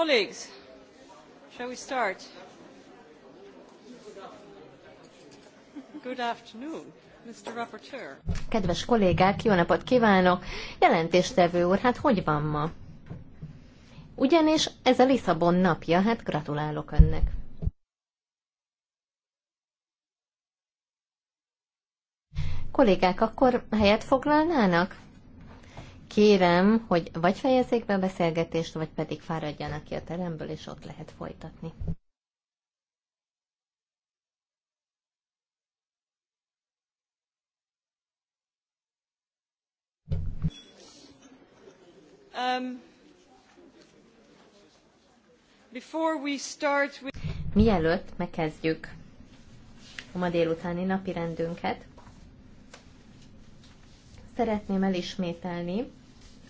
Colleagues, shall we start? Good afternoon. Mr. Rapporteur. Kedves kollégák, jó napot kívánok! Jelentéstevő úr, hát hogy van ma? Ugyanis ez a Lisszabon napja, hát gratulálok önnek. Kollégák, akkor helyet foglalnának? Kérem, hogy vagy fejezzék be a beszélgetést, vagy pedig fáradjanak ki a teremből, és ott lehet folytatni. Um, before we start with... Mielőtt megkezdjük a ma délutáni napi rendünket, szeretném elismételni,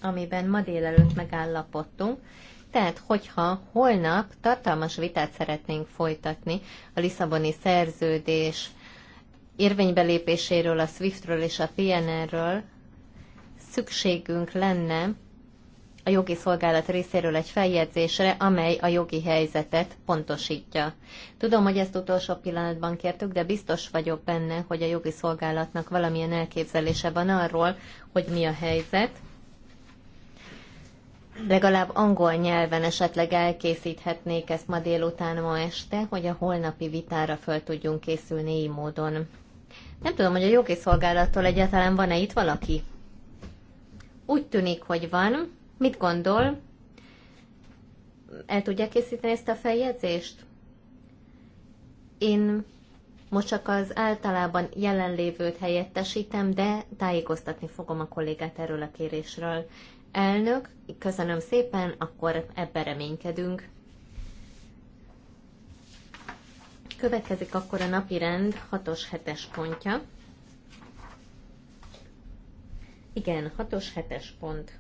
amiben ma délelőtt megállapodtunk. Tehát, hogyha holnap tartalmas vitát szeretnénk folytatni a Lisszaboni szerződés érvénybelépéséről, a SWIFT-ről és a PNR-ről, szükségünk lenne a jogi szolgálat részéről egy feljegyzésre, amely a jogi helyzetet pontosítja. Tudom, hogy ezt utolsó pillanatban kértük, de biztos vagyok benne, hogy a jogi szolgálatnak valamilyen elképzelése van arról, hogy mi a helyzet, legalább angol nyelven esetleg elkészíthetnék ezt ma délután, ma este, hogy a holnapi vitára föl tudjunk készülni így módon. Nem tudom, hogy a jogi egyáltalán van-e itt valaki? Úgy tűnik, hogy van. Mit gondol? El tudja készíteni ezt a feljegyzést? Én most csak az általában jelenlévőt helyettesítem, de tájékoztatni fogom a kollégát erről a kérésről. Elnök, köszönöm szépen, akkor ebben reménykedünk. Következik akkor a napi rend 6-os 7-es pontja. Igen, 6-os 7-es pont.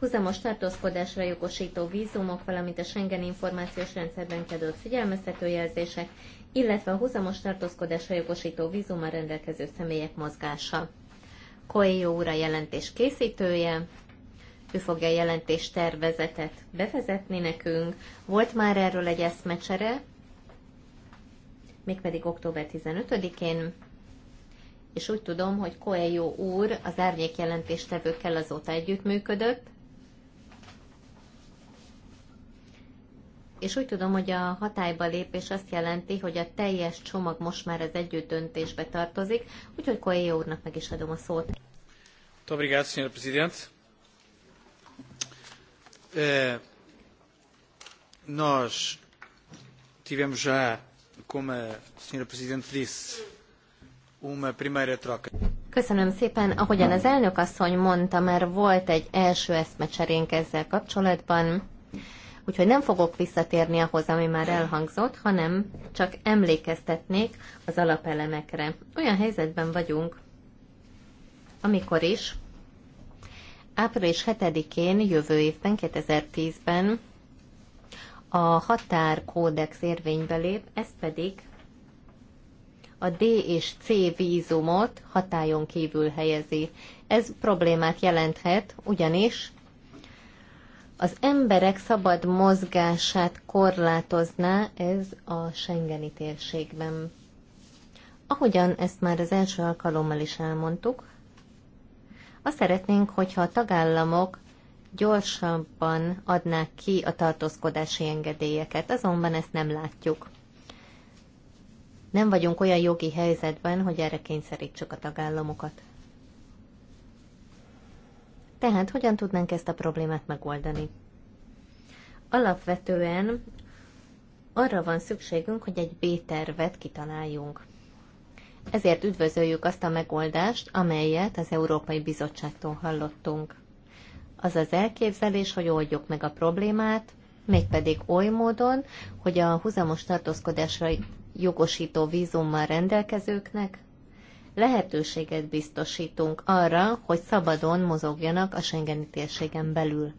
Huzamos tartózkodásra jogosító vízumok, valamint a Schengen információs rendszerben figyelmeztető figyelmeztetőjelzések, illetve a huzamos tartózkodásra jogosító vízummal rendelkező személyek mozgása. Coelho úra jelentés készítője, ő fogja a jelentés tervezetet bevezetni nekünk. Volt már erről egy eszmecsere, mégpedig október 15-én, és úgy tudom, hogy Coelho úr az árnyék jelentéstevőkkel azóta együttműködött, és úgy tudom, hogy a hatályba lépés azt jelenti, hogy a teljes csomag most már az együtt döntésbe tartozik, úgyhogy Koéja úrnak meg is adom a szót. Obrigado, Sr. prezident. Nos, tivemos já, como a senhora Presidente disse, uma primeira troca. Köszönöm szépen. Ahogyan az elnök asszony mondta, mert volt egy első eszmecserénk ezzel kapcsolatban. Úgyhogy nem fogok visszatérni ahhoz, ami már elhangzott, hanem csak emlékeztetnék az alapelemekre. Olyan helyzetben vagyunk, amikor is április 7-én, jövő évben, 2010-ben a határkódex érvénybe lép, ez pedig a D és C vízumot hatályon kívül helyezi. Ez problémát jelenthet, ugyanis az emberek szabad mozgását korlátozná ez a Schengeni térségben. Ahogyan ezt már az első alkalommal is elmondtuk, azt szeretnénk, hogyha a tagállamok gyorsabban adnák ki a tartózkodási engedélyeket, azonban ezt nem látjuk. Nem vagyunk olyan jogi helyzetben, hogy erre kényszerítsük a tagállamokat. Tehát hogyan tudnánk ezt a problémát megoldani? Alapvetően arra van szükségünk, hogy egy B-tervet kitaláljunk. Ezért üdvözöljük azt a megoldást, amelyet az Európai Bizottságtól hallottunk. Az az elképzelés, hogy oldjuk meg a problémát, mégpedig oly módon, hogy a huzamos tartózkodásra jogosító vízummal rendelkezőknek lehetőséget biztosítunk arra, hogy szabadon mozogjanak a Schengeni térségen belül.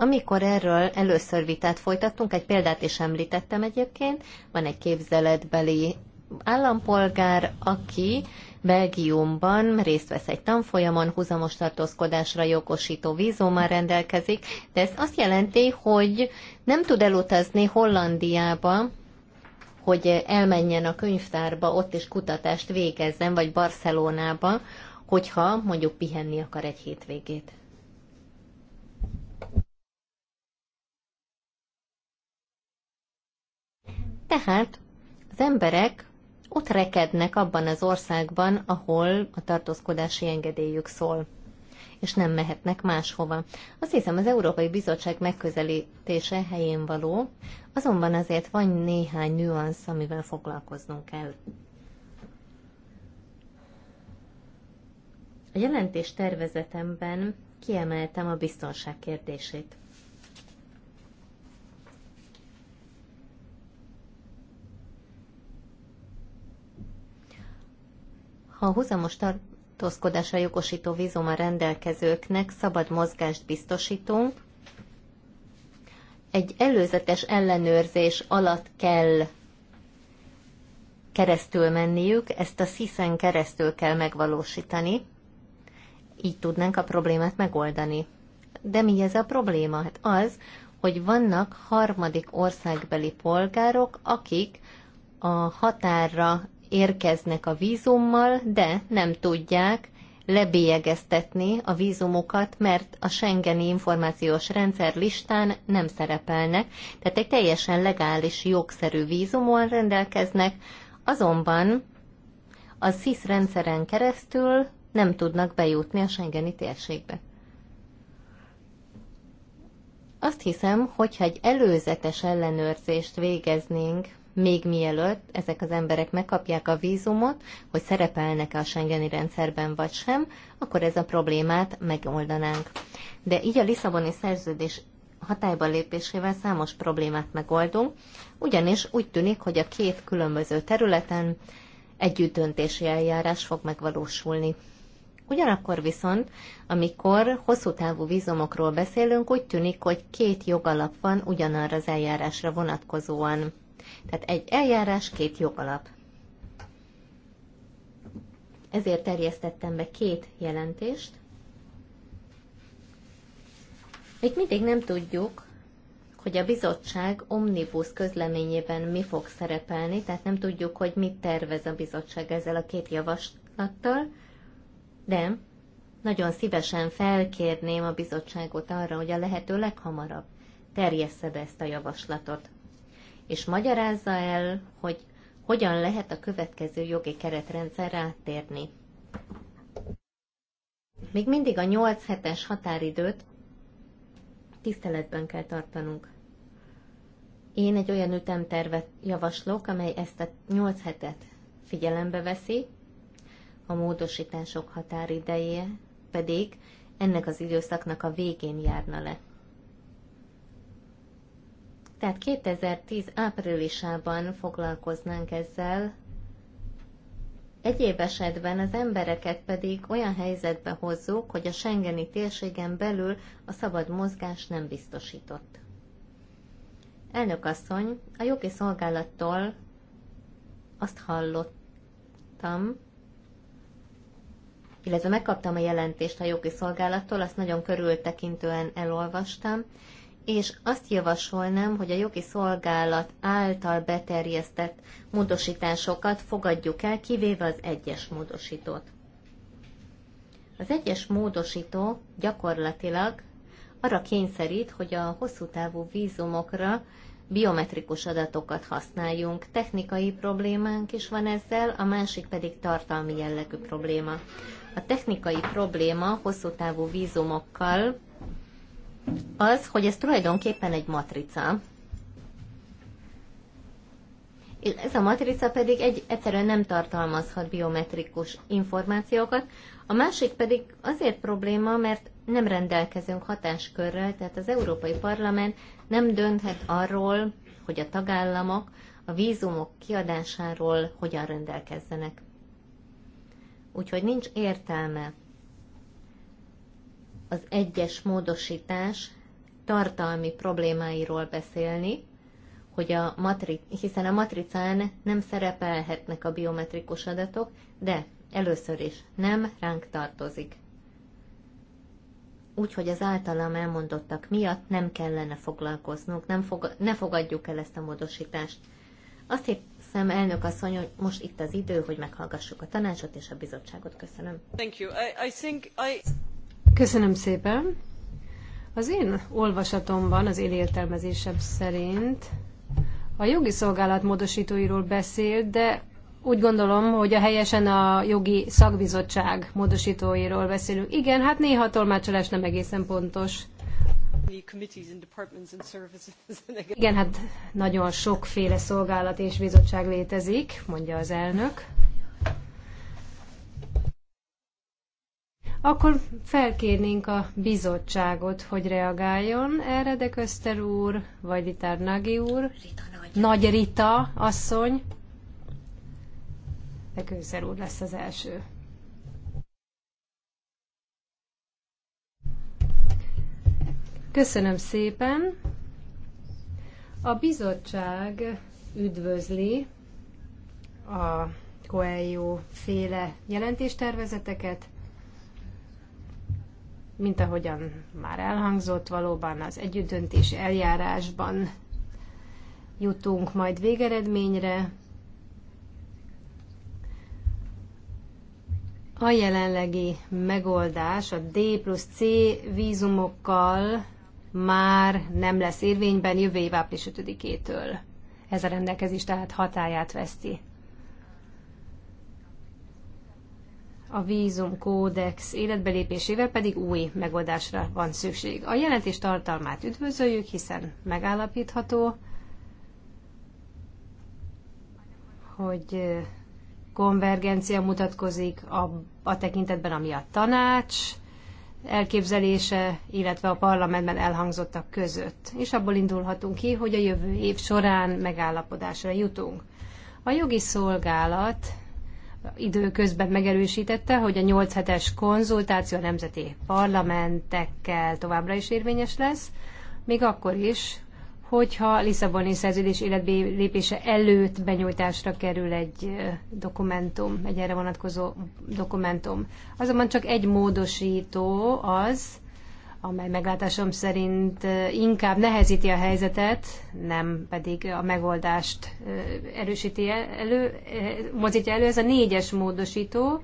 Amikor erről először vitát folytattunk, egy példát is említettem egyébként, van egy képzeletbeli állampolgár, aki Belgiumban részt vesz egy tanfolyamon, húzamos tartózkodásra jogosító vízummal rendelkezik, de ez azt jelenti, hogy nem tud elutazni Hollandiába, hogy elmenjen a könyvtárba, ott is kutatást végezzen, vagy Barcelonába, hogyha mondjuk pihenni akar egy hétvégét. Tehát az emberek ott rekednek abban az országban, ahol a tartózkodási engedélyük szól és nem mehetnek máshova. Azt hiszem, az Európai Bizottság megközelítése helyén való, azonban azért van néhány nüansz, amivel foglalkoznunk kell. A jelentés tervezetemben kiemeltem a biztonság kérdését. ha a huzamos tartózkodásra jogosító vízummal rendelkezőknek szabad mozgást biztosítunk, egy előzetes ellenőrzés alatt kell keresztül menniük, ezt a sziszen keresztül kell megvalósítani, így tudnánk a problémát megoldani. De mi ez a probléma? Hát az, hogy vannak harmadik országbeli polgárok, akik a határra érkeznek a vízummal, de nem tudják lebélyegeztetni a vízumokat, mert a Schengeni információs rendszer listán nem szerepelnek, tehát egy teljesen legális, jogszerű vízumon rendelkeznek, azonban a SIS rendszeren keresztül nem tudnak bejutni a Schengeni térségbe. Azt hiszem, hogyha egy előzetes ellenőrzést végeznénk még mielőtt ezek az emberek megkapják a vízumot, hogy szerepelnek-e a Schengeni rendszerben vagy sem, akkor ez a problémát megoldanánk. De így a Lisszaboni szerződés hatályba lépésével számos problémát megoldunk, ugyanis úgy tűnik, hogy a két különböző területen együtt döntési eljárás fog megvalósulni. Ugyanakkor viszont, amikor hosszú távú vízumokról beszélünk, úgy tűnik, hogy két jogalap van ugyanarra az eljárásra vonatkozóan. Tehát egy eljárás, két jogalap. Ezért terjesztettem be két jelentést. Még mindig nem tudjuk, hogy a bizottság omnibus közleményében mi fog szerepelni, tehát nem tudjuk, hogy mit tervez a bizottság ezzel a két javaslattal, de nagyon szívesen felkérném a bizottságot arra, hogy a lehető leghamarabb terjessze be ezt a javaslatot és magyarázza el, hogy hogyan lehet a következő jogi keretrendszerre áttérni. Még mindig a 8 hetes határidőt tiszteletben kell tartanunk. Én egy olyan ütemtervet javaslok, amely ezt a 8 hetet figyelembe veszi, a módosítások határideje pedig ennek az időszaknak a végén járna le. Tehát 2010 áprilisában foglalkoznánk ezzel, Egyéb esetben az embereket pedig olyan helyzetbe hozzuk, hogy a Schengeni térségen belül a szabad mozgás nem biztosított. Elnök asszony, a jogi szolgálattól azt hallottam, illetve megkaptam a jelentést a jogi szolgálattól, azt nagyon körültekintően elolvastam, és azt javasolnám, hogy a jogi szolgálat által beterjesztett módosításokat fogadjuk el, kivéve az egyes módosítót. Az egyes módosító gyakorlatilag arra kényszerít, hogy a hosszú távú vízumokra biometrikus adatokat használjunk. Technikai problémánk is van ezzel, a másik pedig tartalmi jellegű probléma. A technikai probléma hosszú távú vízumokkal az, hogy ez tulajdonképpen egy matrica, ez a matrica pedig egy, egyszerűen nem tartalmazhat biometrikus információkat, a másik pedig azért probléma, mert nem rendelkezünk hatáskörrel, tehát az Európai Parlament nem dönthet arról, hogy a tagállamok a vízumok kiadásáról hogyan rendelkezzenek. Úgyhogy nincs értelme az egyes módosítás tartalmi problémáiról beszélni, hogy a matri- hiszen a matricán nem szerepelhetnek a biometrikus adatok, de először is nem ránk tartozik. Úgyhogy az általam elmondottak miatt nem kellene foglalkoznunk, nem fog, ne fogadjuk el ezt a módosítást. Azt hiszem, elnök asszony, hogy most itt az idő, hogy meghallgassuk a tanácsot és a bizottságot. Köszönöm. Thank you. I, I think I... Köszönöm szépen. Az én olvasatomban, az én értelmezésem szerint a jogi szolgálat módosítóiról beszélt, de úgy gondolom, hogy a helyesen a jogi szakbizottság módosítóiról beszélünk. Igen, hát néha a tolmácsolás nem egészen pontos. Igen, hát nagyon sokféle szolgálat és bizottság létezik, mondja az elnök. Akkor felkérnénk a bizottságot, hogy reagáljon erre, de Köszter úr, vagy Ritár Nagy úr, Rita Nagy. Nagy Rita asszony, de Köszter úr lesz az első. Köszönöm szépen. A bizottság üdvözli a Coelho féle jelentéstervezeteket, mint ahogyan már elhangzott, valóban az együttdöntés eljárásban jutunk majd végeredményre. A jelenlegi megoldás a D plusz C vízumokkal már nem lesz érvényben jövő év április 5-től. Ez a rendelkezés tehát hatáját veszti. a vízum kódex életbelépésével pedig új megoldásra van szükség. A jelentés tartalmát üdvözöljük, hiszen megállapítható, hogy konvergencia mutatkozik a, a tekintetben, ami a tanács elképzelése, illetve a parlamentben elhangzottak között. És abból indulhatunk ki, hogy a jövő év során megállapodásra jutunk. A jogi szolgálat időközben megerősítette, hogy a 8 hetes konzultáció a nemzeti parlamentekkel továbbra is érvényes lesz, még akkor is, hogyha a Lisszaboni szerződés életbe lépése előtt benyújtásra kerül egy dokumentum, egy erre vonatkozó dokumentum. Azonban csak egy módosító az, amely meglátásom szerint inkább nehezíti a helyzetet, nem pedig a megoldást erősíti elő, mozítja elő. Ez a négyes módosító,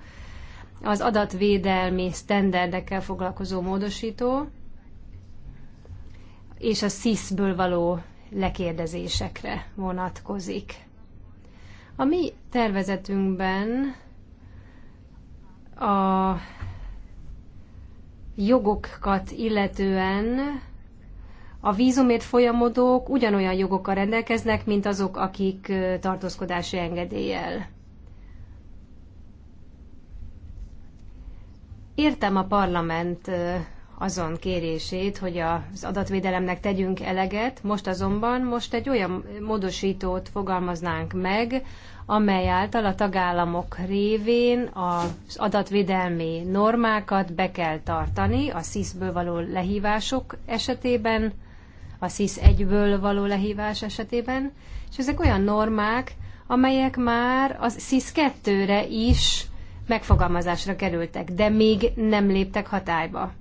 az adatvédelmi sztenderdekkel foglalkozó módosító, és a SIS-ből való lekérdezésekre vonatkozik. A mi tervezetünkben a jogokat illetően a vízumért folyamodók ugyanolyan jogokkal rendelkeznek, mint azok, akik tartózkodási engedéllyel. Értem a parlament azon kérését, hogy az adatvédelemnek tegyünk eleget, most azonban most egy olyan módosítót fogalmaznánk meg, amely által a tagállamok révén az adatvédelmi normákat be kell tartani a SZISZ-ből való lehívások esetében, a SZISZ 1-ből való lehívás esetében, és ezek olyan normák, amelyek már az SZISZ 2-re is megfogalmazásra kerültek, de még nem léptek hatályba.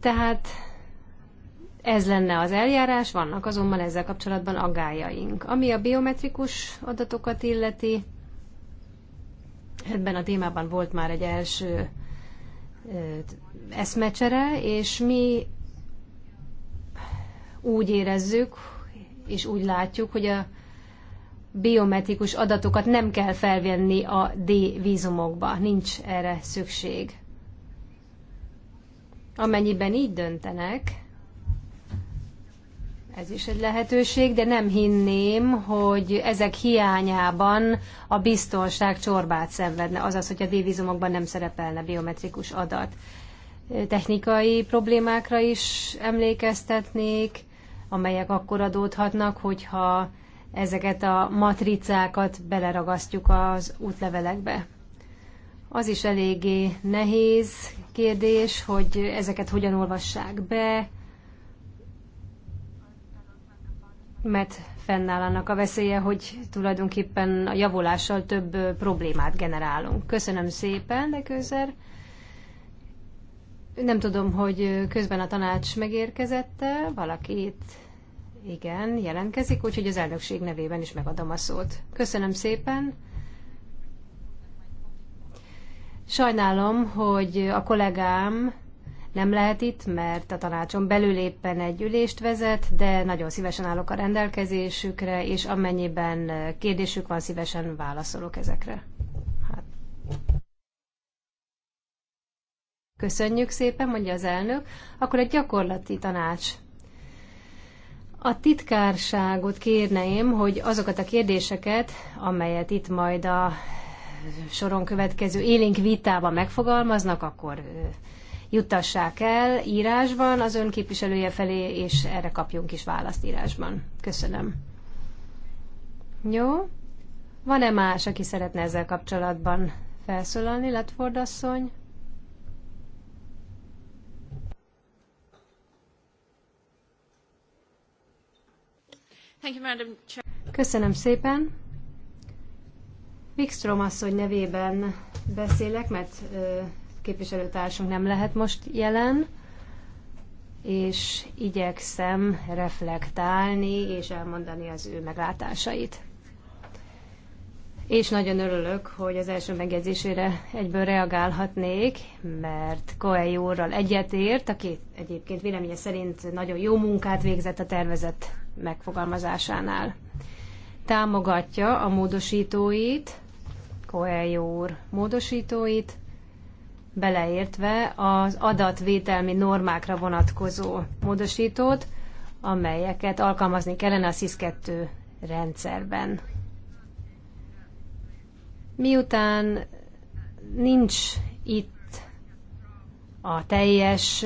Tehát ez lenne az eljárás, vannak azonban ezzel kapcsolatban aggájaink. Ami a biometrikus adatokat illeti, ebben a témában volt már egy első eszmecsere, és mi úgy érezzük, és úgy látjuk, hogy a biometrikus adatokat nem kell felvenni a D vízumokba, nincs erre szükség. Amennyiben így döntenek, ez is egy lehetőség, de nem hinném, hogy ezek hiányában a biztonság csorbát szenvedne, azaz, hogy a dévizumokban nem szerepelne biometrikus adat. Technikai problémákra is emlékeztetnék, amelyek akkor adódhatnak, hogyha ezeket a matricákat beleragasztjuk az útlevelekbe. Az is eléggé nehéz kérdés, hogy ezeket hogyan olvassák be, mert fennáll annak a veszélye, hogy tulajdonképpen a javulással több problémát generálunk. Köszönöm szépen, de közel. Nem tudom, hogy közben a tanács megérkezette, valakit igen, jelentkezik, úgyhogy az elnökség nevében is megadom a szót. Köszönöm szépen. Sajnálom, hogy a kollégám nem lehet itt, mert a tanácson belül éppen egy ülést vezet, de nagyon szívesen állok a rendelkezésükre, és amennyiben kérdésük van, szívesen válaszolok ezekre. Hát. Köszönjük szépen, mondja az elnök. Akkor egy gyakorlati tanács. A titkárságot kérném, hogy azokat a kérdéseket, amelyet itt majd a soron következő élénk vitában megfogalmaznak, akkor juttassák el írásban az ön képviselője felé, és erre kapjunk is választ írásban. Köszönöm. Jó. Van-e más, aki szeretne ezzel kapcsolatban felszólalni, Letford asszony? Köszönöm szépen. Wikström asszony nevében beszélek, mert képviselőtársunk nem lehet most jelen, és igyekszem reflektálni és elmondani az ő meglátásait. És nagyon örülök, hogy az első megjegyzésére egyből reagálhatnék, mert Koei úrral egyetért, aki egyébként véleménye szerint nagyon jó munkát végzett a tervezet megfogalmazásánál. Támogatja a módosítóit, Koei úr módosítóit, beleértve az adatvételmi normákra vonatkozó módosítót, amelyeket alkalmazni kellene a SIS-2 rendszerben. Miután nincs itt a teljes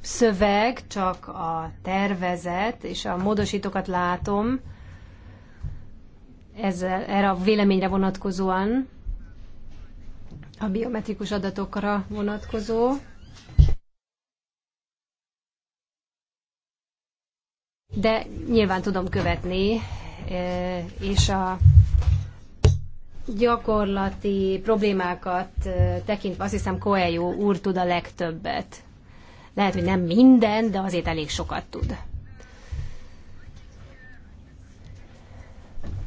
szöveg, csak a tervezet és a módosítókat látom, ezzel, erre a véleményre vonatkozóan, a biometrikus adatokra vonatkozó. De nyilván tudom követni, e, és a gyakorlati problémákat e, tekintve azt hiszem Koeljó úr tud a legtöbbet. Lehet, hogy nem minden, de azért elég sokat tud.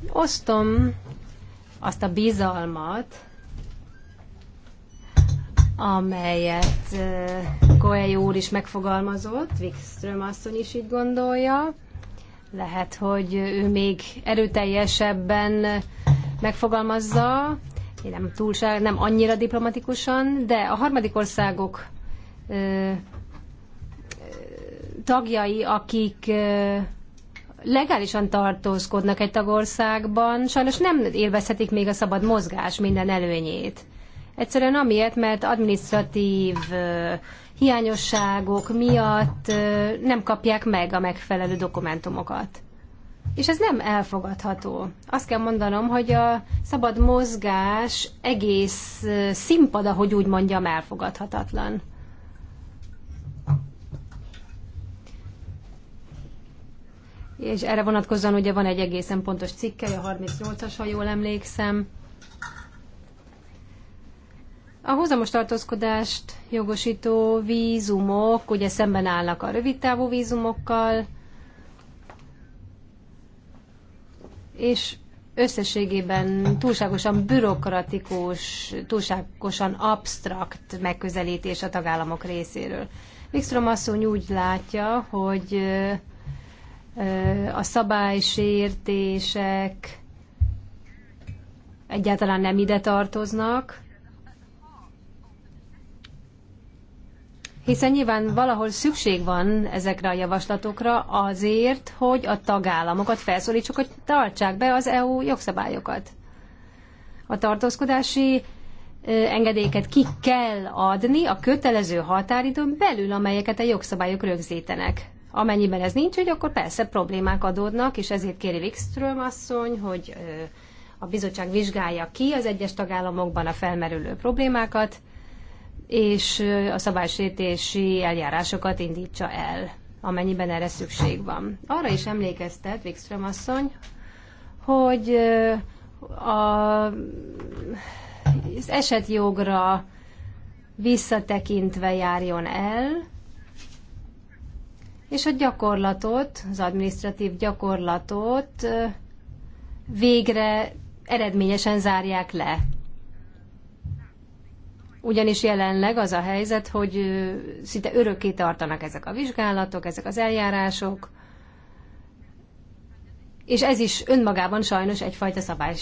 Osztom azt a bizalmat, amelyet Koei úr is megfogalmazott, Wikström asszony is így gondolja. Lehet, hogy ő még erőteljesebben megfogalmazza, nem túlság, nem annyira diplomatikusan, de a harmadik országok ö, tagjai, akik ö, legálisan tartózkodnak egy tagországban, sajnos nem élvezhetik még a szabad mozgás minden előnyét. Egyszerűen amiért, mert administratív hiányosságok miatt nem kapják meg a megfelelő dokumentumokat. És ez nem elfogadható. Azt kell mondanom, hogy a szabad mozgás egész színpad, ahogy úgy mondjam, elfogadhatatlan. És erre vonatkozóan ugye van egy egészen pontos cikke, a 38-as, ha jól emlékszem. A húzamos tartózkodást jogosító vízumok ugye szemben állnak a rövidtávú vízumokkal, és összességében túlságosan bürokratikus, túlságosan absztrakt megközelítés a tagállamok részéről. Wikström asszony úgy látja, hogy a szabálysértések egyáltalán nem ide tartoznak, Hiszen nyilván valahol szükség van ezekre a javaslatokra azért, hogy a tagállamokat felszólítsuk, hogy tartsák be az EU jogszabályokat. A tartózkodási engedélyeket ki kell adni a kötelező határidőn belül, amelyeket a jogszabályok rögzítenek. Amennyiben ez nincs, hogy akkor persze problémák adódnak, és ezért kéri Wikström asszony, hogy a bizottság vizsgálja ki az egyes tagállamokban a felmerülő problémákat, és a szabálysértési eljárásokat indítsa el, amennyiben erre szükség van. Arra is emlékeztet Wikström asszony, hogy a, az esetjogra visszatekintve járjon el, és a gyakorlatot, az administratív gyakorlatot végre eredményesen zárják le. Ugyanis jelenleg az a helyzet, hogy szinte örökké tartanak ezek a vizsgálatok, ezek az eljárások, és ez is önmagában sajnos egyfajta szabály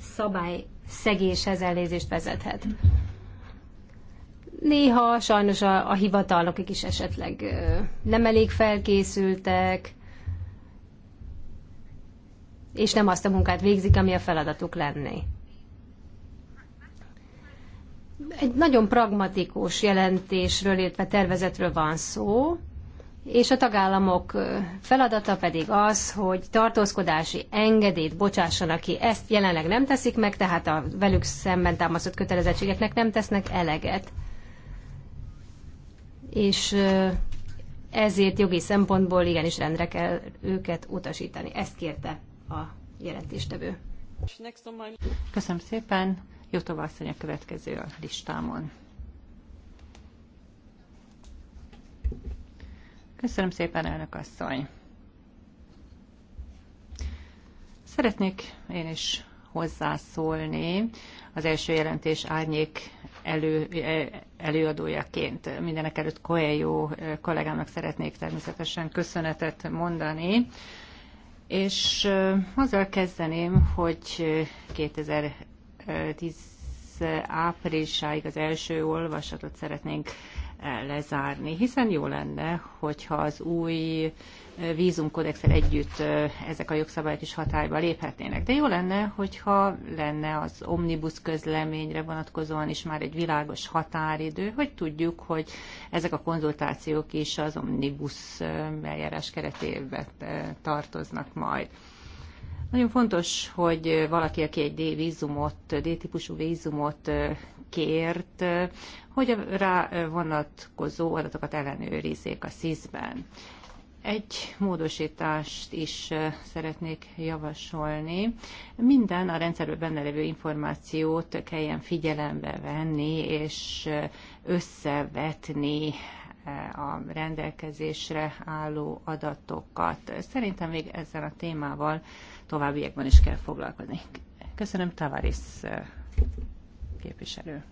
szabályszegéshez elnézést vezethet. Néha sajnos a, a hivatalnokik is esetleg nem elég felkészültek, és nem azt a munkát végzik, ami a feladatuk lenné egy nagyon pragmatikus jelentésről, illetve tervezetről van szó, és a tagállamok feladata pedig az, hogy tartózkodási engedélyt bocsássanak ki. Ezt jelenleg nem teszik meg, tehát a velük szemben támasztott kötelezettségeknek nem tesznek eleget. És ezért jogi szempontból igenis rendre kell őket utasítani. Ezt kérte a jelentéstevő. Köszönöm szépen. Jotova asszony a következő a listámon. Köszönöm szépen, elnök asszony. Szeretnék én is hozzászólni az első jelentés árnyék elő, e, előadójaként. Mindenek előtt jó e, kollégámnak szeretnék természetesen köszönetet mondani. És e, azzal kezdeném, hogy 2000 10 áprilisáig az első olvasatot szeretnénk eh, lezárni, hiszen jó lenne, hogyha az új eh, vízumkodexel együtt eh, ezek a jogszabályok is hatályba léphetnének. De jó lenne, hogyha lenne az omnibus közleményre vonatkozóan is már egy világos határidő, hogy tudjuk, hogy ezek a konzultációk is az omnibus eljárás keretébe tartoznak majd. Nagyon fontos, hogy valaki, aki egy D-vízumot, D-típusú vízumot kért, hogy a rá vonatkozó adatokat ellenőrizzék a SZIS-ben. Egy módosítást is szeretnék javasolni. Minden a rendszerben benne levő információt kelljen figyelembe venni és összevetni a rendelkezésre álló adatokat. Szerintem még ezzel a témával továbbiakban is kell foglalkozni. Köszönöm, Tavaris képviselő.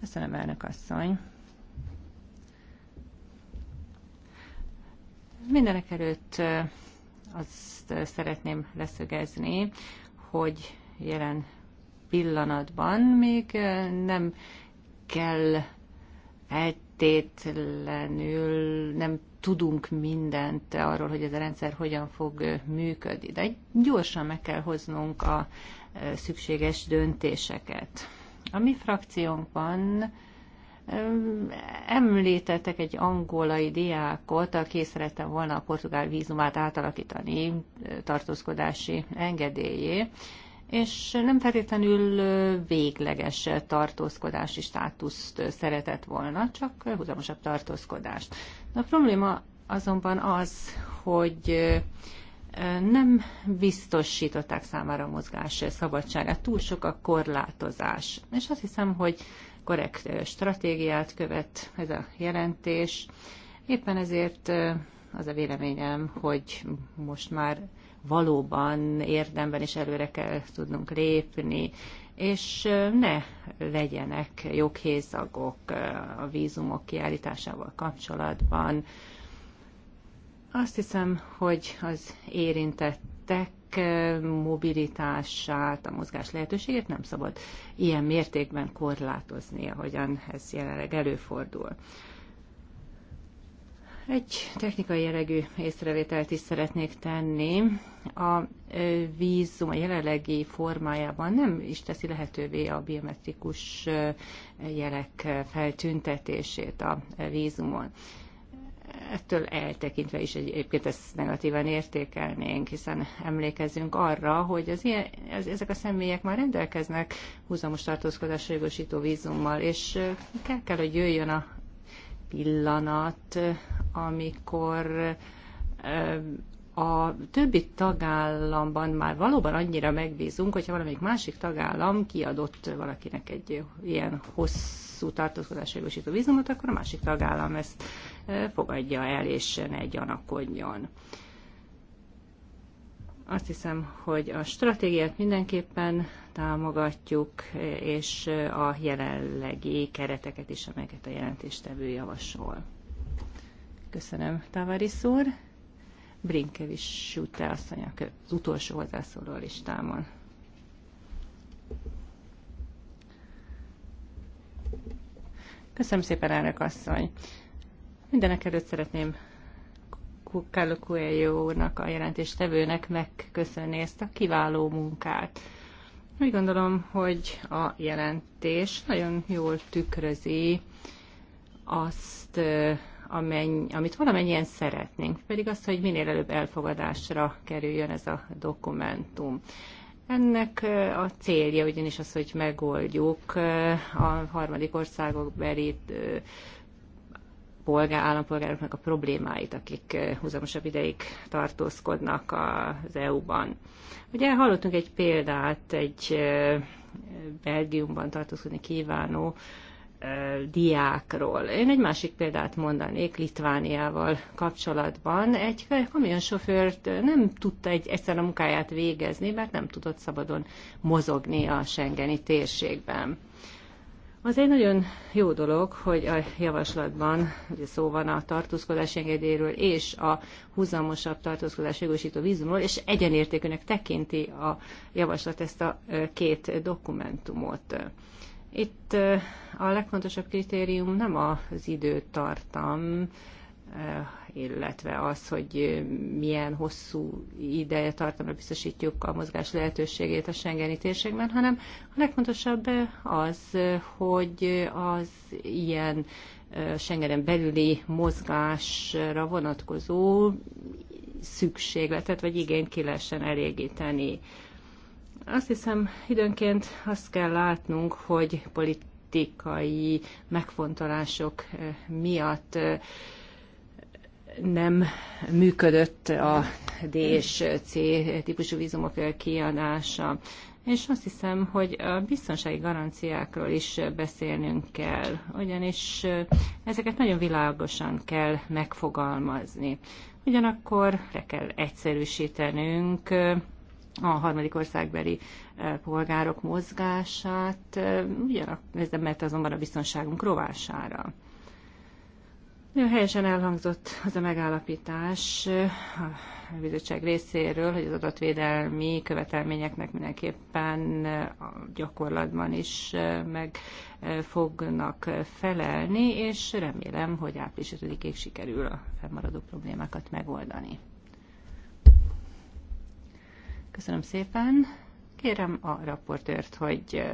Köszönöm, elnök asszony. Mindenek előtt azt szeretném leszögezni, hogy jelen pillanatban még nem kell eltétlenül, nem tudunk mindent arról, hogy ez a rendszer hogyan fog működni, de gyorsan meg kell hoznunk a szükséges döntéseket. A mi frakciónkban említettek egy angolai diákot, aki szerette volna a portugál vízumát átalakítani tartózkodási engedélyé, és nem feltétlenül végleges tartózkodási státuszt szeretett volna, csak húzamosabb tartózkodást. A probléma azonban az, hogy nem biztosították számára a mozgás szabadságát, túl sok a korlátozás. És azt hiszem, hogy korrekt stratégiát követ ez a jelentés. Éppen ezért az a véleményem, hogy most már valóban érdemben is előre kell tudnunk lépni, és ne legyenek joghézagok a vízumok kiállításával kapcsolatban. Azt hiszem, hogy az érintettek mobilitását, a mozgás lehetőségét nem szabad ilyen mértékben korlátozni, ahogyan ez jelenleg előfordul. Egy technikai jellegű észrevételt is szeretnék tenni. A vízum a jelenlegi formájában nem is teszi lehetővé a biometrikus jelek feltüntetését a vízumon ettől eltekintve is egyébként ezt negatívan értékelnénk, hiszen emlékezünk arra, hogy az ilyen, ez, ezek a személyek már rendelkeznek húzamos tartózkodásra jogosító vízummal, és kell, kell, hogy jöjjön a pillanat, amikor a többi tagállamban már valóban annyira megbízunk, hogyha valamelyik másik tagállam kiadott valakinek egy ilyen hosszú tartózkodásra jogosító vízumot, akkor a másik tagállam ezt fogadja el, és ne gyanakodjon. Azt hiszem, hogy a stratégiát mindenképpen támogatjuk, és a jelenlegi kereteket is, amelyeket a jelentéstevő javasol. Köszönöm, Tavaris úr. Brinkevis Sute asszony az utolsó hozzászóló listámon. Köszönöm szépen, elnök asszony. Mindenek előtt szeretném Carlo Coelho úrnak, a jelentéstevőnek megköszönni ezt a kiváló munkát. Úgy gondolom, hogy a jelentés nagyon jól tükrözi azt, amenny, amit valamennyien szeretnénk, pedig azt, hogy minél előbb elfogadásra kerüljön ez a dokumentum. Ennek a célja ugyanis az, hogy megoldjuk a harmadik országok beli polgár, állampolgároknak a problémáit, akik eh, húzamosabb ideig tartózkodnak az EU-ban. Ugye hallottunk egy példát, egy eh, Belgiumban tartózkodni kívánó eh, diákról. Én egy másik példát mondanék Litvániával kapcsolatban. Egy kamionsofőrt nem tudta egy egyszerűen a munkáját végezni, mert nem tudott szabadon mozogni a Schengeni térségben. Az egy nagyon jó dolog, hogy a javaslatban ugye szó van a tartózkodás engedélyről és a húzamosabb tartózkodás jogosító vízumról, és egyenértékűnek tekinti a javaslat ezt a két dokumentumot. Itt a legfontosabb kritérium nem az időtartam, illetve az, hogy milyen hosszú ideje tartalma biztosítjuk a mozgás lehetőségét a Schengeni térségben, hanem a legfontosabb az, hogy az ilyen Schengenen belüli mozgásra vonatkozó szükségletet vagy igényt ki lehessen elégíteni. Azt hiszem, időnként azt kell látnunk, hogy politikai megfontolások miatt nem működött a D és C típusú vízumok kiadása. És azt hiszem, hogy a biztonsági garanciákról is beszélnünk kell, ugyanis ezeket nagyon világosan kell megfogalmazni. Ugyanakkor le kell egyszerűsítenünk a harmadik országbeli polgárok mozgását, ugyanakkor ez nem mehet azonban a biztonságunk rovására. Nagyon helyesen elhangzott az a megállapítás eh, a bizottság részéről, hogy az adatvédelmi követelményeknek mindenképpen eh, a gyakorlatban is eh, meg fognak felelni, és remélem, hogy április 5-ig sikerül a fennmaradó problémákat megoldani. Köszönöm szépen. Kérem a raportőrt, hogy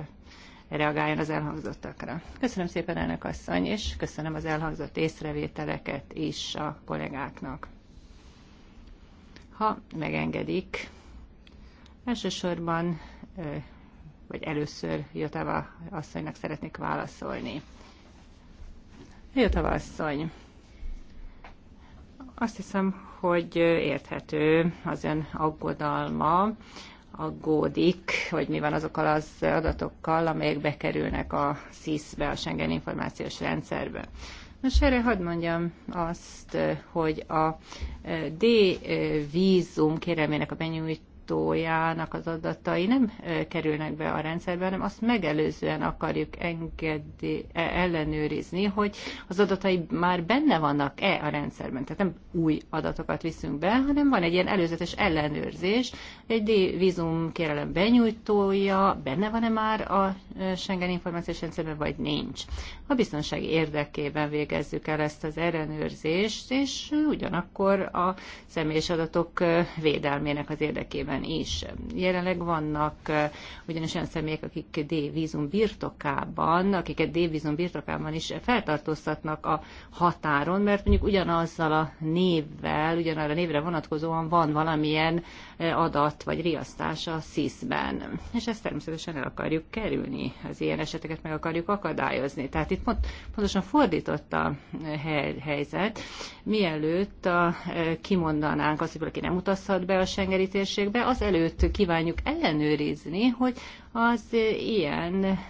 reagáljon az elhangzottakra. Köszönöm szépen, elnök asszony, és köszönöm az elhangzott észrevételeket is a kollégáknak. Ha megengedik, elsősorban, vagy először Jotava asszonynak szeretnék válaszolni. Jotava asszony, azt hiszem, hogy érthető az ön aggodalma, aggódik, hogy mi van azokkal az adatokkal, amelyek bekerülnek a SIS-be, a Schengen információs rendszerbe. Nos, erre hadd mondjam azt, hogy a eh, D-vízum eh, kérelmének a benyújt gyártójának az adatai nem kerülnek be a rendszerbe, hanem azt megelőzően akarjuk engedi, e, ellenőrizni, hogy az adatai már benne vannak-e a rendszerben. Tehát nem új adatokat viszünk be, hanem van egy ilyen előzetes ellenőrzés. Egy vízum kérelem benyújtója benne van-e már a Schengen információs rendszerben, vagy nincs. A biztonsági érdekében végezzük el ezt az ellenőrzést, és ugyanakkor a személyes adatok védelmének az érdekében esetében is. Jelenleg vannak ugyanis olyan személyek, akik D-vízum birtokában, akiket D-vízum birtokában is feltartóztatnak a határon, mert mondjuk ugyanazzal a névvel, ugyanarra a névre vonatkozóan van valamilyen adat vagy riasztás a SZISZ-ben. És ezt természetesen el akarjuk kerülni, az ilyen eseteket meg akarjuk akadályozni. Tehát itt pont, pontosan fordított a helyzet. Mielőtt a, kimondanánk azt, hogy valaki nem utazhat be a Schengeni térségbe, az előtt kívánjuk ellenőrizni, hogy az ilyen eh,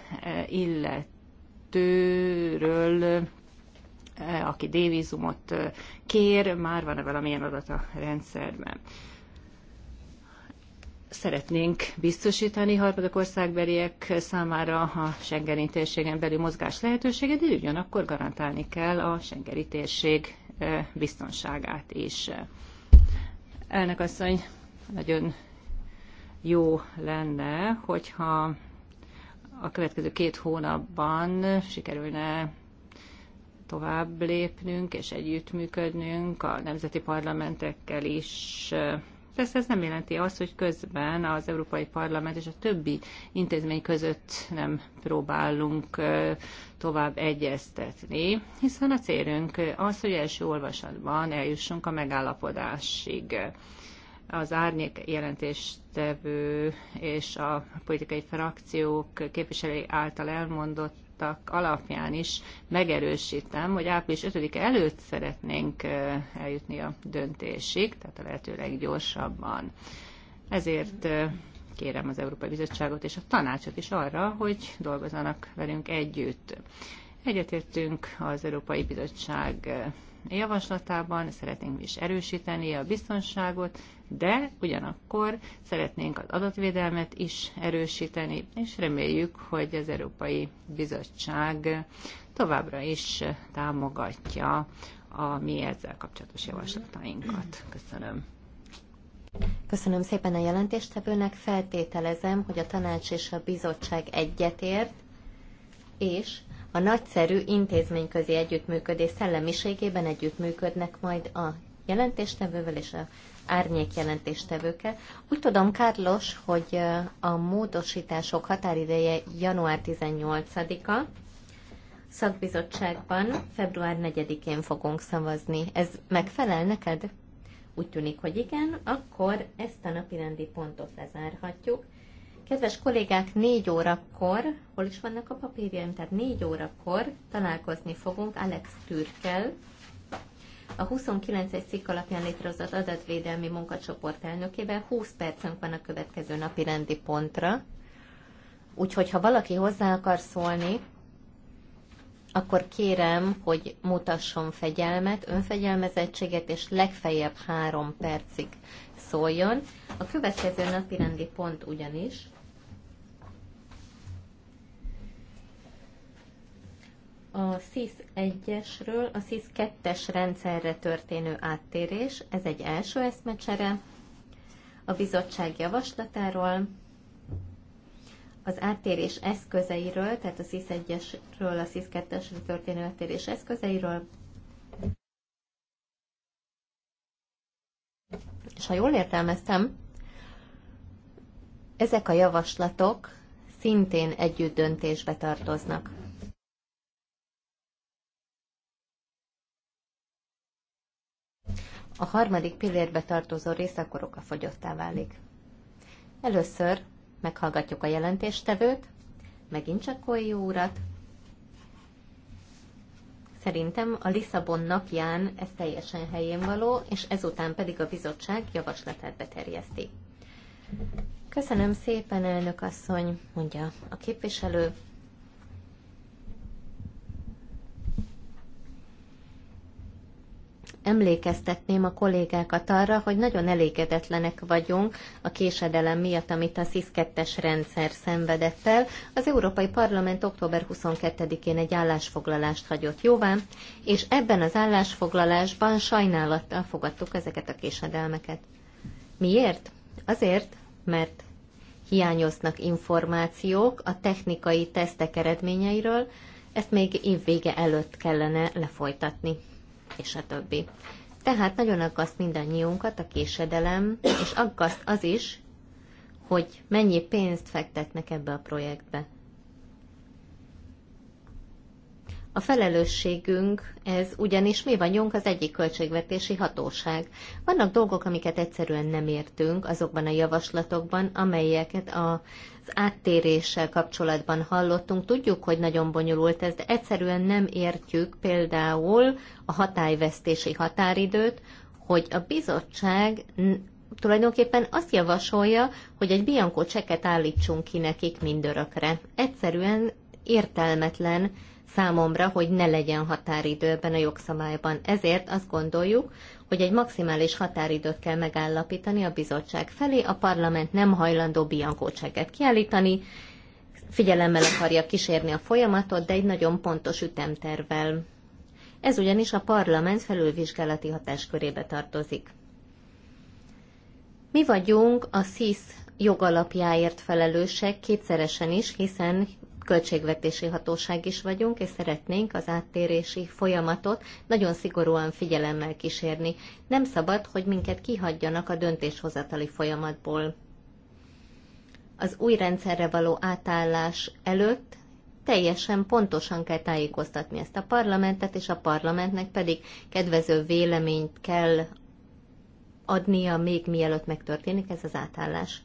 illetőről, eh, aki dévízumot eh, kér, már van-e valamilyen adat a rendszerben szeretnénk biztosítani harmadik országbeliek számára a Schengeni térségen belül mozgás lehetőséget, de ugyanakkor garantálni kell a Schengeni térség biztonságát is. Elnök asszony, nagyon jó lenne, hogyha a következő két hónapban sikerülne tovább lépnünk és együttműködnünk a nemzeti parlamentekkel is. Persze ez nem jelenti azt, hogy közben az Európai Parlament és a többi intézmény között nem próbálunk tovább egyeztetni, hiszen a célunk az, hogy első olvasatban eljussunk a megállapodásig az árnyék jelentéstevő és a politikai frakciók képviselői által elmondott alapján is megerősítem, hogy április 5 előtt szeretnénk eljutni a döntésig, tehát a lehető leggyorsabban. Ezért kérem az Európai Bizottságot és a tanácsot is arra, hogy dolgozzanak velünk együtt. Egyetértünk az Európai Bizottság javaslatában, szeretnénk is erősíteni a biztonságot, de ugyanakkor szeretnénk az adatvédelmet is erősíteni, és reméljük, hogy az Európai Bizottság továbbra is támogatja a mi ezzel kapcsolatos javaslatainkat. Köszönöm. Köszönöm szépen a jelentéstevőnek. Feltételezem, hogy a tanács és a bizottság egyetért, és a nagyszerű intézményközi együttműködés szellemiségében együttműködnek majd a jelentéstevővel és a árnyék jelentéstevőkkel. Úgy tudom, Kárlos, hogy a módosítások határideje január 18-a, szakbizottságban február 4-én fogunk szavazni. Ez megfelel neked? Úgy tűnik, hogy igen, akkor ezt a napirendi pontot lezárhatjuk. Kedves kollégák, négy órakor, hol is vannak a papírjaim, tehát négy órakor találkozni fogunk Alex Türkel, a 29-es cikk alapján létrehozott adatvédelmi munkacsoport elnökével 20 percünk van a következő napi rendi pontra. Úgyhogy, ha valaki hozzá akar szólni, akkor kérem, hogy mutasson fegyelmet, önfegyelmezettséget, és legfeljebb három percig szóljon. A következő napi rendi pont ugyanis a SIS 1-esről a SIS 2-es rendszerre történő áttérés, ez egy első eszmecsere, a bizottság javaslatáról, az áttérés eszközeiről, tehát a SIS 1-esről a SIS 2-esre történő áttérés eszközeiről, és ha jól értelmeztem, ezek a javaslatok szintén együtt döntésbe tartoznak. a harmadik pillérbe tartozó rész akkor fogyottá válik. Először meghallgatjuk a jelentéstevőt, megint csak Koi úrat. Szerintem a Lisszabon ján ez teljesen helyén való, és ezután pedig a bizottság javaslatát beterjeszti. Köszönöm szépen, elnök asszony, mondja a képviselő, emlékeztetném a kollégákat arra, hogy nagyon elégedetlenek vagyunk a késedelem miatt, amit a SZISZ rendszer szenvedett el. Az Európai Parlament október 22-én egy állásfoglalást hagyott jóvá, és ebben az állásfoglalásban sajnálattal fogadtuk ezeket a késedelmeket. Miért? Azért, mert hiányoznak információk a technikai tesztek eredményeiről, ezt még évvége előtt kellene lefolytatni és a többi. Tehát nagyon aggaszt mindannyiunkat a késedelem, és aggaszt az is, hogy mennyi pénzt fektetnek ebbe a projektbe. A felelősségünk ez ugyanis mi vagyunk az egyik költségvetési hatóság. Vannak dolgok, amiket egyszerűen nem értünk azokban a javaslatokban, amelyeket az áttéréssel kapcsolatban hallottunk. Tudjuk, hogy nagyon bonyolult ez, de egyszerűen nem értjük például a hatályvesztési határidőt, hogy a bizottság tulajdonképpen azt javasolja, hogy egy biankó cseket állítsunk ki nekik mindörökre. Egyszerűen értelmetlen számomra, hogy ne legyen határidőben a jogszabályban. Ezért azt gondoljuk, hogy egy maximális határidőt kell megállapítani a bizottság felé, a parlament nem hajlandó biankócseget kiállítani, figyelemmel akarja kísérni a folyamatot, de egy nagyon pontos ütemtervel. Ez ugyanis a parlament felülvizsgálati hatáskörébe tartozik. Mi vagyunk a SZISZ jogalapjáért felelősek kétszeresen is, hiszen költségvetési hatóság is vagyunk, és szeretnénk az áttérési folyamatot nagyon szigorúan figyelemmel kísérni. Nem szabad, hogy minket kihagyjanak a döntéshozatali folyamatból. Az új rendszerre való átállás előtt teljesen pontosan kell tájékoztatni ezt a parlamentet, és a parlamentnek pedig kedvező véleményt kell adnia még mielőtt megtörténik ez az átállás.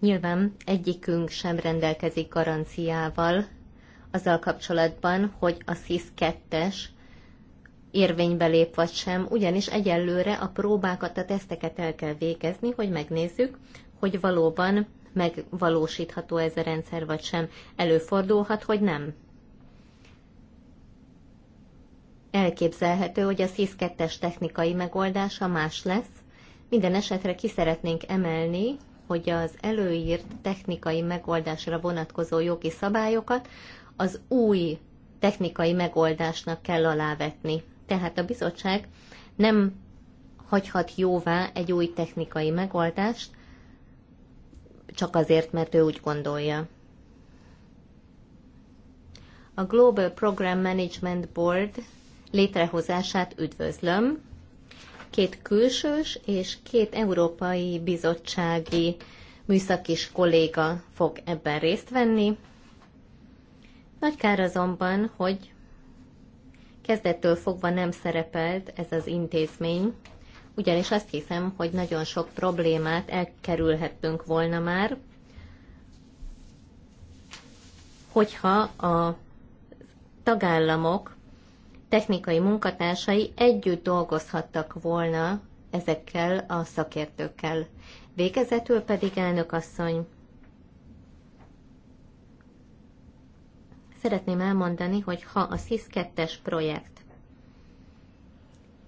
Nyilván egyikünk sem rendelkezik garanciával azzal kapcsolatban, hogy a SZIS 2-es érvénybe lép vagy sem, ugyanis egyelőre a próbákat, a teszteket el kell végezni, hogy megnézzük, hogy valóban megvalósítható ez a rendszer vagy sem. Előfordulhat, hogy nem. Elképzelhető, hogy a SZIS 2-es technikai megoldása más lesz. Minden esetre ki szeretnénk emelni, hogy az előírt technikai megoldásra vonatkozó jogi szabályokat az új technikai megoldásnak kell alávetni. Tehát a bizottság nem hagyhat jóvá egy új technikai megoldást, csak azért, mert ő úgy gondolja. A Global Program Management Board létrehozását üdvözlöm, két külsős és két európai bizottsági műszakis kolléga fog ebben részt venni. Nagy kár azonban, hogy kezdettől fogva nem szerepelt ez az intézmény, ugyanis azt hiszem, hogy nagyon sok problémát elkerülhettünk volna már, hogyha a tagállamok technikai munkatársai együtt dolgozhattak volna ezekkel a szakértőkkel. Végezetül pedig elnök asszony. Szeretném elmondani, hogy ha a SZISZ 2-es projekt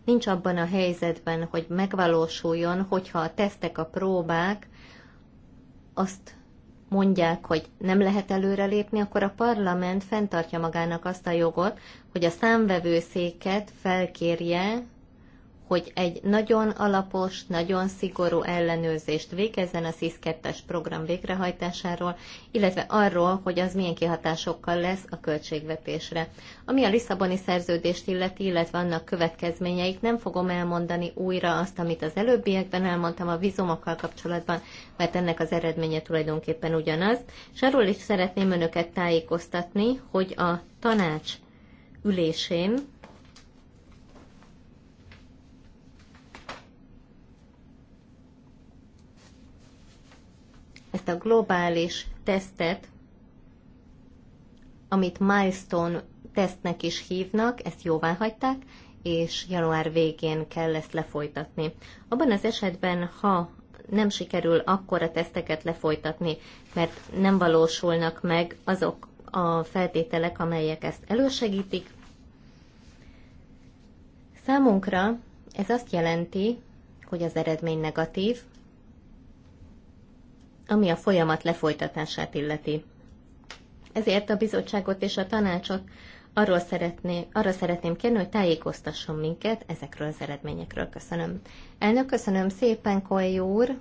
nincs abban a helyzetben, hogy megvalósuljon, hogyha a tesztek, a próbák azt mondják, hogy nem lehet előrelépni, akkor a parlament fenntartja magának azt a jogot, hogy a számvevőszéket felkérje, hogy egy nagyon alapos, nagyon szigorú ellenőrzést végezzen a SZISZ 2 program végrehajtásáról, illetve arról, hogy az milyen kihatásokkal lesz a költségvetésre. Ami a Lisszaboni szerződést illeti, illetve annak következményeit, nem fogom elmondani újra azt, amit az előbbiekben elmondtam a vizumokkal kapcsolatban, mert ennek az eredménye tulajdonképpen ugyanaz. És arról is szeretném önöket tájékoztatni, hogy a tanács ülésén ezt a globális tesztet, amit milestone tesztnek is hívnak, ezt jóvá hagyták, és január végén kell ezt lefolytatni. Abban az esetben, ha nem sikerül akkor a teszteket lefolytatni, mert nem valósulnak meg azok a feltételek, amelyek ezt elősegítik. Számunkra ez azt jelenti, hogy az eredmény negatív, ami a folyamat lefolytatását illeti. Ezért a bizottságot és a tanácsot arról szeretné, arra szeretném kérni, hogy tájékoztasson minket ezekről az eredményekről. Köszönöm. Elnök, köszönöm szépen, Koei úr.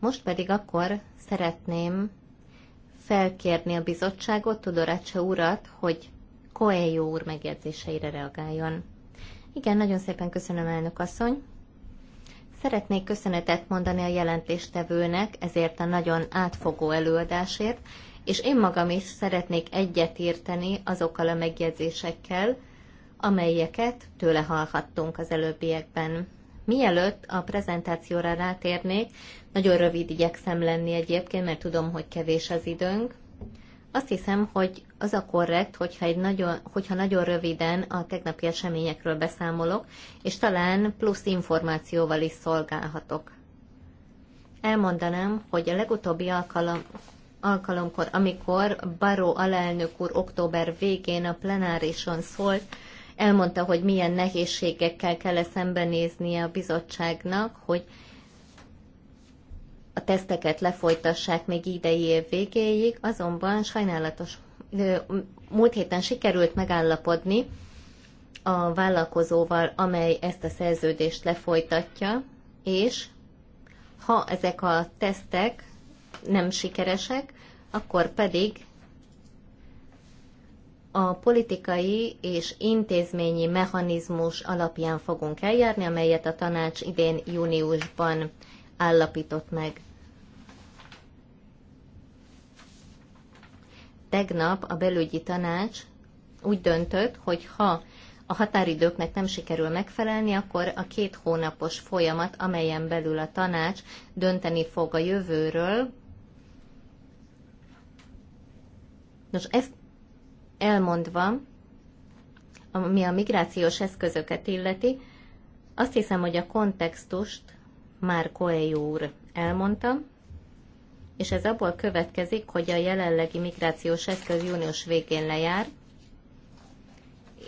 Most pedig akkor szeretném felkérni a bizottságot, Tudorácsa urat, hogy Koeljó úr megjegyzéseire reagáljon. Igen, nagyon szépen köszönöm, elnök asszony. Szeretnék köszönetet mondani a jelentéstevőnek ezért a nagyon átfogó előadásért, és én magam is szeretnék egyetérteni azokkal a megjegyzésekkel, amelyeket tőle hallhattunk az előbbiekben. Mielőtt a prezentációra rátérnék, nagyon rövid igyekszem lenni egyébként, mert tudom, hogy kevés az időnk. Azt hiszem, hogy az a korrekt, hogyha, egy nagyon, hogyha nagyon röviden a tegnapi eseményekről beszámolok, és talán plusz információval is szolgálhatok. Elmondanám, hogy a legutóbbi alkalom, alkalomkor, amikor Baró alelnök úr október végén a plenárison szólt, elmondta, hogy milyen nehézségekkel kell szembenéznie a bizottságnak, hogy a teszteket lefolytassák még idei év végéig, azonban sajnálatos múlt héten sikerült megállapodni a vállalkozóval, amely ezt a szerződést lefolytatja, és ha ezek a tesztek nem sikeresek, akkor pedig a politikai és intézményi mechanizmus alapján fogunk eljárni, amelyet a tanács idén júniusban állapított meg. Tegnap a belügyi tanács úgy döntött, hogy ha a határidőknek nem sikerül megfelelni, akkor a két hónapos folyamat, amelyen belül a tanács dönteni fog a jövőről, Nos, ezt elmondva, ami a migrációs eszközöket illeti, azt hiszem, hogy a kontextust már Coelho úr elmondta, és ez abból következik, hogy a jelenlegi migrációs eszköz június végén lejár,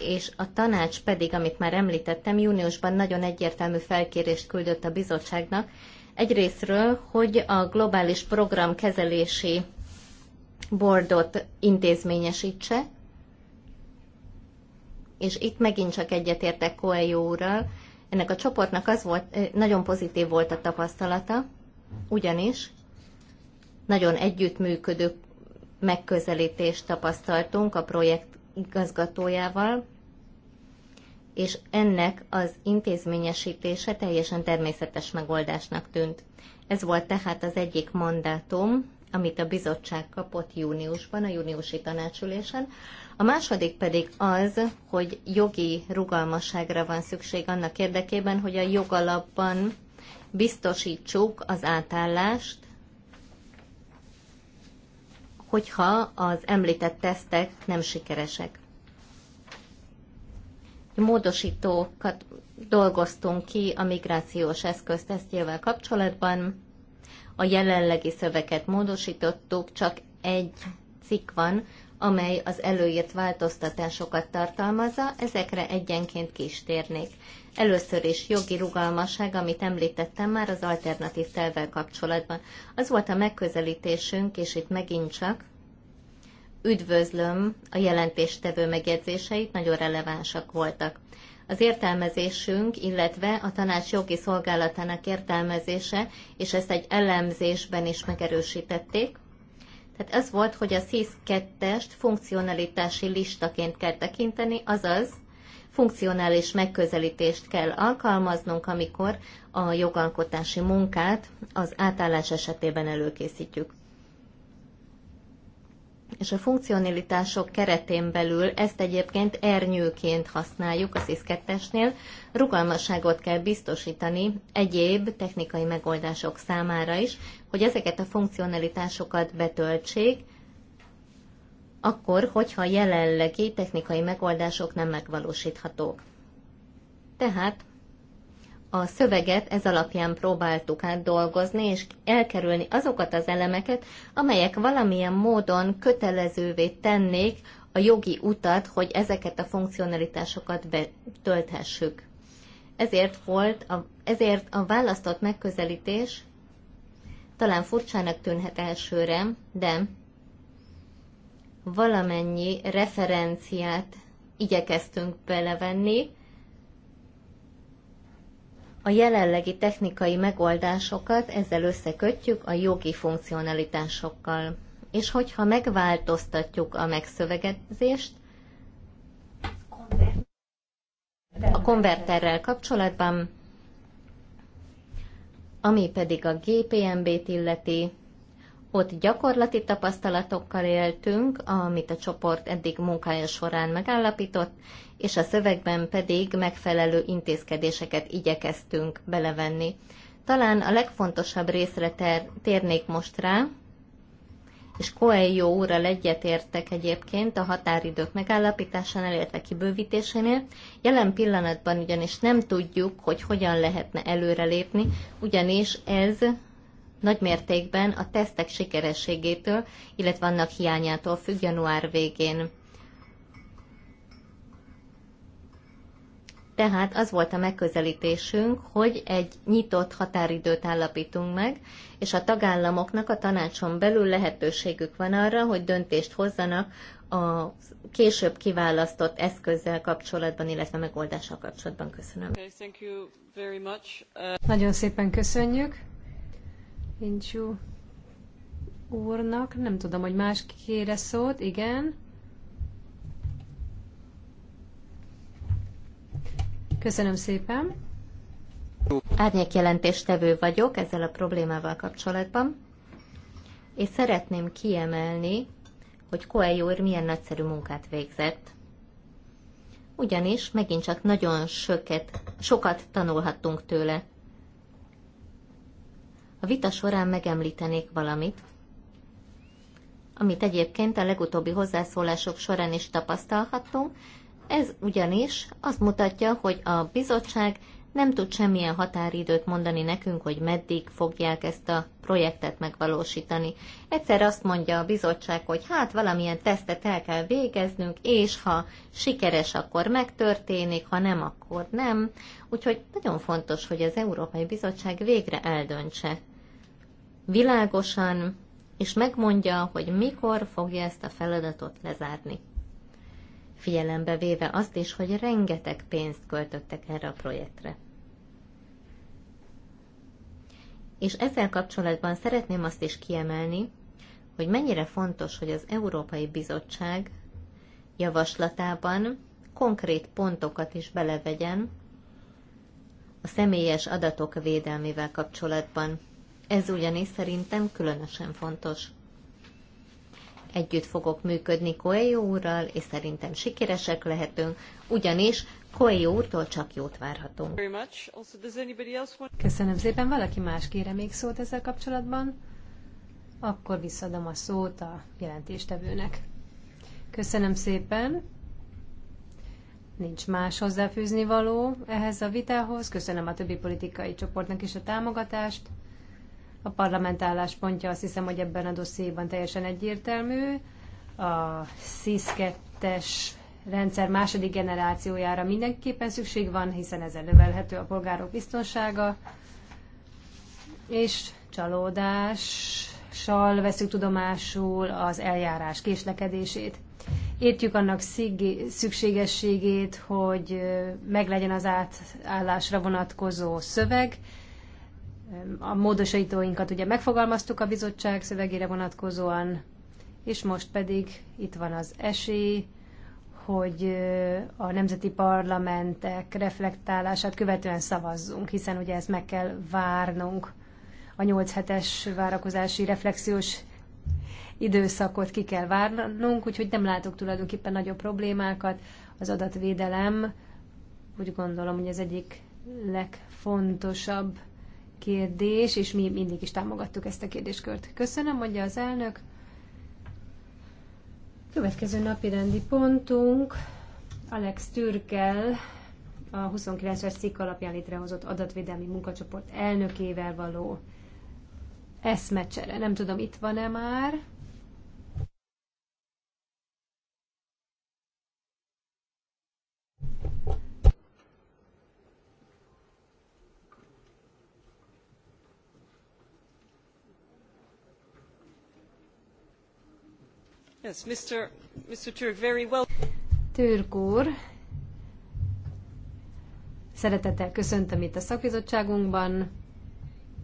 és a tanács pedig, amit már említettem, júniusban nagyon egyértelmű felkérést küldött a bizottságnak, egyrésztről, hogy a globális program kezelési bordot intézményesítse, és itt megint csak egyetértek Coelho úrral, ennek a csoportnak az volt, nagyon pozitív volt a tapasztalata, ugyanis nagyon együttműködő megközelítést tapasztaltunk a projekt igazgatójával, és ennek az intézményesítése teljesen természetes megoldásnak tűnt. Ez volt tehát az egyik mandátum, amit a bizottság kapott júniusban, a júniusi tanácsülésen. A második pedig az, hogy jogi rugalmasságra van szükség annak érdekében, hogy a jogalapban biztosítsuk az átállást, hogyha az említett tesztek nem sikeresek. Módosítókat dolgoztunk ki a migrációs eszköztesztjével kapcsolatban. A jelenlegi szöveget módosítottuk, csak egy cikk van, amely az előírt változtatásokat tartalmazza, ezekre egyenként kistérnék. Először is jogi rugalmasság, amit említettem már az alternatív telvel kapcsolatban. Az volt a megközelítésünk, és itt megint csak üdvözlöm a jelentéstevő megjegyzéseit, nagyon relevánsak voltak. Az értelmezésünk, illetve a tanács jogi szolgálatának értelmezése, és ezt egy elemzésben is megerősítették, tehát ez volt, hogy a SIS 2-est funkcionalitási listaként kell tekinteni, azaz funkcionális megközelítést kell alkalmaznunk, amikor a jogalkotási munkát az átállás esetében előkészítjük és a funkcionalitások keretén belül ezt egyébként ernyőként használjuk a sis rugalmasságot kell biztosítani egyéb technikai megoldások számára is, hogy ezeket a funkcionalitásokat betöltsék, akkor, hogyha jelenlegi technikai megoldások nem megvalósíthatók. Tehát a szöveget ez alapján próbáltuk átdolgozni, és elkerülni azokat az elemeket, amelyek valamilyen módon kötelezővé tennék a jogi utat, hogy ezeket a funkcionalitásokat betölthessük. Ezért volt, a, ezért a választott megközelítés talán furcsának tűnhet elsőre, de valamennyi referenciát igyekeztünk belevenni, a jelenlegi technikai megoldásokat ezzel összekötjük a jogi funkcionalitásokkal. És hogyha megváltoztatjuk a megszövegezést, a konverterrel kapcsolatban, ami pedig a GPMB-t illeti, ott gyakorlati tapasztalatokkal éltünk, amit a csoport eddig munkája során megállapított, és a szövegben pedig megfelelő intézkedéseket igyekeztünk belevenni. Talán a legfontosabb részre ter- térnék most rá, és Coelho úrral egyetértek egyébként a határidők megállapításánál, illetve kibővítésénél. Jelen pillanatban ugyanis nem tudjuk, hogy hogyan lehetne előrelépni, ugyanis ez nagy mértékben a tesztek sikerességétől, illetve annak hiányától függ január végén. Tehát az volt a megközelítésünk, hogy egy nyitott határidőt állapítunk meg, és a tagállamoknak a tanácson belül lehetőségük van arra, hogy döntést hozzanak a később kiválasztott eszközzel kapcsolatban, illetve megoldással kapcsolatban. Köszönöm. Okay, uh, Nagyon szépen köszönjük. Incsú úrnak. Nem tudom, hogy más kére szólt, Igen. Köszönöm szépen. Árnyék jelentéstevő vagyok ezzel a problémával kapcsolatban, és szeretném kiemelni, hogy Koei úr milyen nagyszerű munkát végzett. Ugyanis megint csak nagyon söket, sokat tanulhattunk tőle vita során megemlítenék valamit, amit egyébként a legutóbbi hozzászólások során is tapasztalhattunk. Ez ugyanis azt mutatja, hogy a bizottság nem tud semmilyen határidőt mondani nekünk, hogy meddig fogják ezt a projektet megvalósítani. Egyszer azt mondja a bizottság, hogy hát valamilyen tesztet el kell végeznünk, és ha sikeres, akkor megtörténik, ha nem, akkor nem. Úgyhogy nagyon fontos, hogy az Európai Bizottság végre eldöntse, világosan, és megmondja, hogy mikor fogja ezt a feladatot lezárni. Figyelembe véve azt is, hogy rengeteg pénzt költöttek erre a projektre. És ezzel kapcsolatban szeretném azt is kiemelni, hogy mennyire fontos, hogy az Európai Bizottság javaslatában konkrét pontokat is belevegyen a személyes adatok védelmével kapcsolatban. Ez ugyanis szerintem különösen fontos. Együtt fogok működni Coelho úrral, és szerintem sikeresek lehetünk, ugyanis Coelho úrtól csak jót várhatunk. Köszönöm szépen. Valaki más kére még szót ezzel kapcsolatban? Akkor visszadom a szót a jelentéstevőnek. Köszönöm szépen. Nincs más hozzáfűzni való ehhez a vitához. Köszönöm a többi politikai csoportnak is a támogatást. A parlament álláspontja azt hiszem, hogy ebben a dossziéban teljesen egyértelmű. A SZISZ 2-es rendszer második generációjára mindenképpen szükség van, hiszen ezzel növelhető a polgárok biztonsága, és csalódással veszük tudomásul az eljárás késlekedését. Értjük annak szükségességét, hogy meglegyen az átállásra vonatkozó szöveg, a módosítóinkat ugye megfogalmaztuk a bizottság szövegére vonatkozóan, és most pedig itt van az esély, hogy a nemzeti parlamentek reflektálását követően szavazzunk, hiszen ugye ezt meg kell várnunk. A 8 hetes várakozási reflexiós időszakot ki kell várnunk, úgyhogy nem látok tulajdonképpen nagyobb problémákat. Az adatvédelem, úgy gondolom, hogy ez egyik legfontosabb kérdés, és mi mindig is támogattuk ezt a kérdéskört. Köszönöm, mondja az elnök. Következő napi rendi pontunk Alex Türkel, a 29-es cikk alapján létrehozott adatvédelmi munkacsoport elnökével való eszmecsere. Nem tudom, itt van-e már. Yes, Mr. Mr. Türk, very well. Türk úr, szeretettel köszöntöm itt a szakbizottságunkban,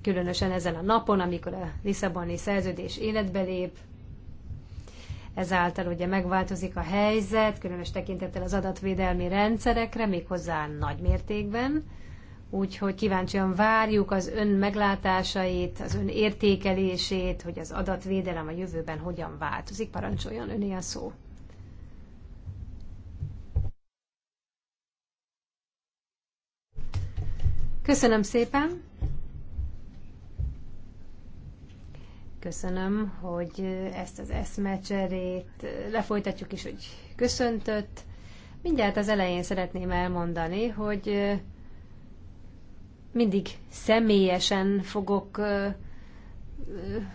különösen ezen a napon, amikor a Lisszaboni szerződés életbe lép. Ezáltal ugye megváltozik a helyzet, különös tekintettel az adatvédelmi rendszerekre, méghozzá nagy mértékben úgyhogy kíváncsian várjuk az ön meglátásait, az ön értékelését, hogy az adatvédelem a jövőben hogyan változik. Parancsoljon öné a szó. Köszönöm szépen! Köszönöm, hogy ezt az eszmecserét lefolytatjuk is, hogy köszöntött. Mindjárt az elején szeretném elmondani, hogy mindig személyesen fogok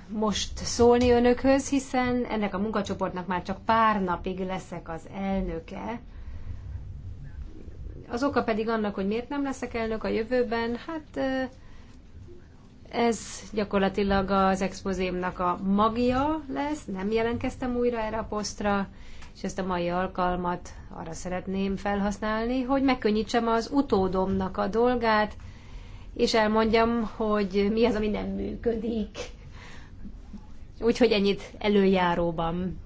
most szólni önökhöz, hiszen ennek a munkacsoportnak már csak pár napig leszek az elnöke. Az oka pedig annak, hogy miért nem leszek elnök a jövőben, hát ez gyakorlatilag az expozémnak a magia lesz, nem jelentkeztem újra erre a posztra, és ezt a mai alkalmat arra szeretném felhasználni, hogy megkönnyítsem az utódomnak a dolgát, és elmondjam, hogy mi az, ami nem működik. Úgyhogy ennyit előjáróban.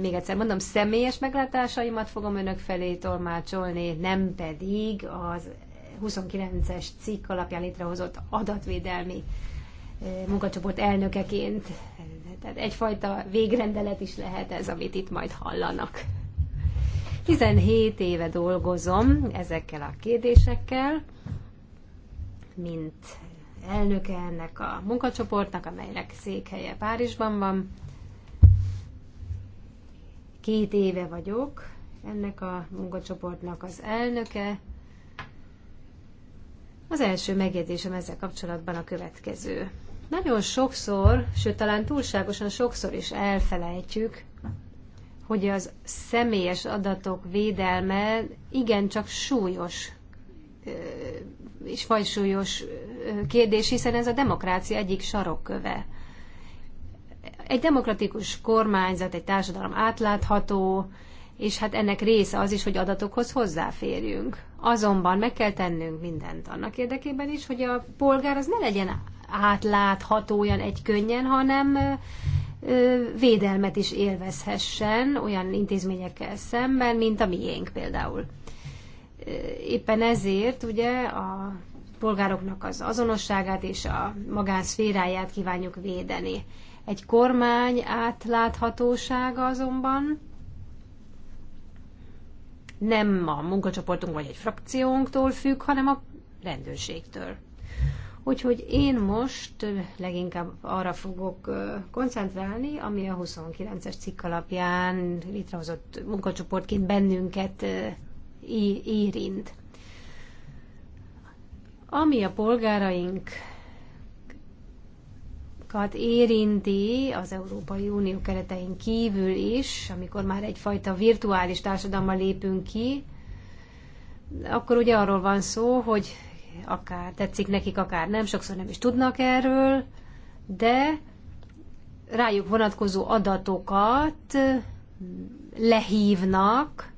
Még egyszer mondom, személyes meglátásaimat fogom önök felé tolmácsolni, nem pedig az 29-es cikk alapján létrehozott adatvédelmi eh, munkacsoport elnökeként. Tehát egyfajta végrendelet is lehet ez, amit itt majd hallanak. 17 éve dolgozom ezekkel a kérdésekkel, mint elnöke ennek a munkacsoportnak, amelynek székhelye Párizsban van. Két éve vagyok ennek a munkacsoportnak az elnöke. Az első megjegyzésem ezzel kapcsolatban a következő. Nagyon sokszor, sőt talán túlságosan sokszor is elfelejtjük, hogy az személyes adatok védelme igencsak súlyos és fajsúlyos kérdés, hiszen ez a demokrácia egyik sarokköve. Egy demokratikus kormányzat, egy társadalom átlátható, és hát ennek része az is, hogy adatokhoz hozzáférjünk. Azonban meg kell tennünk mindent annak érdekében is, hogy a polgár az ne legyen átlátható olyan egy könnyen, hanem védelmet is élvezhessen olyan intézményekkel szemben, mint a miénk például éppen ezért ugye a polgároknak az azonosságát és a magánszféráját kívánjuk védeni. Egy kormány átláthatósága azonban nem a munkacsoportunk vagy egy frakciónktól függ, hanem a rendőrségtől. Úgyhogy én most leginkább arra fogok koncentrálni, ami a 29-es cikk alapján létrehozott munkacsoportként bennünket érint. Ami a polgárainkat érinti az Európai Unió keretein kívül is, amikor már egyfajta virtuális társadalma lépünk ki, akkor ugye arról van szó, hogy akár tetszik nekik, akár nem, sokszor nem is tudnak erről, de rájuk vonatkozó adatokat lehívnak,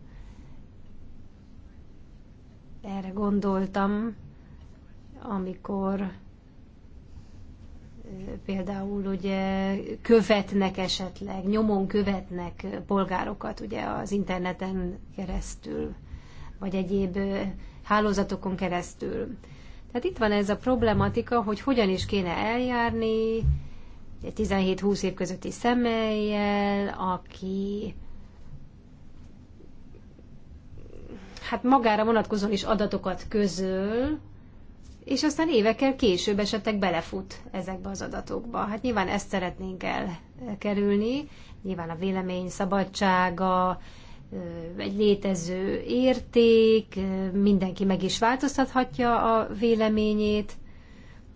erre gondoltam, amikor például ugye követnek esetleg, nyomon követnek polgárokat ugye az interneten keresztül, vagy egyéb hálózatokon keresztül. Tehát itt van ez a problematika, hogy hogyan is kéne eljárni egy 17-20 év közötti személlyel, aki hát magára vonatkozóan is adatokat közöl, és aztán évekkel később esetleg belefut ezekbe az adatokba. Hát nyilván ezt szeretnénk elkerülni, nyilván a vélemény szabadsága, egy létező érték, mindenki meg is változtathatja a véleményét,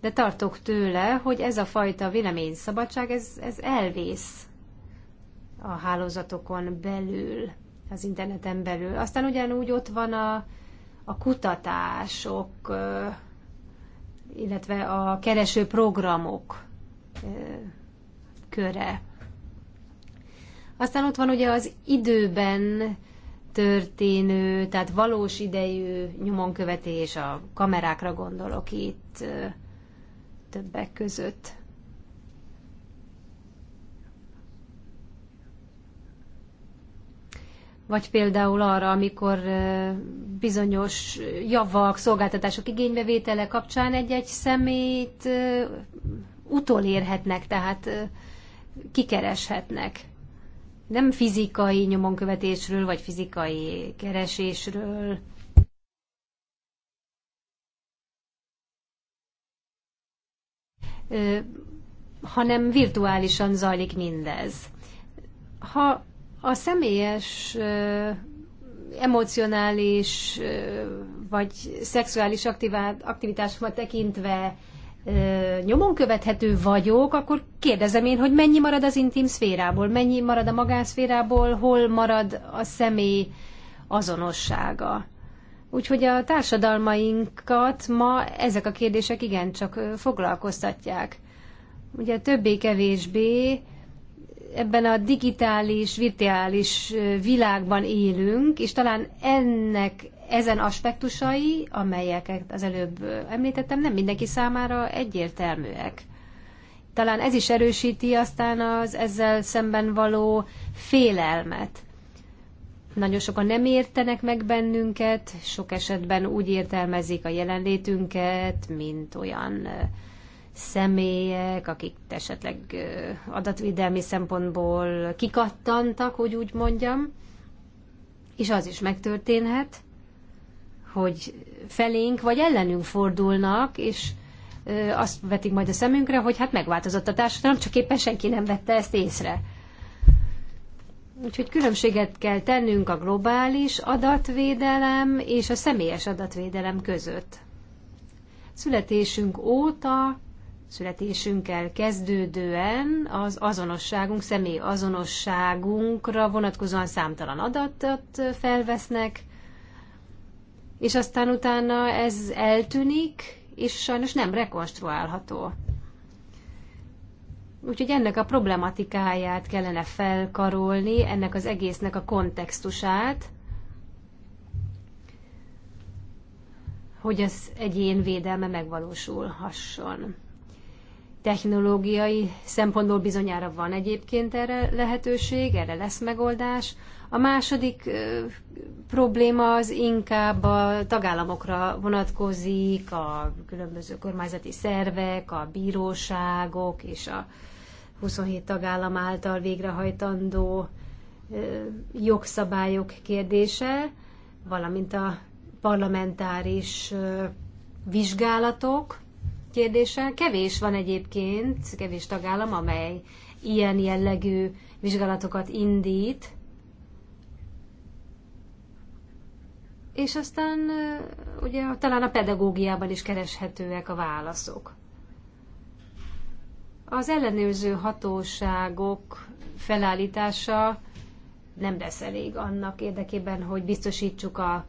de tartok tőle, hogy ez a fajta véleményszabadság, ez, ez elvész a hálózatokon belül az interneten belül. Aztán ugyanúgy ott van a, a kutatások, illetve a kereső programok köre. Aztán ott van ugye az időben történő, tehát valós idejű nyomonkövetés, a kamerákra gondolok itt többek között. vagy például arra, amikor bizonyos javak, szolgáltatások igénybevétele kapcsán egy-egy szemét utolérhetnek, tehát kikereshetnek. Nem fizikai nyomonkövetésről, vagy fizikai keresésről, hanem virtuálisan zajlik mindez. Ha a személyes emocionális vagy szexuális aktivitásomat tekintve nyomon követhető vagyok, akkor kérdezem én, hogy mennyi marad az intim szférából, mennyi marad a magánszférából, hol marad a személy azonossága. Úgyhogy a társadalmainkat ma ezek a kérdések igencsak foglalkoztatják. Ugye többé-kevésbé ebben a digitális, virtuális világban élünk, és talán ennek ezen aspektusai, amelyeket az előbb említettem, nem mindenki számára egyértelműek. Talán ez is erősíti aztán az ezzel szemben való félelmet. Nagyon sokan nem értenek meg bennünket, sok esetben úgy értelmezik a jelenlétünket, mint olyan személyek, akik esetleg adatvédelmi szempontból kikattantak, hogy úgy mondjam, és az is megtörténhet, hogy felénk vagy ellenünk fordulnak, és azt vetik majd a szemünkre, hogy hát megváltozott a társadalom, csak éppen senki nem vette ezt észre. Úgyhogy különbséget kell tennünk a globális adatvédelem és a személyes adatvédelem között. Születésünk óta születésünkkel kezdődően az azonosságunk, személy azonosságunkra vonatkozóan számtalan adatot felvesznek, és aztán utána ez eltűnik, és sajnos nem rekonstruálható. Úgyhogy ennek a problematikáját kellene felkarolni, ennek az egésznek a kontextusát, hogy az egyén védelme megvalósulhasson. Technológiai szempontból bizonyára van egyébként erre lehetőség, erre lesz megoldás. A második probléma az inkább a tagállamokra vonatkozik, a különböző kormányzati szervek, a bíróságok és a 27 tagállam által végrehajtandó jogszabályok kérdése, valamint a parlamentáris vizsgálatok, kérdéssel. Kevés van egyébként, kevés tagállam, amely ilyen jellegű vizsgálatokat indít. És aztán ugye talán a pedagógiában is kereshetőek a válaszok. Az ellenőrző hatóságok felállítása nem lesz elég annak érdekében, hogy biztosítsuk a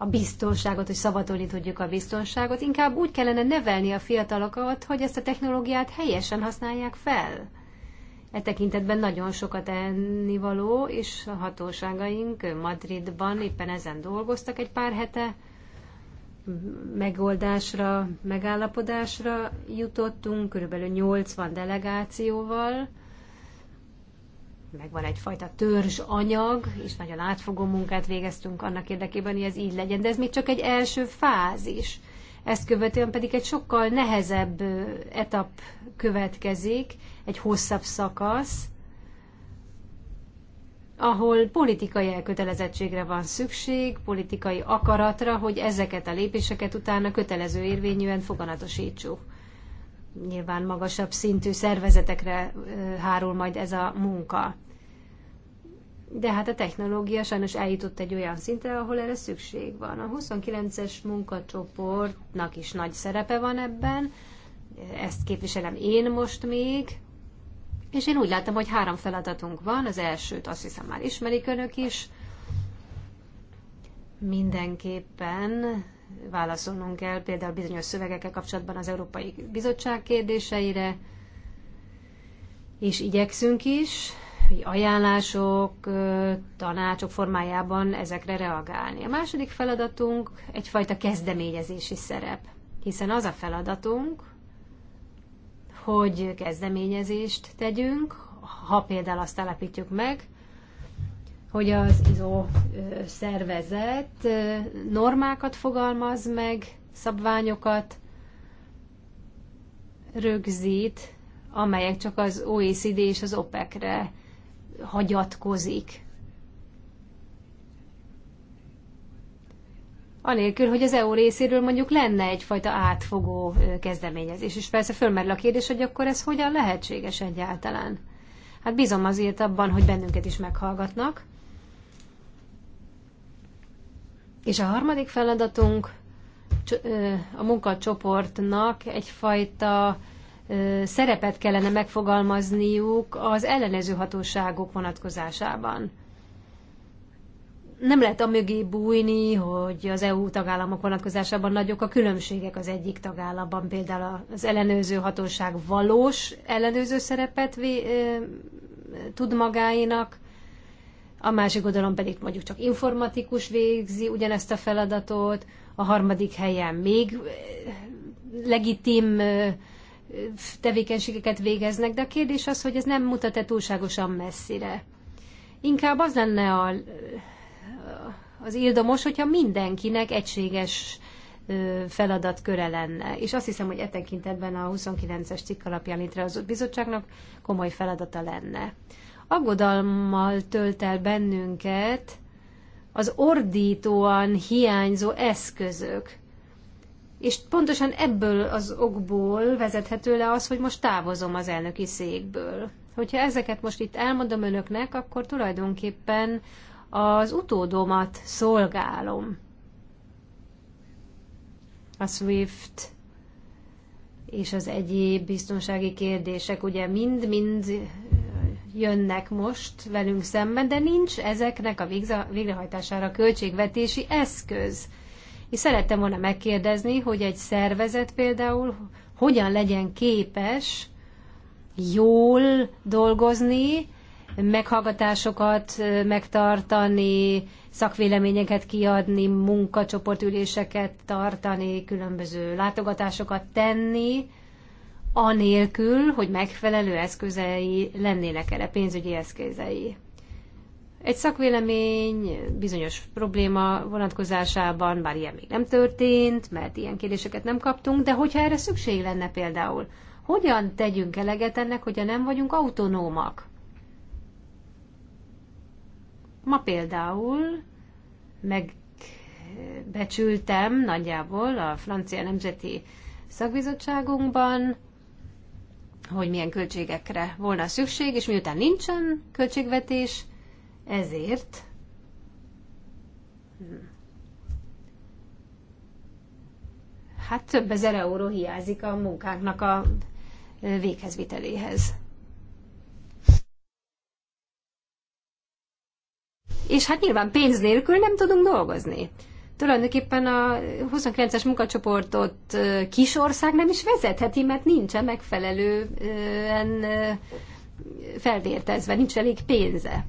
a biztonságot, hogy szabadulni tudjuk a biztonságot. Inkább úgy kellene nevelni a fiatalokat, hogy ezt a technológiát helyesen használják fel. E tekintetben nagyon sokat ennivaló, és a hatóságaink Madridban éppen ezen dolgoztak egy pár hete. Megoldásra, megállapodásra jutottunk, körülbelül 80 delegációval, megvan egyfajta törzsanyag, és nagyon átfogó munkát végeztünk annak érdekében, hogy ez így legyen. De ez még csak egy első fázis. Ezt követően pedig egy sokkal nehezebb etap következik, egy hosszabb szakasz, ahol politikai elkötelezettségre van szükség, politikai akaratra, hogy ezeket a lépéseket utána kötelező érvényűen foganatosítsuk. Nyilván magasabb szintű szervezetekre hárul majd ez a munka. De hát a technológia sajnos eljutott egy olyan szintre, ahol erre szükség van. A 29-es munkacsoportnak is nagy szerepe van ebben, ezt képviselem én most még, és én úgy látom, hogy három feladatunk van, az elsőt azt hiszem már ismerik önök is, mindenképpen válaszolnunk kell például bizonyos szövegekkel kapcsolatban az Európai Bizottság kérdéseire, és igyekszünk is, hogy ajánlások, tanácsok formájában ezekre reagálni. A második feladatunk egyfajta kezdeményezési szerep, hiszen az a feladatunk, hogy kezdeményezést tegyünk, ha például azt állapítjuk meg, hogy az ISO szervezet normákat fogalmaz meg, szabványokat rögzít, amelyek csak az OECD és az OPEC-re hagyatkozik. Anélkül, hogy az EU részéről mondjuk lenne egyfajta átfogó kezdeményezés. És persze fölmerül a kérdés, hogy akkor ez hogyan lehetséges egyáltalán. Hát bízom azért abban, hogy bennünket is meghallgatnak És a harmadik feladatunk a munkacsoportnak egyfajta szerepet kellene megfogalmazniuk az ellenező hatóságok vonatkozásában. Nem lehet a mögé bújni, hogy az EU tagállamok vonatkozásában nagyok a különbségek az egyik tagállamban. Például az ellenőző hatóság valós ellenőző szerepet vé, tud magáinak, a másik oldalon pedig mondjuk csak informatikus végzi ugyanezt a feladatot, a harmadik helyen még legitim tevékenységeket végeznek, de a kérdés az, hogy ez nem mutat-e túlságosan messzire. Inkább az lenne a, az ildomos, hogyha mindenkinek egységes feladatköre lenne. És azt hiszem, hogy etekintetben a 29-es cikk alapján létrehozott bizottságnak komoly feladata lenne aggodalmal tölt el bennünket az ordítóan hiányzó eszközök. És pontosan ebből az okból vezethető le az, hogy most távozom az elnöki székből. Hogyha ezeket most itt elmondom önöknek, akkor tulajdonképpen az utódomat szolgálom. A SWIFT és az egyéb biztonsági kérdések ugye mind-mind jönnek most velünk szemben, de nincs ezeknek a végrehajtására költségvetési eszköz. És szerettem volna megkérdezni, hogy egy szervezet például hogyan legyen képes jól dolgozni, meghallgatásokat megtartani, szakvéleményeket kiadni, munkacsoportüléseket tartani, különböző látogatásokat tenni, anélkül, hogy megfelelő eszközei lennének erre, pénzügyi eszközei. Egy szakvélemény bizonyos probléma vonatkozásában, bár ilyen még nem történt, mert ilyen kérdéseket nem kaptunk, de hogyha erre szükség lenne például, hogyan tegyünk eleget ennek, hogyha nem vagyunk autonómak? Ma például megbecsültem nagyjából a francia nemzeti szakbizottságunkban, hogy milyen költségekre volna szükség, és miután nincsen költségvetés, ezért hát több ezer euró hiányzik a munkáknak a véghezviteléhez. És hát nyilván pénz nélkül nem tudunk dolgozni tulajdonképpen a 29-es munkacsoportot kis ország nem is vezetheti, mert nincsen megfelelően felvértezve, nincs elég pénze.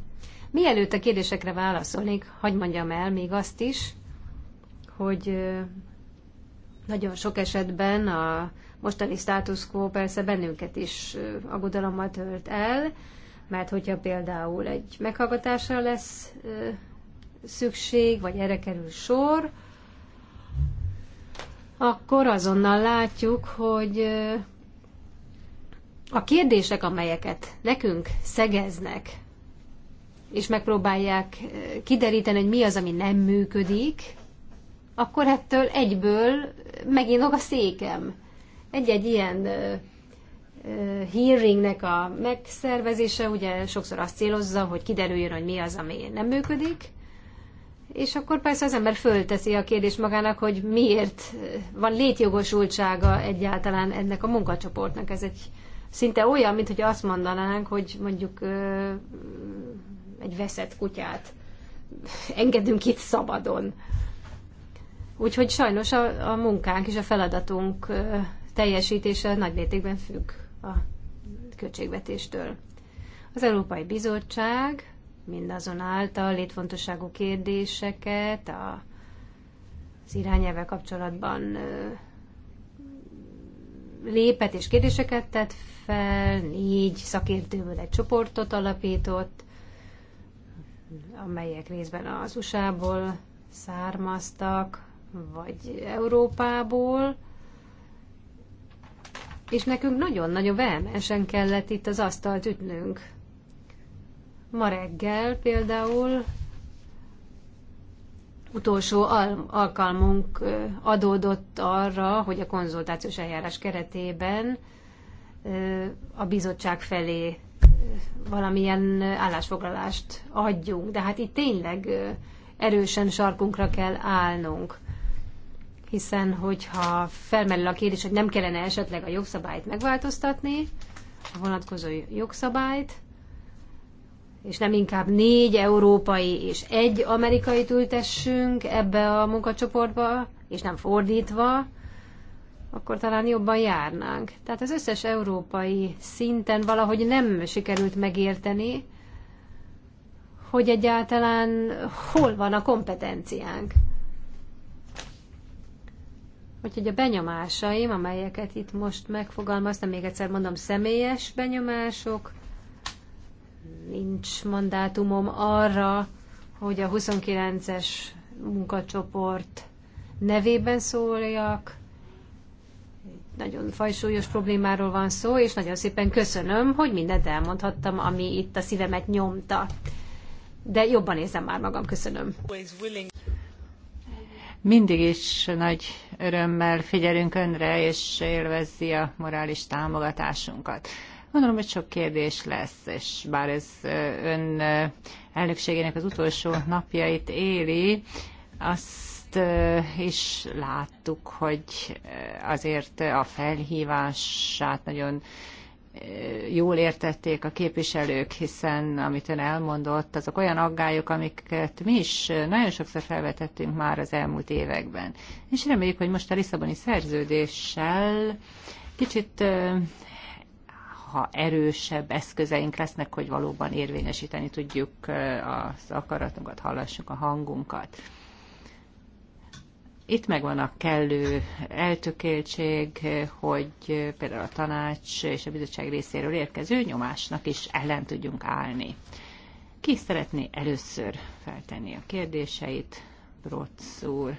Mielőtt a kérdésekre válaszolnék, hagy mondjam el még azt is, hogy nagyon sok esetben a mostani status quo persze bennünket is aggodalommal tölt el, mert hogyha például egy meghallgatásra lesz szükség, vagy erre kerül sor, akkor azonnal látjuk, hogy a kérdések, amelyeket nekünk szegeznek, és megpróbálják kideríteni, hogy mi az, ami nem működik, akkor ettől egyből meginog a székem. Egy-egy ilyen hearingnek a megszervezése ugye sokszor azt célozza, hogy kiderüljön, hogy mi az, ami nem működik, és akkor persze az ember fölteszi a kérdést magának, hogy miért van létjogosultsága egyáltalán ennek a munkacsoportnak. Ez egy szinte olyan, mint hogy azt mondanánk, hogy mondjuk ö, egy veszett kutyát engedünk itt szabadon. Úgyhogy sajnos a, a munkánk és a feladatunk ö, teljesítése nagy mértékben függ a költségvetéstől. Az Európai Bizottság mindazonáltal létfontosságú kérdéseket a, az irányelve kapcsolatban lépett és kérdéseket tett fel, négy szakértőből egy csoportot alapított, amelyek részben az USA-ból származtak, vagy Európából, és nekünk nagyon-nagyon vehemensen kellett itt az asztalt ütnünk Ma reggel például utolsó alkalmunk adódott arra, hogy a konzultációs eljárás keretében a bizottság felé valamilyen állásfoglalást adjunk. De hát itt tényleg erősen sarkunkra kell állnunk. Hiszen, hogyha felmerül a kérdés, hogy nem kellene esetleg a jogszabályt megváltoztatni, a vonatkozó jogszabályt, és nem inkább négy európai és egy amerikai ültessünk ebbe a munkacsoportba, és nem fordítva, akkor talán jobban járnánk. Tehát az összes európai szinten valahogy nem sikerült megérteni, hogy egyáltalán hol van a kompetenciánk. Úgyhogy a benyomásaim, amelyeket itt most megfogalmaztam, még egyszer mondom, személyes benyomások, nincs mandátumom arra, hogy a 29-es munkacsoport nevében szóljak. Nagyon fajsúlyos problémáról van szó, és nagyon szépen köszönöm, hogy mindent elmondhattam, ami itt a szívemet nyomta. De jobban érzem már magam, köszönöm. Mindig is nagy örömmel figyelünk önre, és élvezzi a morális támogatásunkat. Gondolom, hogy sok kérdés lesz, és bár ez ön elnökségének az utolsó napjait éli, azt is láttuk, hogy azért a felhívását nagyon jól értették a képviselők, hiszen amit ön elmondott, azok olyan aggályok, amiket mi is nagyon sokszor felvetettünk már az elmúlt években. És reméljük, hogy most a Lisszaboni szerződéssel kicsit ha erősebb eszközeink lesznek, hogy valóban érvényesíteni tudjuk az akaratunkat, hallassuk a hangunkat. Itt megvan a kellő eltökéltség, hogy például a tanács és a bizottság részéről érkező nyomásnak is ellen tudjunk állni. Ki szeretné először feltenni a kérdéseit? Brocz úr.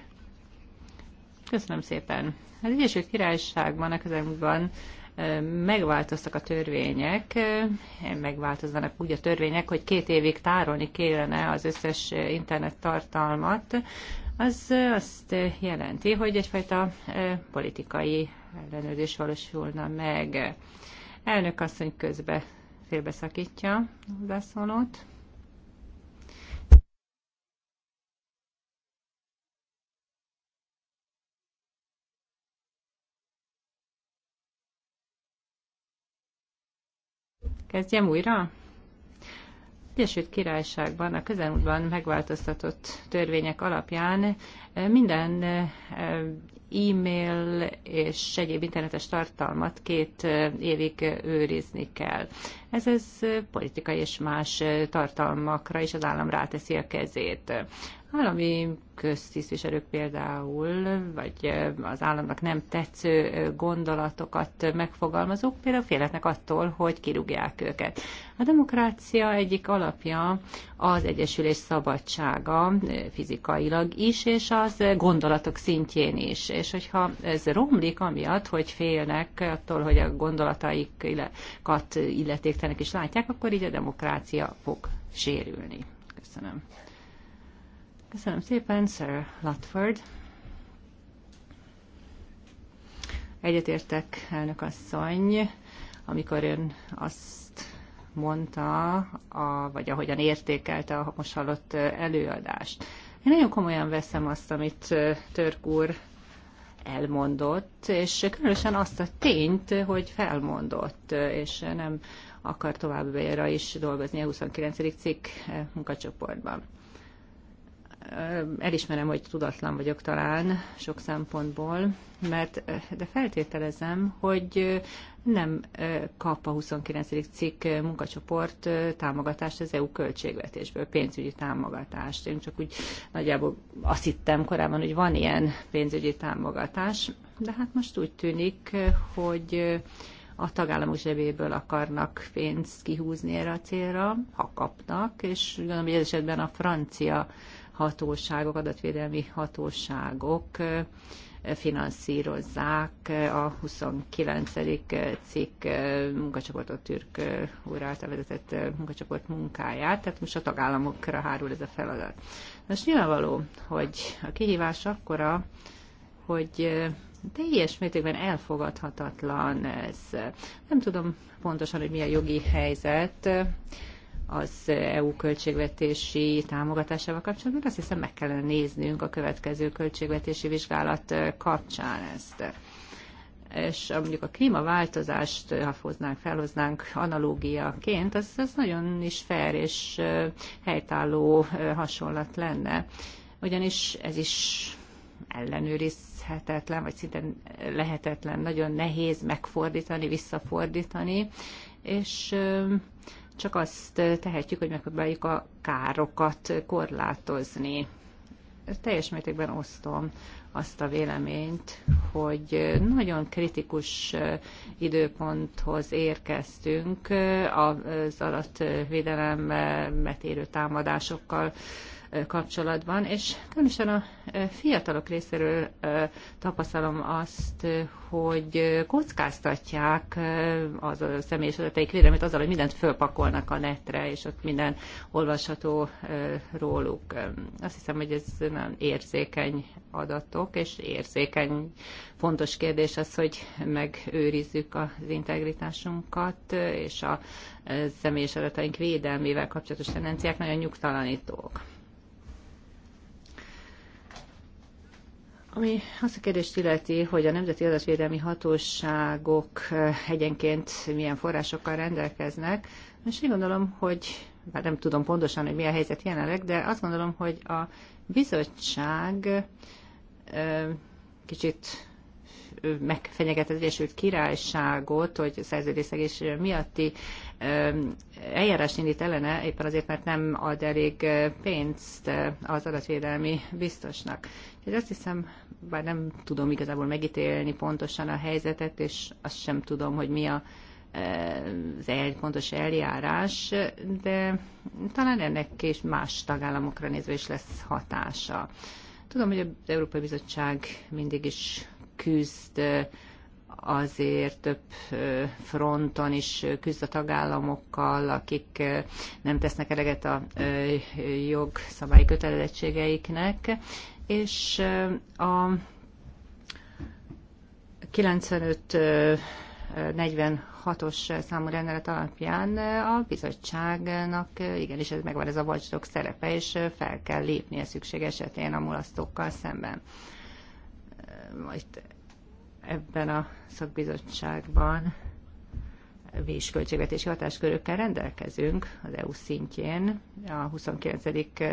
Köszönöm szépen. Az Egyesült Királyságban a közelmúltban megváltoztak a törvények, megváltoznak úgy a törvények, hogy két évig tárolni kellene az összes internet tartalmat, az azt jelenti, hogy egyfajta politikai ellenőrzés valósulna meg. Elnök asszony közbe félbeszakítja a hozzászólót. Kezdjem újra? Egyesült Királyságban a közelmúltban megváltoztatott törvények alapján eh, minden eh, e-mail és egyéb internetes tartalmat két eh, évig őrizni kell. Ez, az politikai és más tartalmakra is az állam ráteszi a kezét. Állami köztisztviselők például, vagy az államnak nem tetsző gondolatokat megfogalmazók például félhetnek attól, hogy kirúgják őket. A demokrácia egyik alapja az egyesülés szabadsága fizikailag is, és az gondolatok szintjén is. És hogyha ez romlik amiatt, hogy félnek attól, hogy a gondolataikat illetéktelenek is látják, akkor így a demokrácia fog sérülni. Köszönöm. Köszönöm szépen, Sir Latford. Egyetértek, elnök asszony, amikor ön azt mondta, a, vagy ahogyan értékelte a most hallott előadást. Én nagyon komolyan veszem azt, amit Törk úr elmondott, és különösen azt a tényt, hogy felmondott, és nem akar továbbra is dolgozni a 29. cikk munkacsoportban elismerem, hogy tudatlan vagyok talán sok szempontból, mert de feltételezem, hogy nem kap a 29. cikk munkacsoport támogatást az EU költségvetésből, pénzügyi támogatást. Én csak úgy nagyjából azt hittem korábban, hogy van ilyen pénzügyi támogatás, de hát most úgy tűnik, hogy a tagállamok zsebéből akarnak pénzt kihúzni erre a célra, ha kapnak, és gondolom, hogy ez esetben a francia hatóságok, adatvédelmi hatóságok finanszírozzák a 29. cikk munkacsoportot Türk úr által vezetett munkacsoport munkáját, tehát most a tagállamokra hárul ez a feladat. Most nyilvánvaló, hogy a kihívás akkora, hogy teljes mértékben elfogadhatatlan ez. Nem tudom pontosan, hogy mi a jogi helyzet, az EU költségvetési támogatásával kapcsolatban, azt hiszem meg kellene néznünk a következő költségvetési vizsgálat kapcsán ezt és mondjuk a klímaváltozást, ha hoznánk, felhoznánk analógiaként, az, az nagyon is fair és helytálló hasonlat lenne. Ugyanis ez is ellenőrizhetetlen, vagy szinte lehetetlen, nagyon nehéz megfordítani, visszafordítani, és csak azt tehetjük, hogy megpróbáljuk a károkat korlátozni. Teljes mértékben osztom azt a véleményt, hogy nagyon kritikus időponthoz érkeztünk az adatvédelem érő támadásokkal kapcsolatban, és különösen a fiatalok részéről tapasztalom azt, hogy kockáztatják az a személyes adataik védelmét azzal, hogy mindent fölpakolnak a netre, és ott minden olvasható róluk. Azt hiszem, hogy ez nem érzékeny adatok, és érzékeny, fontos kérdés az, hogy megőrizzük az integritásunkat, és a személyes adataink védelmével kapcsolatos tendenciák nagyon nyugtalanítók. Ami azt a kérdést illeti, hogy a Nemzeti Adatvédelmi Hatóságok eh, egyenként milyen forrásokkal rendelkeznek, és én gondolom, hogy bár nem tudom pontosan, hogy milyen helyzet jelenleg, de azt gondolom, hogy a bizottság eh, kicsit megfenyegeti az Egyesült Királyságot, hogy szerződésszegés miatti eljárás indít ellene, éppen azért, mert nem ad elég pénzt az adatvédelmi biztosnak. Úgyhogy azt hiszem, bár nem tudom igazából megítélni pontosan a helyzetet, és azt sem tudom, hogy mi a az el, pontos eljárás, de talán ennek is más tagállamokra nézve is lesz hatása. Tudom, hogy az Európai Bizottság mindig is küzd azért több fronton is küzd a tagállamokkal, akik nem tesznek eleget a jogszabályi kötelezettségeiknek, és a 95 46-os számú rendelet alapján a bizottságnak igenis ez megvan ez a watchdog szerepe, és fel kell lépnie szükség esetén a mulasztókkal szemben majd ebben a szakbizottságban és költségvetési hatáskörökkel rendelkezünk az EU szintjén a 29.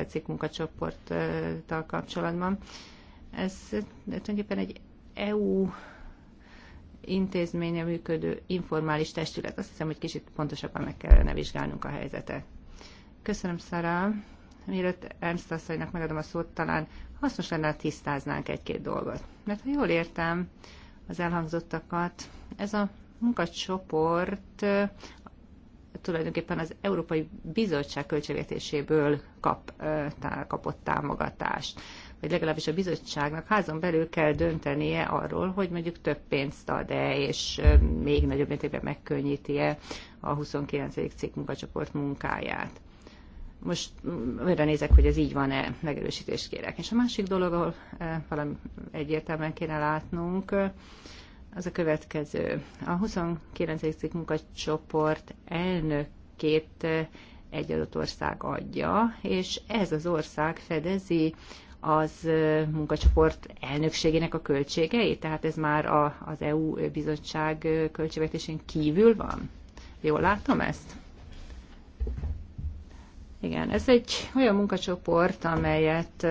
cikk munkacsoporttal kapcsolatban. Ez tulajdonképpen egy EU intézménye működő informális testület. Azt hiszem, hogy kicsit pontosabban meg kellene vizsgálnunk a helyzetet. Köszönöm, Szara. Mielőtt Ernst asszonynak megadom a szót, talán hasznos lenne, ha tisztáznánk egy-két dolgot. Mert ha jól értem az elhangzottakat, ez a munkacsoport tulajdonképpen az Európai Bizottság költségvetéséből kap, kapott támogatást. Vagy legalábbis a bizottságnak házon belül kell döntenie arról, hogy mondjuk több pénzt ad-e, és még nagyobb mértékben megkönnyíti-e a 29. cikk munkacsoport munkáját. Most olyan mm, nézek, hogy ez így van-e, megerősítést kérek. És a másik dolog, ahol e, valami egyértelműen kéne látnunk, e, az a következő. A 29. munkacsoport elnökét e, egy adott ország adja, és ez az ország fedezi az munkacsoport elnökségének a költségei? Tehát ez már a, az EU bizottság költségvetésén kívül van? Jól látom ezt? Igen, ez egy olyan munkacsoport, amelyet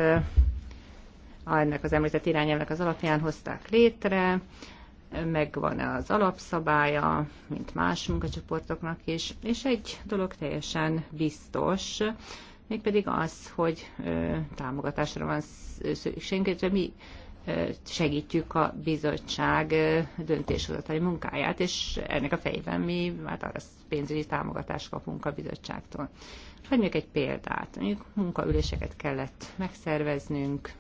ennek az említett irányelvnek az alapján hozták létre, megvan az alapszabálya, mint más munkacsoportoknak is, és egy dolog teljesen biztos, mégpedig az, hogy támogatásra van szükségünk, hogy mi segítjük a bizottság döntéshozatai munkáját, és ennek a fejében mi hát arra pénzügyi támogatást kapunk a bizottságtól. Hagyjuk egy példát. Mondjuk munkaüléseket kellett megszerveznünk,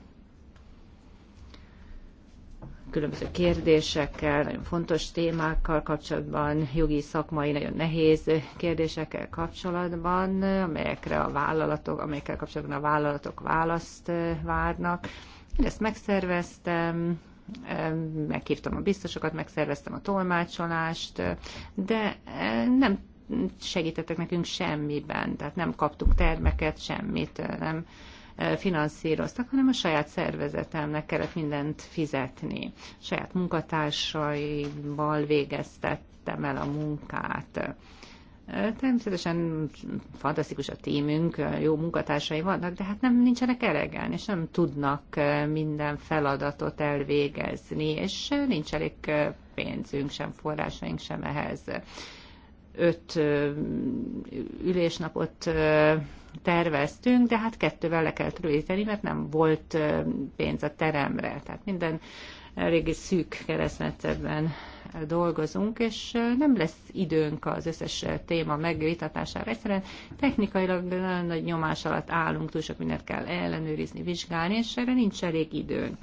különböző kérdésekkel, nagyon fontos témákkal kapcsolatban, jogi, szakmai, nagyon nehéz kérdésekkel kapcsolatban, amelyekre a vállalatok, amelyekkel kapcsolatban a vállalatok választ eh, várnak. Én ezt megszerveztem, eh, meghívtam a biztosokat, megszerveztem a tolmácsolást, eh, de nem segítettek nekünk semmiben, tehát nem kaptunk termeket, semmit, nem finanszíroztak, hanem a saját szervezetemnek kellett mindent fizetni. Saját munkatársaival végeztettem el a munkát. Természetesen fantasztikus a tímünk, jó munkatársai vannak, de hát nem nincsenek elegen, és nem tudnak minden feladatot elvégezni, és nincs elég pénzünk, sem forrásaink sem ehhez öt ülésnapot terveztünk, de hát kettővel le kellett rövidíteni, mert nem volt pénz a teremre. Tehát minden eléggé szűk keresztmetszetben dolgozunk, és nem lesz időnk az összes téma megvitatására. Egyszerűen technikailag nagyon nagy nyomás alatt állunk, túl sok mindent kell ellenőrizni, vizsgálni, és erre nincs elég időnk.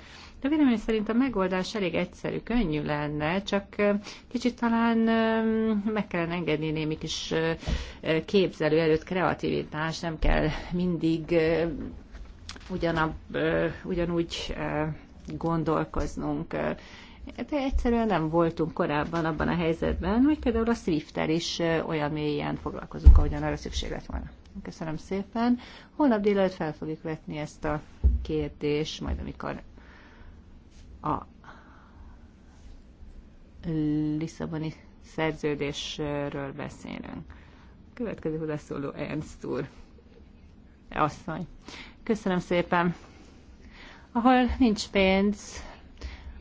De véleményem szerint a megoldás elég egyszerű, könnyű lenne, csak kicsit talán meg kellene engedni némi kis képzelő előtt kreativitás, nem kell mindig ugyanab, ugyanúgy gondolkoznunk. De egyszerűen nem voltunk korábban abban a helyzetben, hogy például a swift is olyan mélyen foglalkozunk, ahogyan arra szükség lett volna. Köszönöm szépen. Holnap délelőtt fel fogjuk vetni ezt a kérdést, majd amikor a Lisszaboni szerződésről beszélünk. Következő hozzászóló Ernst úr. E asszony. Köszönöm szépen. Ahol nincs pénz,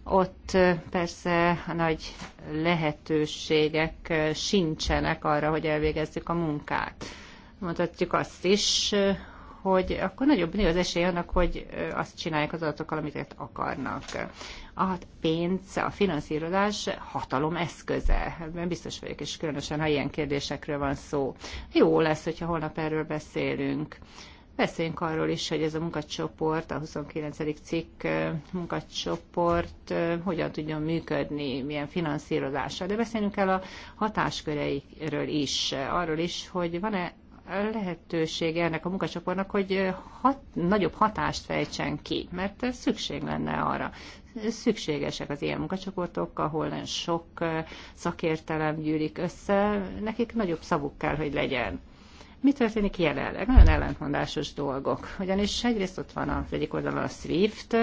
ott persze a nagy lehetőségek sincsenek arra, hogy elvégezzük a munkát. Mondhatjuk azt is, hogy akkor nagyobb nő az esély annak, hogy azt csinálják az adatokkal, amit akarnak. A pénz, a finanszírozás hatalom eszköze. Ebben biztos vagyok, és különösen, ha ilyen kérdésekről van szó. Jó lesz, hogyha holnap erről beszélünk. Beszéljünk arról is, hogy ez a munkacsoport, a 29. cikk munkacsoport hogyan tudjon működni, milyen finanszírozással, de beszélünk el a hatásköreiről is, arról is, hogy van-e lehetőség ennek a munkacsoportnak, hogy hat, nagyobb hatást fejtsen ki, mert szükség lenne arra. Szükségesek az ilyen munkacsoportok, ahol nagyon sok szakértelem gyűlik össze, nekik nagyobb szavuk kell, hogy legyen. Mi történik jelenleg? Nagyon ellentmondásos dolgok. Ugyanis egyrészt ott van az egyik oldalon a SWIFT,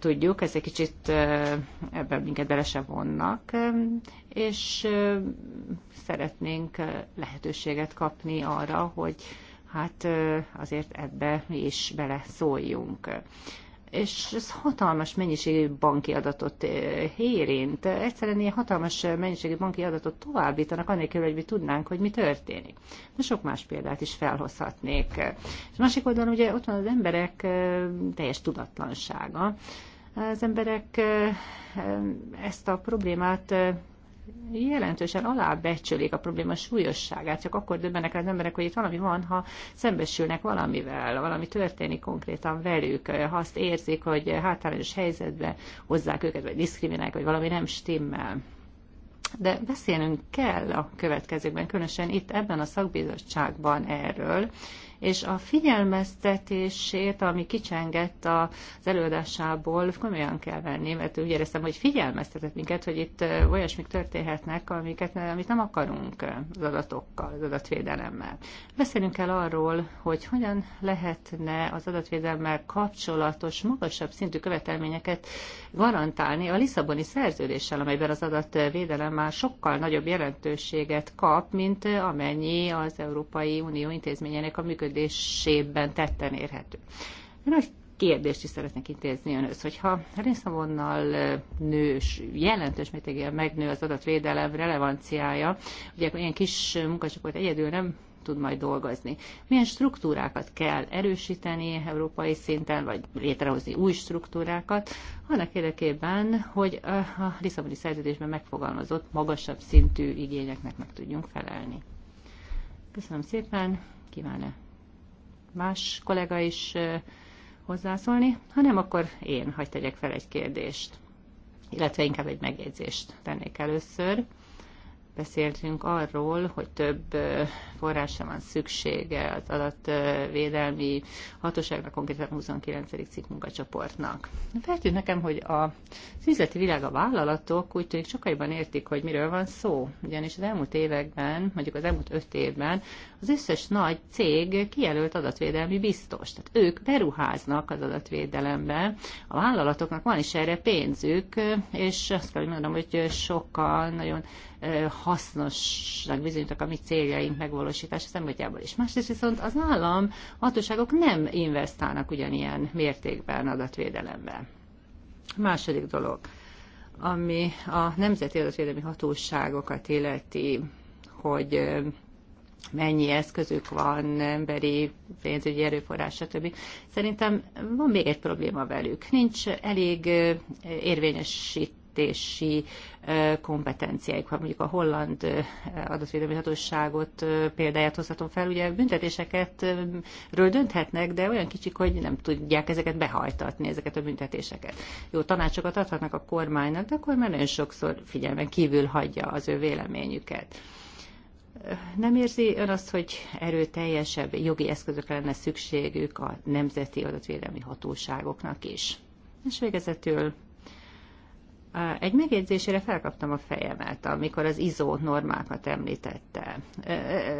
tudjuk, ez egy kicsit ebben minket bele se vonnak, és szeretnénk lehetőséget kapni arra, hogy hát azért ebbe mi is bele szóljunk. És ez hatalmas mennyiségű banki adatot érint. Egyszerűen ilyen hatalmas mennyiségű banki adatot továbbítanak, annélkül, hogy mi tudnánk, hogy mi történik. De sok más példát is felhozhatnék. És másik oldalon ugye ott van az emberek teljes tudatlansága. Az emberek ezt a problémát jelentősen alábecsülik a probléma súlyosságát, csak akkor döbbenek rá az emberek, hogy itt valami van, ha szembesülnek valamivel, valami történik konkrétan velük, ha azt érzik, hogy hátrányos helyzetbe hozzák őket, vagy diszkriminálják, vagy valami nem stimmel. De beszélnünk kell a következőkben, különösen itt ebben a szakbizottságban erről, és a figyelmeztetését, ami kicsengett az előadásából, komolyan kell venni, mert úgy éreztem, hogy figyelmeztetett minket, hogy itt olyasmik történhetnek, amiket, amit nem akarunk az adatokkal, az adatvédelemmel. Beszélünk kell arról, hogy hogyan lehetne az adatvédelemmel kapcsolatos, magasabb szintű követelményeket garantálni a Lisszaboni szerződéssel, amelyben az adatvédelem már sokkal nagyobb jelentőséget kap, mint amennyi az Európai Unió intézményének a működése működésében tetten érhető. Nagy egy kérdést is szeretnék intézni önhöz, hogyha részavonnal nős, jelentős mértékben megnő az adatvédelem relevanciája, ugye ilyen kis munkacsoport egyedül nem tud majd dolgozni. Milyen struktúrákat kell erősíteni európai szinten, vagy létrehozni új struktúrákat, annak érdekében, hogy a Lisszaboni szerződésben megfogalmazott magasabb szintű igényeknek meg tudjunk felelni. Köszönöm szépen, kíván-e más kollega is hozzászólni, hanem akkor én hagy tegyek fel egy kérdést, illetve inkább egy megjegyzést tennék először beszéltünk arról, hogy több forrásra van szüksége az adatvédelmi hatóságnak, konkrétan a 29. cikk munkacsoportnak. Feltűnt nekem, hogy a üzleti világ, a vállalatok úgy tűnik sokkal jobban értik, hogy miről van szó. Ugyanis az elmúlt években, mondjuk az elmúlt öt évben az összes nagy cég kijelölt adatvédelmi biztos. Tehát ők beruháznak az adatvédelembe. A vállalatoknak van is erre pénzük, és azt kell, hogy mondom, hogy sokkal nagyon hasznosnak bizonyultak a mi céljaink megvalósítása szempontjából is. Másrészt viszont az állam hatóságok nem investálnak ugyanilyen mértékben adatvédelembe. A második dolog, ami a Nemzeti Adatvédelmi Hatóságokat illeti, hogy mennyi eszközük van, emberi, pénzügyi erőforrás, stb. Szerintem van még egy probléma velük. Nincs elég érvényesít adatgyűjtési kompetenciáik. Ha mondjuk a holland adatvédelmi hatóságot példáját hozhatom fel, ugye büntetéseket ről dönthetnek, de olyan kicsik, hogy nem tudják ezeket behajtatni, ezeket a büntetéseket. Jó tanácsokat adhatnak a kormánynak, de akkor már nagyon sokszor figyelmen kívül hagyja az ő véleményüket. Nem érzi ön azt, hogy erőteljesebb jogi eszközökre lenne szükségük a nemzeti adatvédelmi hatóságoknak is? És végezetül egy megjegyzésére felkaptam a fejemet, amikor az izó normákat említette.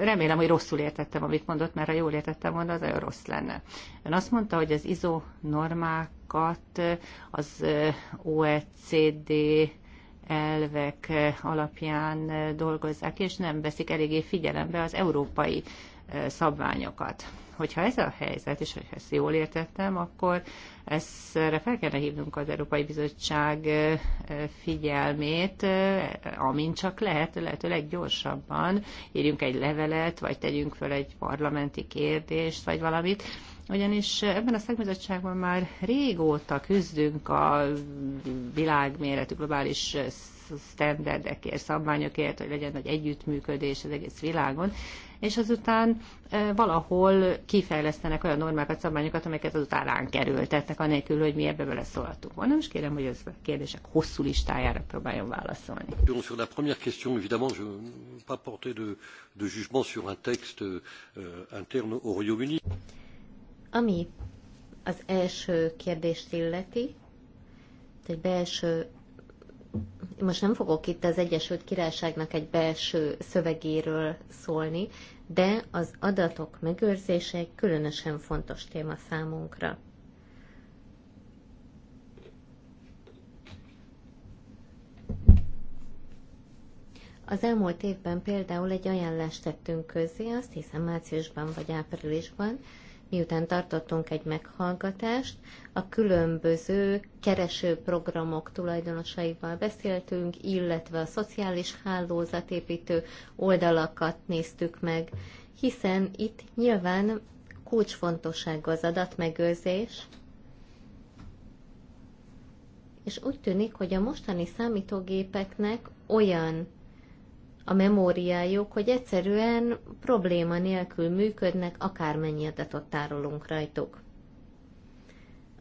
Remélem, hogy rosszul értettem, amit mondott, mert ha jól értettem volna, az nagyon rossz lenne. Ön azt mondta, hogy az izó normákat az OECD elvek alapján dolgozzák, és nem veszik eléggé figyelembe az európai szabványokat. Hogyha ez a helyzet, és hogyha ezt jól értettem, akkor erre fel kellene hívnunk az Európai Bizottság figyelmét, amint csak lehet, lehetőleg gyorsabban írjunk egy levelet, vagy tegyünk föl egy parlamenti kérdést, vagy valamit, ugyanis ebben a szakbizottságban már régóta küzdünk a világméretű globális standardekért, szabványokért, hogy legyen nagy együttműködés az egész világon, és azután valahol kifejlesztenek olyan normákat, szabványokat, amelyeket azután ránk kerültetnek, anélkül, hogy mi ebbe beleszólhatunk volna. Most kérem, hogy az kérdések hosszú listájára próbáljon válaszolni. Sur la première question, évidemment, je pas porter de, de jugement sur un texte euh, interne au Royaume-Uni. Ami az első kérdést illeti, egy belső most nem fogok itt az Egyesült Királyságnak egy belső szövegéről szólni, de az adatok megőrzése egy különösen fontos téma számunkra. Az elmúlt évben például egy ajánlást tettünk közé, azt hiszem márciusban vagy áprilisban, miután tartottunk egy meghallgatást, a különböző keresőprogramok tulajdonosaival beszéltünk, illetve a szociális hálózatépítő oldalakat néztük meg, hiszen itt nyilván kulcsfontosságú az adatmegőrzés, és úgy tűnik, hogy a mostani számítógépeknek olyan a memóriájuk, hogy egyszerűen probléma nélkül működnek, akármennyi adatot tárolunk rajtuk.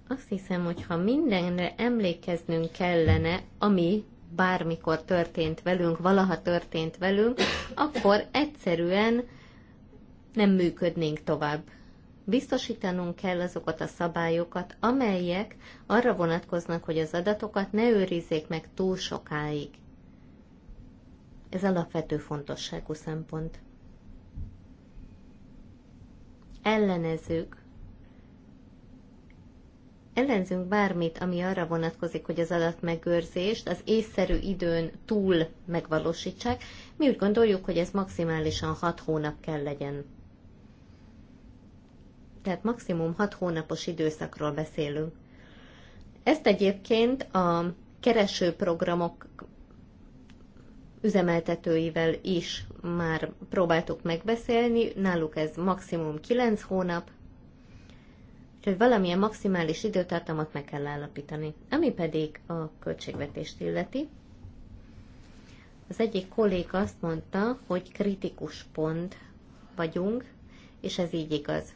Azt hiszem, hogy ha mindenre emlékeznünk kellene, ami bármikor történt velünk, valaha történt velünk, akkor egyszerűen nem működnénk tovább. Biztosítanunk kell azokat a szabályokat, amelyek arra vonatkoznak, hogy az adatokat ne őrizzék meg túl sokáig. Ez alapvető fontosságú szempont. Ellenezzük ellenzünk bármit, ami arra vonatkozik, hogy az adatmegőrzést az észszerű időn túl megvalósítsák, mi úgy gondoljuk, hogy ez maximálisan 6 hónap kell legyen. Tehát maximum 6 hónapos időszakról beszélünk. Ezt egyébként a keresőprogramok üzemeltetőivel is már próbáltuk megbeszélni, náluk ez maximum 9 hónap, úgyhogy valamilyen maximális időtartamot meg kell állapítani. Ami pedig a költségvetést illeti, az egyik kolléga azt mondta, hogy kritikus pont vagyunk, és ez így igaz.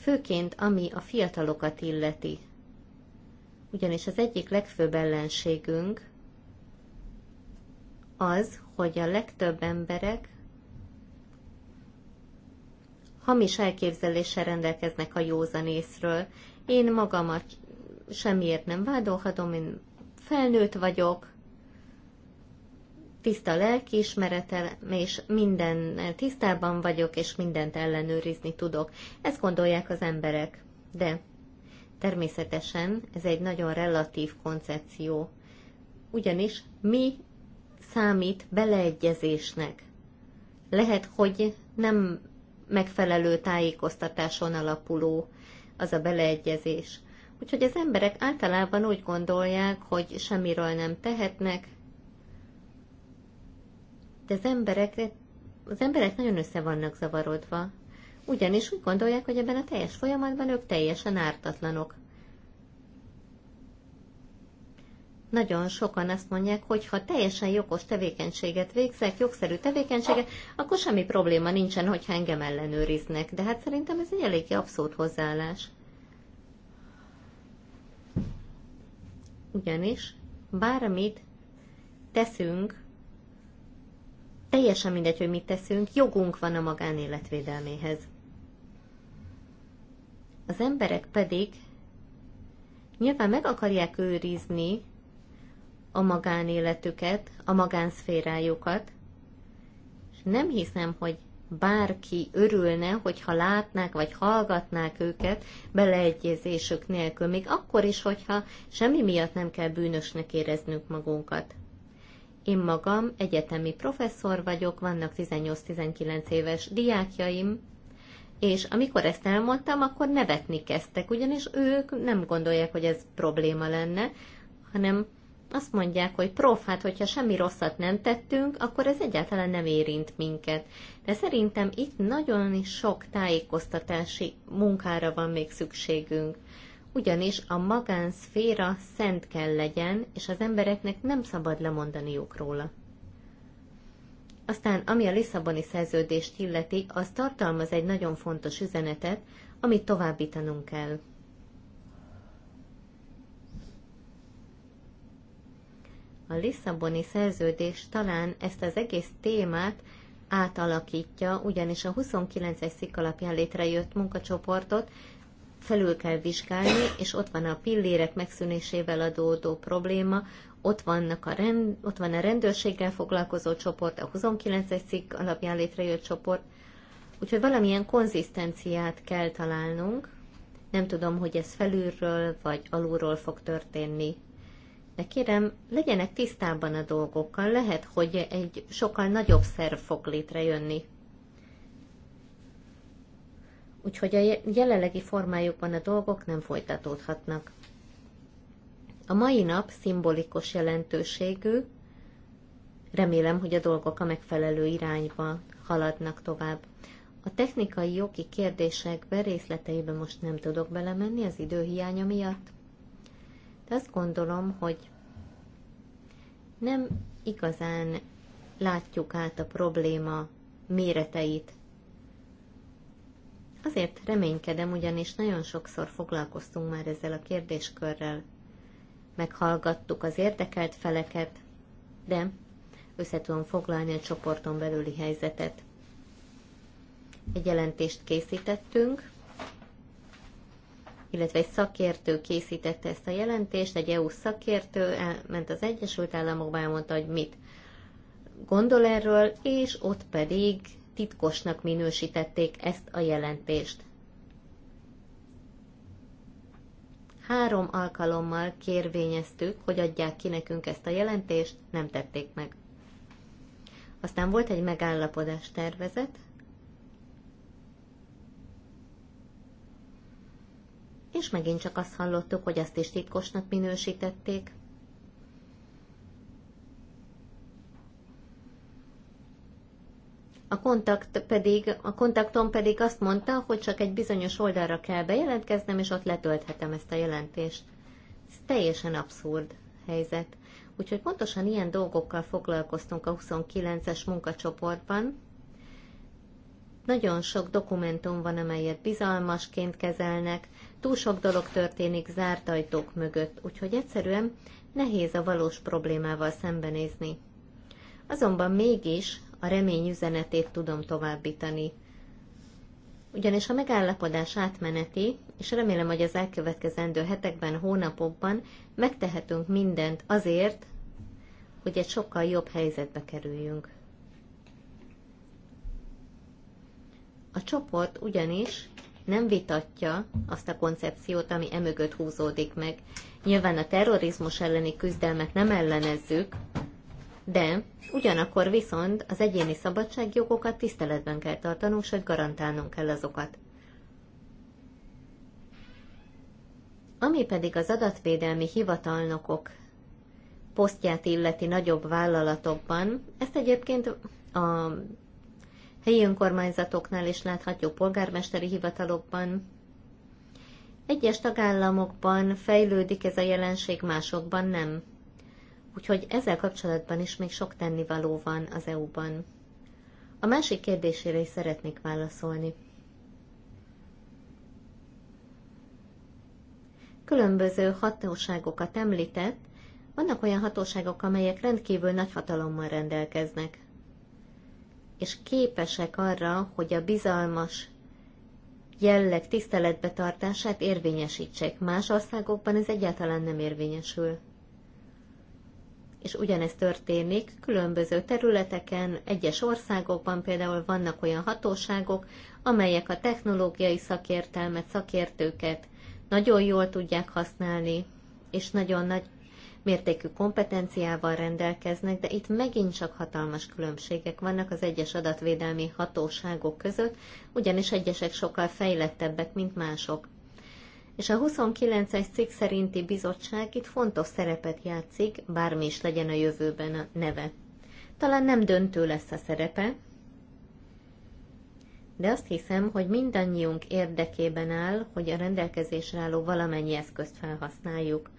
Főként ami a fiatalokat illeti. Ugyanis az egyik legfőbb ellenségünk az, hogy a legtöbb emberek hamis elképzeléssel rendelkeznek a józan Én magamat semmiért nem vádolhatom, én felnőtt vagyok, tiszta lelkiismeretem, és minden tisztában vagyok, és mindent ellenőrizni tudok. Ezt gondolják az emberek. De természetesen ez egy nagyon relatív koncepció. Ugyanis mi számít beleegyezésnek. Lehet, hogy nem megfelelő tájékoztatáson alapuló az a beleegyezés. Úgyhogy az emberek általában úgy gondolják, hogy semmiről nem tehetnek, de az emberek, az emberek nagyon össze vannak zavarodva. Ugyanis úgy gondolják, hogy ebben a teljes folyamatban ők teljesen ártatlanok. nagyon sokan azt mondják, hogy ha teljesen jogos tevékenységet végzek, jogszerű tevékenységet, akkor semmi probléma nincsen, hogy engem ellenőriznek. De hát szerintem ez egy eléggé abszolút hozzáállás. Ugyanis bármit teszünk, teljesen mindegy, hogy mit teszünk, jogunk van a magánéletvédelméhez. Az emberek pedig nyilván meg akarják őrizni a magánéletüket, a magánszférájukat, és nem hiszem, hogy bárki örülne, hogyha látnák vagy hallgatnák őket beleegyezésük nélkül, még akkor is, hogyha semmi miatt nem kell bűnösnek éreznünk magunkat. Én magam egyetemi professzor vagyok, vannak 18-19 éves diákjaim, és amikor ezt elmondtam, akkor nevetni kezdtek, ugyanis ők nem gondolják, hogy ez probléma lenne, hanem azt mondják, hogy prof, hát hogyha semmi rosszat nem tettünk, akkor ez egyáltalán nem érint minket. De szerintem itt nagyon is sok tájékoztatási munkára van még szükségünk. Ugyanis a magánszféra szent kell legyen, és az embereknek nem szabad lemondaniuk róla. Aztán, ami a Lisszaboni szerződést illeti, az tartalmaz egy nagyon fontos üzenetet, amit továbbítanunk kell. A Lisszaboni szerződés talán ezt az egész témát átalakítja, ugyanis a 29-es szik alapján létrejött munkacsoportot felül kell vizsgálni, és ott van a pillérek megszűnésével adódó probléma, ott, vannak a rend, ott van a rendőrséggel foglalkozó csoport, a 29-es szik alapján létrejött csoport, úgyhogy valamilyen konzisztenciát kell találnunk. Nem tudom, hogy ez felülről vagy alulról fog történni. De kérem, legyenek tisztában a dolgokkal, lehet, hogy egy sokkal nagyobb szerv fog létrejönni. Úgyhogy a jelenlegi formájukban a dolgok nem folytatódhatnak. A mai nap szimbolikus jelentőségű, remélem, hogy a dolgok a megfelelő irányba haladnak tovább. A technikai jogi kérdésekbe berészleteiben most nem tudok belemenni az időhiánya miatt de hát azt gondolom, hogy nem igazán látjuk át a probléma méreteit. Azért reménykedem, ugyanis nagyon sokszor foglalkoztunk már ezzel a kérdéskörrel. Meghallgattuk az érdekelt feleket, de összetudom foglalni a csoporton belüli helyzetet. Egy jelentést készítettünk, illetve egy szakértő készítette ezt a jelentést, egy EU szakértő ment az Egyesült Államokba, elmondta, hogy mit gondol erről, és ott pedig titkosnak minősítették ezt a jelentést. Három alkalommal kérvényeztük, hogy adják ki nekünk ezt a jelentést, nem tették meg. Aztán volt egy megállapodás tervezet, és megint csak azt hallottuk, hogy azt is titkosnak minősítették. A, kontakt pedig, a kontaktom pedig azt mondta, hogy csak egy bizonyos oldalra kell bejelentkeznem, és ott letölthetem ezt a jelentést. Ez teljesen abszurd helyzet. Úgyhogy pontosan ilyen dolgokkal foglalkoztunk a 29-es munkacsoportban. Nagyon sok dokumentum van, amelyet bizalmasként kezelnek, túl sok dolog történik zárt ajtók mögött, úgyhogy egyszerűen nehéz a valós problémával szembenézni. Azonban mégis a remény üzenetét tudom továbbítani. Ugyanis a megállapodás átmeneti, és remélem, hogy az elkövetkezendő hetekben, hónapokban megtehetünk mindent azért, hogy egy sokkal jobb helyzetbe kerüljünk. A csoport ugyanis nem vitatja azt a koncepciót, ami emögött húzódik meg. Nyilván a terrorizmus elleni küzdelmet nem ellenezzük, de ugyanakkor viszont az egyéni szabadságjogokat tiszteletben kell tartanunk, sőt garantálnunk kell azokat. Ami pedig az adatvédelmi hivatalnokok posztját illeti nagyobb vállalatokban, ezt egyébként a helyi önkormányzatoknál is látható polgármesteri hivatalokban. Egyes tagállamokban fejlődik ez a jelenség, másokban nem. Úgyhogy ezzel kapcsolatban is még sok tennivaló van az EU-ban. A másik kérdésére is szeretnék válaszolni. Különböző hatóságokat említett, vannak olyan hatóságok, amelyek rendkívül nagy hatalommal rendelkeznek és képesek arra, hogy a bizalmas jelleg tartását érvényesítsék. Más országokban ez egyáltalán nem érvényesül. És ugyanez történik különböző területeken, egyes országokban például vannak olyan hatóságok, amelyek a technológiai szakértelmet, szakértőket nagyon jól tudják használni, és nagyon nagy mértékű kompetenciával rendelkeznek, de itt megint csak hatalmas különbségek vannak az egyes adatvédelmi hatóságok között, ugyanis egyesek sokkal fejlettebbek, mint mások. És a 29-es cikk szerinti bizottság itt fontos szerepet játszik, bármi is legyen a jövőben a neve. Talán nem döntő lesz a szerepe, de azt hiszem, hogy mindannyiunk érdekében áll, hogy a rendelkezésre álló valamennyi eszközt felhasználjuk –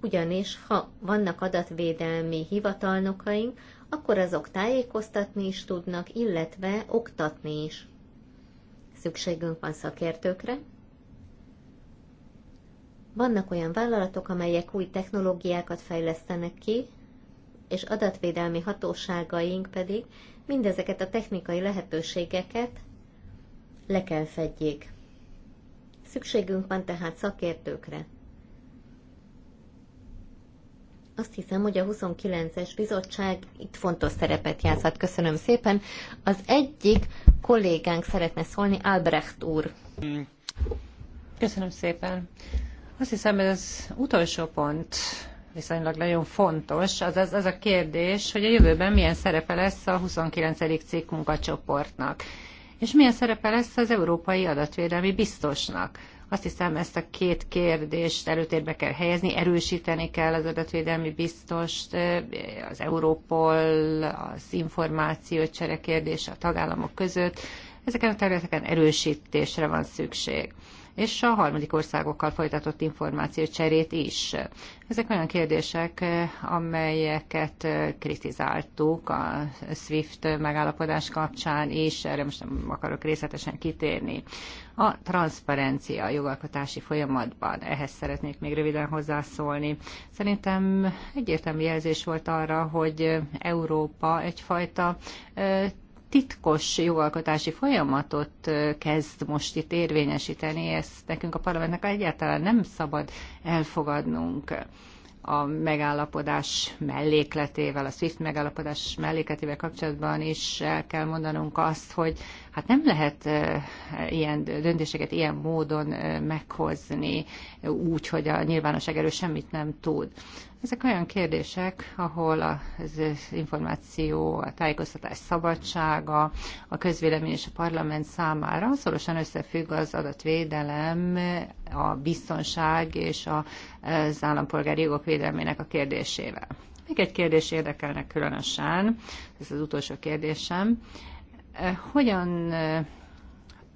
ugyanis ha vannak adatvédelmi hivatalnokaink, akkor azok tájékoztatni is tudnak, illetve oktatni is. Szükségünk van szakértőkre. Vannak olyan vállalatok, amelyek új technológiákat fejlesztenek ki, és adatvédelmi hatóságaink pedig mindezeket a technikai lehetőségeket le kell fedjék. Szükségünk van tehát szakértőkre, azt hiszem, hogy a 29-es bizottság itt fontos szerepet játszhat. Köszönöm szépen. Az egyik kollégánk szeretne szólni, Albrecht úr. Köszönöm szépen. Azt hiszem, ez az utolsó pont viszonylag nagyon fontos, az, az, az a kérdés, hogy a jövőben milyen szerepe lesz a 29. cikk munkacsoportnak, és milyen szerepe lesz az Európai Adatvédelmi Biztosnak azt hiszem, ezt a két kérdést előtérbe kell helyezni, erősíteni kell az adatvédelmi biztost, az Európol, az információcsere kérdése a tagállamok között. Ezeken a területeken erősítésre van szükség és a harmadik országokkal folytatott információcserét is. Ezek olyan kérdések, amelyeket kritizáltuk a SWIFT megállapodás kapcsán, és erre most nem akarok részletesen kitérni. A transzparencia a jogalkotási folyamatban, ehhez szeretnék még röviden hozzászólni. Szerintem egyértelmű jelzés volt arra, hogy Európa egyfajta titkos jogalkotási folyamatot kezd most itt érvényesíteni, ezt nekünk a parlamentnek egyáltalán nem szabad elfogadnunk a megállapodás mellékletével, a SWIFT megállapodás mellékletével kapcsolatban is el kell mondanunk azt, hogy Hát nem lehet ilyen döntéseket ilyen módon meghozni, úgy, hogy a nyilvánosság erő semmit nem tud. Ezek olyan kérdések, ahol az információ, a tájékoztatás szabadsága, a közvélemény és a parlament számára szorosan összefügg az adatvédelem, a biztonság és az állampolgári jogok védelmének a kérdésével. Még egy kérdés érdekelnek különösen, ez az utolsó kérdésem. Hogyan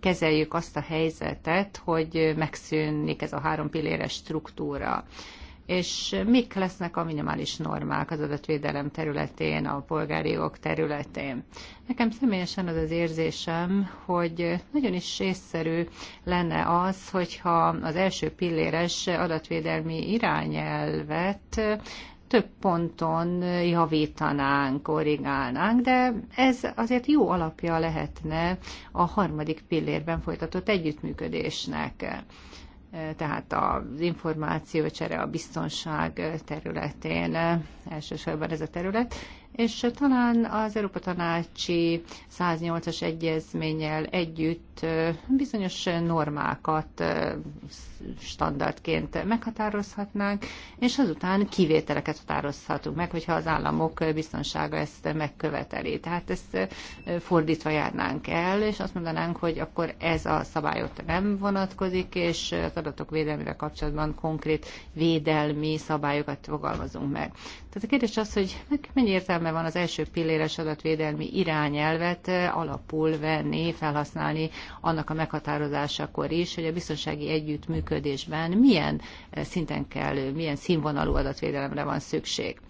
kezeljük azt a helyzetet, hogy megszűnik ez a három pilléres struktúra? és mik lesznek a minimális normák az adatvédelem területén, a polgári jogok területén. Nekem személyesen az az érzésem, hogy nagyon is észszerű lenne az, hogyha az első pilléres adatvédelmi irányelvet több ponton javítanánk, korrigálnánk, de ez azért jó alapja lehetne a harmadik pillérben folytatott együttműködésnek tehát az információcsere a biztonság területén, elsősorban ez a terület, és talán az Európa Tanácsi 108-as egyezménnyel együtt itt bizonyos normákat standardként meghatározhatnánk, és azután kivételeket határozhatunk meg, hogyha az államok biztonsága ezt megköveteli. Tehát ezt fordítva járnánk el, és azt mondanánk, hogy akkor ez a szabályot nem vonatkozik, és az adatok védelmével kapcsolatban konkrét védelmi szabályokat fogalmazunk meg. Tehát a kérdés az, hogy mennyi értelme van az első pilléres adatvédelmi irányelvet alapul venni, felhasználni annak a meghatározásakor is, hogy a biztonsági együttműködésben milyen eh, szinten kell, milyen színvonalú adatvédelemre van szükség.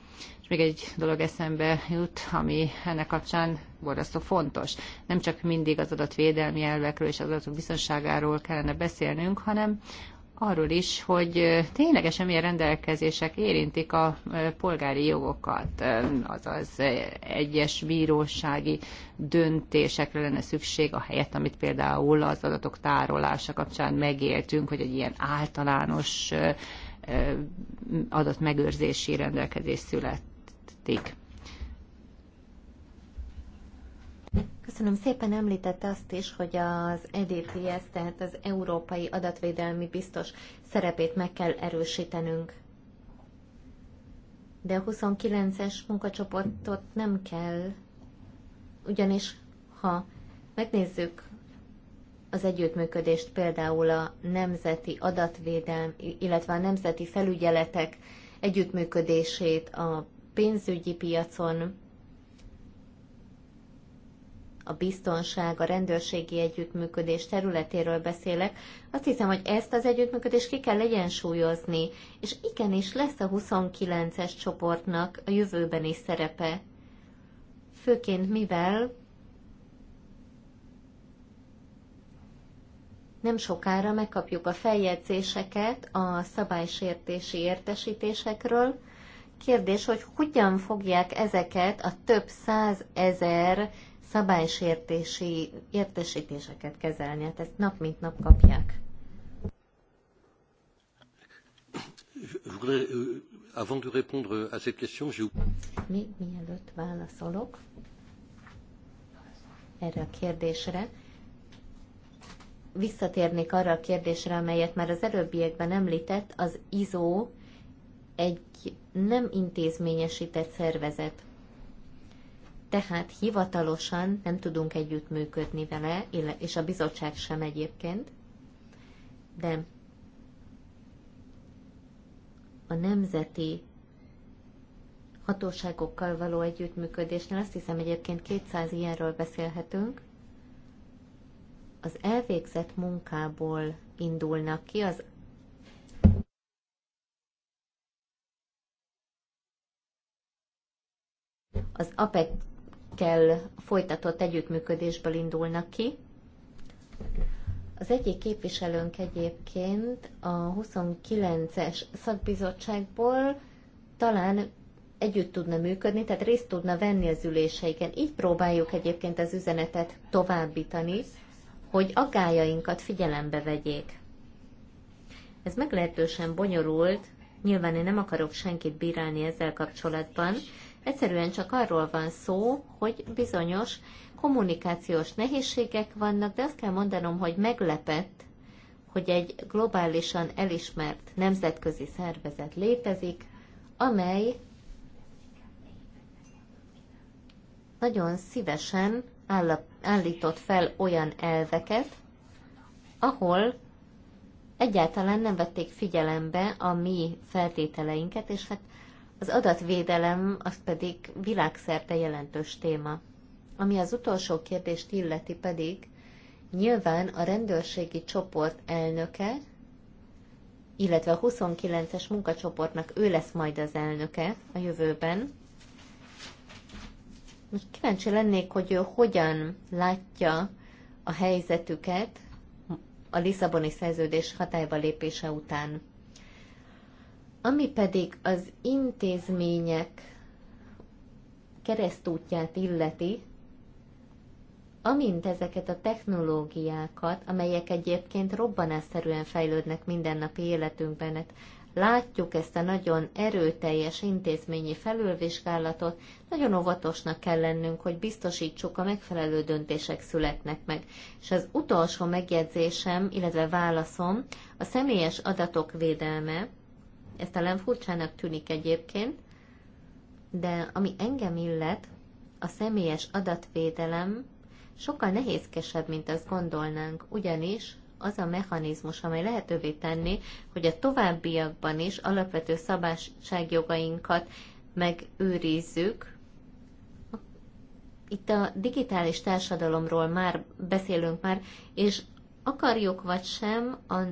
És még egy dolog eszembe jut, ami ennek kapcsán borzasztó fontos. Nem csak mindig az adatvédelmi elvekről és az adatok biztonságáról kellene beszélnünk, hanem arról is, hogy ténylegesen milyen rendelkezések érintik a polgári jogokat, azaz egyes bírósági döntésekre lenne szükség a helyet, amit például az adatok tárolása kapcsán megéltünk, hogy egy ilyen általános adatmegőrzési rendelkezés születik. Köszönöm szépen, említette azt is, hogy az EDTS, tehát az Európai Adatvédelmi Biztos szerepét meg kell erősítenünk. De a 29-es munkacsoportot nem kell, ugyanis ha megnézzük az együttműködést például a nemzeti adatvédelm, illetve a nemzeti felügyeletek együttműködését a pénzügyi piacon, a biztonság, a rendőrségi együttműködés területéről beszélek, azt hiszem, hogy ezt az együttműködést ki kell egyensúlyozni, és igenis lesz a 29-es csoportnak a jövőben is szerepe. Főként mivel nem sokára megkapjuk a feljegyzéseket a szabálysértési értesítésekről. Kérdés, hogy hogyan fogják ezeket a több százezer szabálysértési értesítéseket kezelni, hát ezt nap mint nap kapják. Euh, avant de répondre à cette question, Mi, mielőtt válaszolok erre a kérdésre, visszatérnék arra a kérdésre, amelyet már az előbbiekben említett, az ISO egy nem intézményesített szervezet tehát hivatalosan nem tudunk együttműködni vele, és a bizottság sem egyébként, de a nemzeti hatóságokkal való együttműködésnél azt hiszem egyébként 200 ilyenről beszélhetünk, az elvégzett munkából indulnak ki, az az APEC akikkel folytatott együttműködésből indulnak ki. Az egyik képviselőnk egyébként a 29-es szakbizottságból talán együtt tudna működni, tehát részt tudna venni az üléseiken. Így próbáljuk egyébként az üzenetet továbbítani, hogy aggájainkat figyelembe vegyék. Ez meglehetősen bonyolult, nyilván én nem akarok senkit bírálni ezzel kapcsolatban, Egyszerűen csak arról van szó, hogy bizonyos kommunikációs nehézségek vannak, de azt kell mondanom, hogy meglepett, hogy egy globálisan elismert nemzetközi szervezet létezik, amely nagyon szívesen állított fel olyan elveket, ahol egyáltalán nem vették figyelembe a mi feltételeinket, és hát az adatvédelem az pedig világszerte jelentős téma. Ami az utolsó kérdést illeti pedig, nyilván a rendőrségi csoport elnöke, illetve a 29-es munkacsoportnak ő lesz majd az elnöke a jövőben. Most kíváncsi lennék, hogy ő hogyan látja a helyzetüket a Lisszaboni szerződés hatályba lépése után. Ami pedig az intézmények keresztútját illeti, amint ezeket a technológiákat, amelyek egyébként robbanásszerűen fejlődnek mindennapi életünkben, hát látjuk ezt a nagyon erőteljes intézményi felülvizsgálatot, nagyon óvatosnak kell lennünk, hogy biztosítsuk, a megfelelő döntések születnek meg. És az utolsó megjegyzésem, illetve válaszom, a személyes adatok védelme, ez talán furcsának tűnik egyébként, de ami engem illet, a személyes adatvédelem sokkal nehézkesebb, mint azt gondolnánk, ugyanis az a mechanizmus, amely lehetővé tenni, hogy a továbbiakban is alapvető szabadságjogainkat megőrizzük. Itt a digitális társadalomról már beszélünk már, és akarjuk vagy sem, az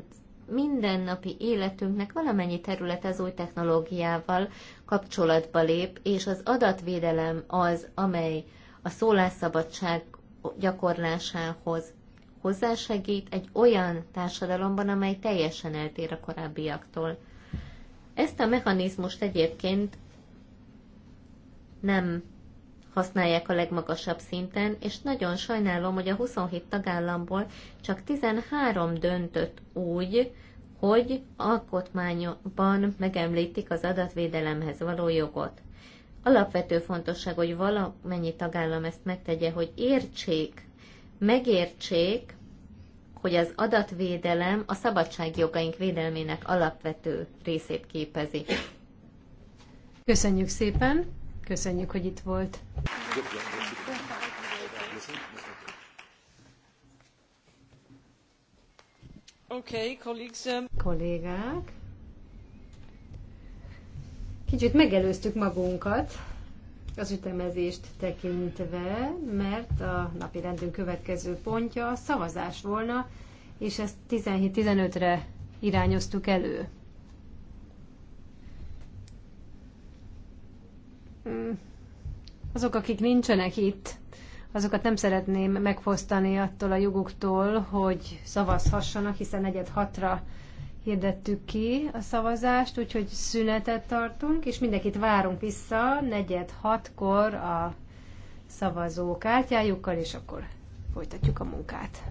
mindennapi életünknek valamennyi terület az új technológiával kapcsolatba lép, és az adatvédelem az, amely a szólásszabadság gyakorlásához hozzásegít egy olyan társadalomban, amely teljesen eltér a korábbiaktól. Ezt a mechanizmust egyébként nem használják a legmagasabb szinten, és nagyon sajnálom, hogy a 27 tagállamból csak 13 döntött úgy, hogy alkotmányban megemlítik az adatvédelemhez való jogot. Alapvető fontosság, hogy valamennyi tagállam ezt megtegye, hogy értsék, megértsék, hogy az adatvédelem a szabadságjogaink védelmének alapvető részét képezi. Köszönjük szépen! Köszönjük, hogy itt volt. Okay, colleagues. Um, Kollégák. Kicsit megelőztük magunkat az ütemezést tekintve, mert a napi rendünk következő pontja a szavazás volna, és ezt 17-15-re irányoztuk elő. Mm. azok, akik nincsenek itt, azokat nem szeretném megfosztani attól a joguktól, hogy szavazhassanak, hiszen negyed hatra hirdettük ki a szavazást, úgyhogy szünetet tartunk, és mindenkit várunk vissza negyed hatkor a szavazókártyájukkal, és akkor folytatjuk a munkát.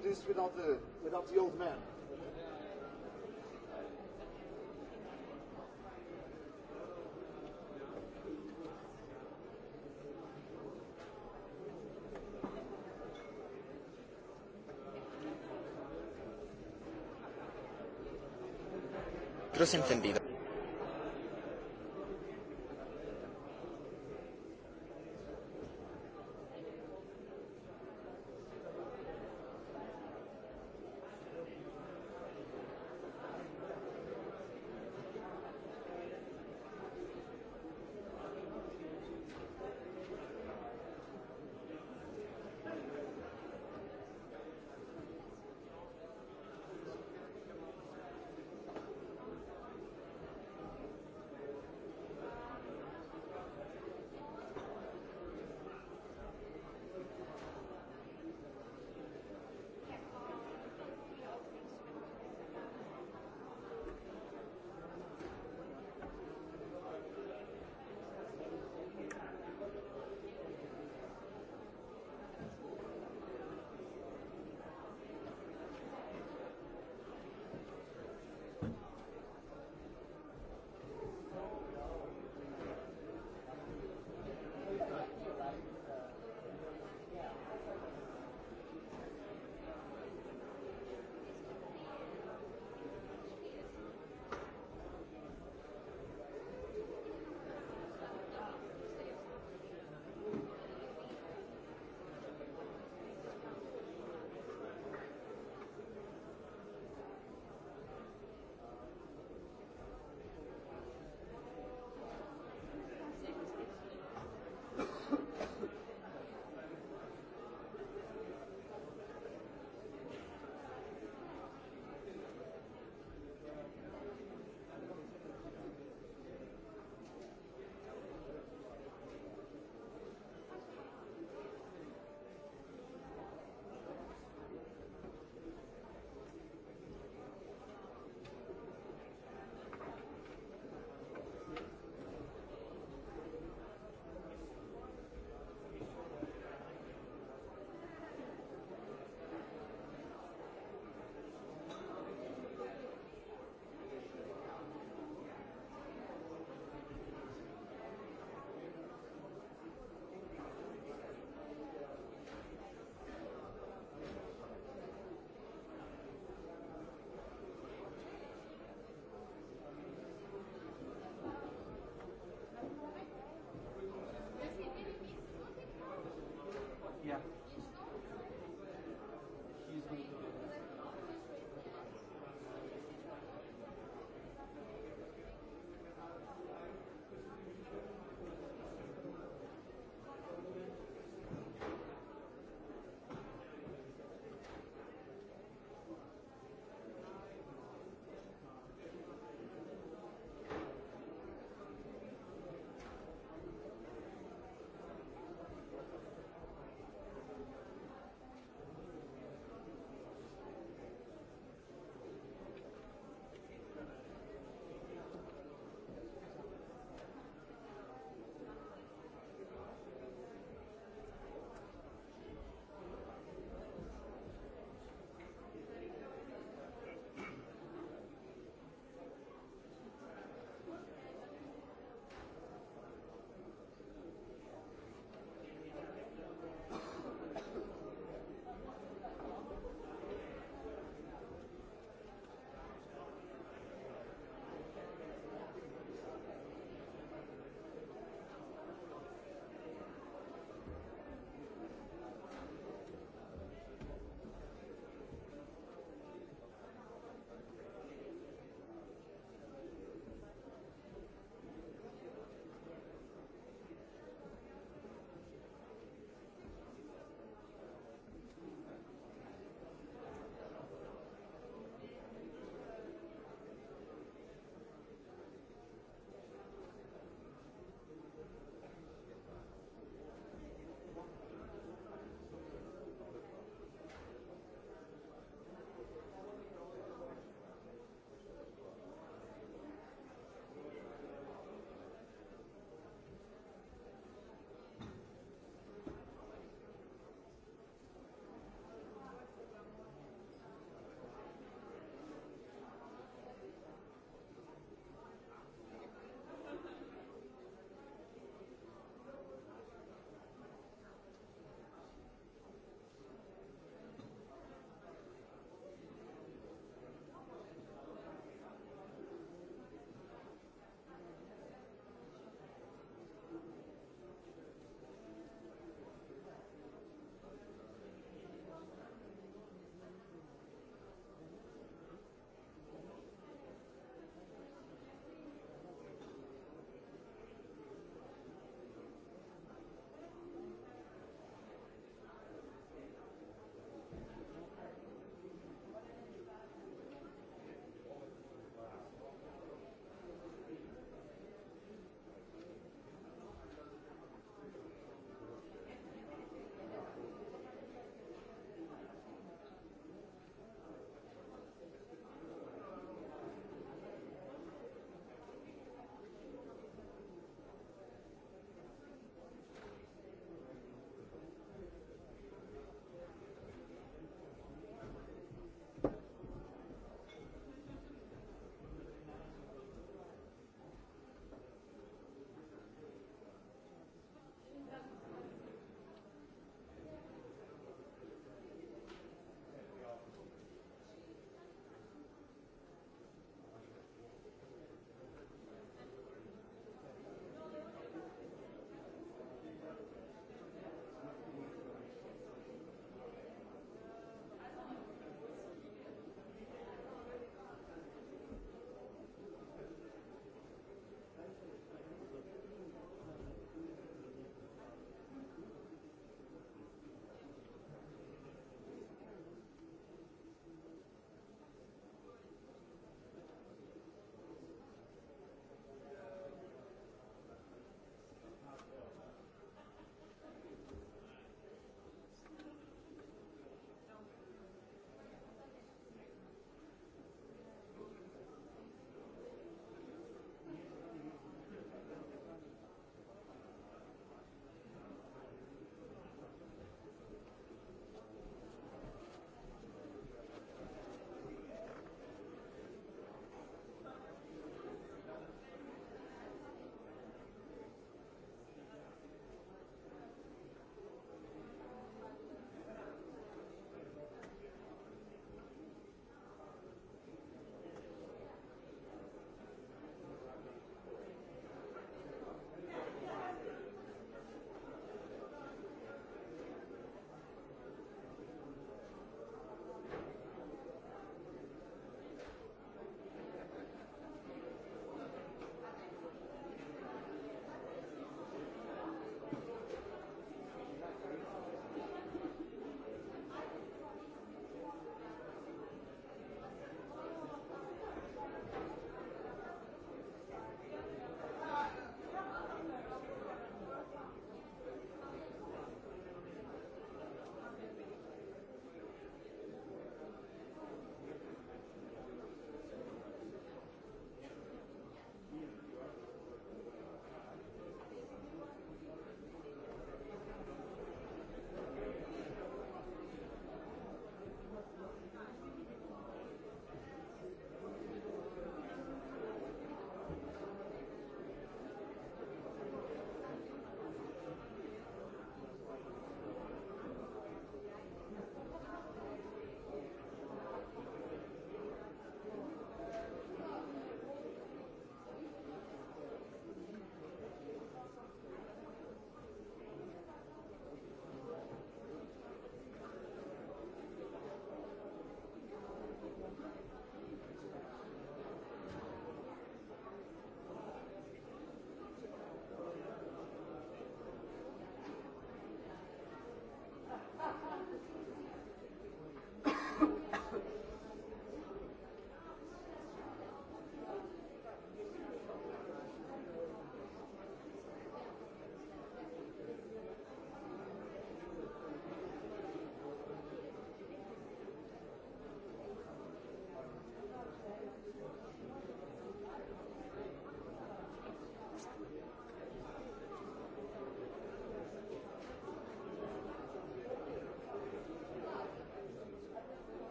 do this without the, without the old man. Creo entendido.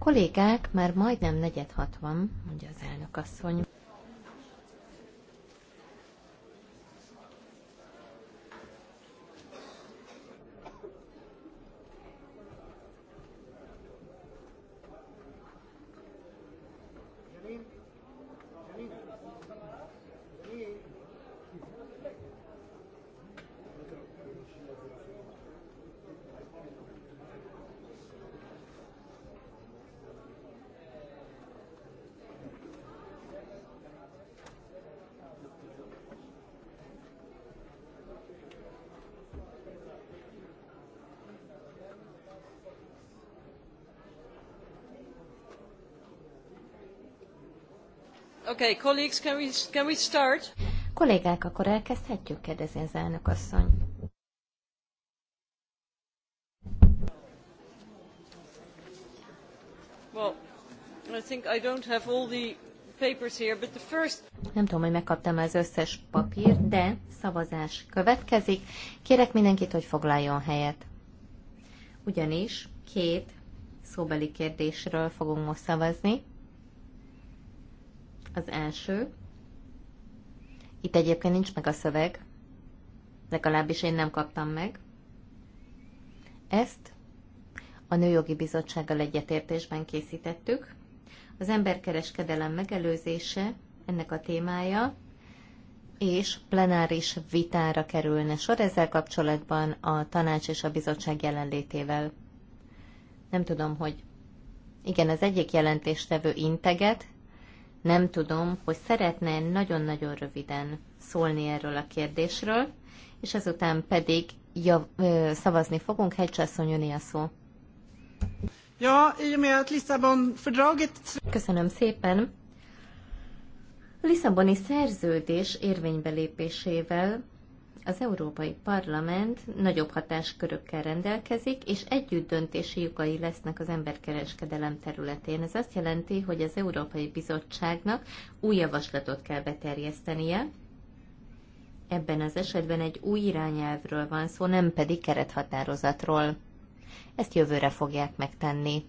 Kollégák, már majdnem negyed hat van, mondja az elnök asszony. Okay, colleagues, can we, can we start? Kollégák, akkor elkezdhetjük? kérdezi az elnök asszony. Well, I think I don't have all the papers here, but the first... Nem tudom, hogy megkaptam az összes papírt, de szavazás következik. Kérek mindenkit, hogy foglaljon helyet. Ugyanis két szóbeli kérdésről fogunk most szavazni. Az első. Itt egyébként nincs meg a szöveg, legalábbis én nem kaptam meg. Ezt a Nőjogi Bizottsággal egyetértésben készítettük. Az emberkereskedelem megelőzése ennek a témája, és plenáris vitára kerülne sor ezzel kapcsolatban a tanács és a bizottság jelenlétével. Nem tudom, hogy igen, az egyik jelentéstevő integet, nem tudom, hogy szeretne nagyon-nagyon röviden szólni erről a kérdésről, és ezután pedig jav, ö, szavazni fogunk. Hegycsászon jön a szó. Ja, így miatt Lisszabon-fördraget... Köszönöm szépen. A Lisszaboni szerződés érvénybelépésével az Európai Parlament nagyobb hatáskörökkel rendelkezik, és együtt döntési jogai lesznek az emberkereskedelem területén. Ez azt jelenti, hogy az Európai Bizottságnak új javaslatot kell beterjesztenie, Ebben az esetben egy új irányelvről van szó, nem pedig kerethatározatról. Ezt jövőre fogják megtenni.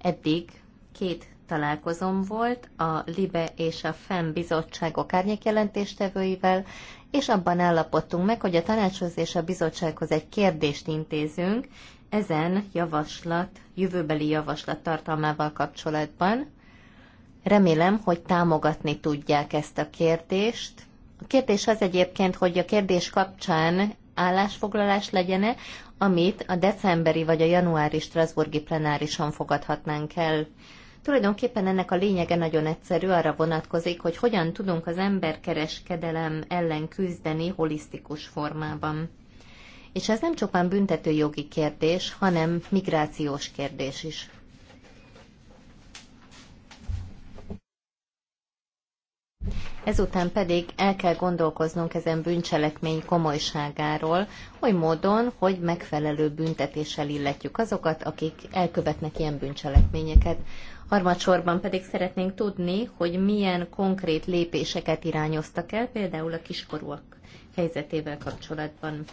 Eddig két találkozom volt a LIBE és a FEM bizottságok árnyékjelentéstevőivel, és abban állapodtunk meg, hogy a tanácshoz és a bizottsághoz egy kérdést intézünk ezen javaslat, jövőbeli javaslat tartalmával kapcsolatban. Remélem, hogy támogatni tudják ezt a kérdést. A kérdés az egyébként, hogy a kérdés kapcsán állásfoglalás legyen-e, amit a decemberi vagy a januári Strasburgi plenárison fogadhatnánk el. Tulajdonképpen ennek a lényege nagyon egyszerű, arra vonatkozik, hogy hogyan tudunk az emberkereskedelem ellen küzdeni holisztikus formában. És ez nem csupán jogi kérdés, hanem migrációs kérdés is. Ezután pedig el kell gondolkoznunk ezen bűncselekmény komolyságáról, oly módon, hogy megfelelő büntetéssel illetjük azokat, akik elkövetnek ilyen bűncselekményeket. Harmadsorban pedig szeretnénk tudni, hogy milyen konkrét lépéseket irányoztak el, például a kiskorúak helyzetével kapcsolatban.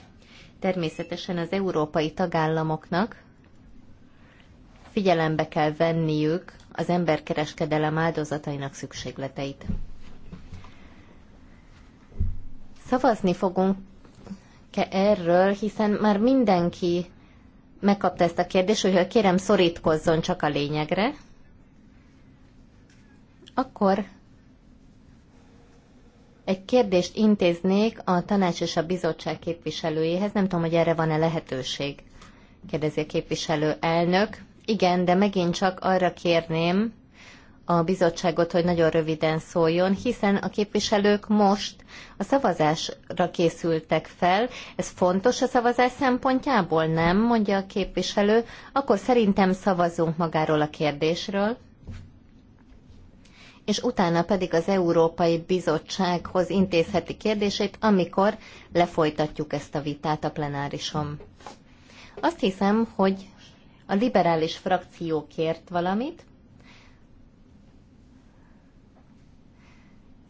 Természetesen az európai tagállamoknak figyelembe kell venniük az emberkereskedelem áldozatainak szükségleteit. Szavazni fogunk erről, hiszen már mindenki megkapta ezt a kérdést, hogy kérem szorítkozzon csak a lényegre, akkor egy kérdést intéznék a tanács és a bizottság képviselőjéhez. Nem tudom, hogy erre van-e lehetőség, kérdezi a képviselő elnök. Igen, de megint csak arra kérném a bizottságot, hogy nagyon röviden szóljon, hiszen a képviselők most a szavazásra készültek fel. Ez fontos a szavazás szempontjából, nem? Mondja a képviselő. Akkor szerintem szavazunk magáról a kérdésről és utána pedig az Európai Bizottsághoz intézheti kérdését, amikor lefolytatjuk ezt a vitát a plenárison. Azt hiszem, hogy a liberális frakció kért valamit.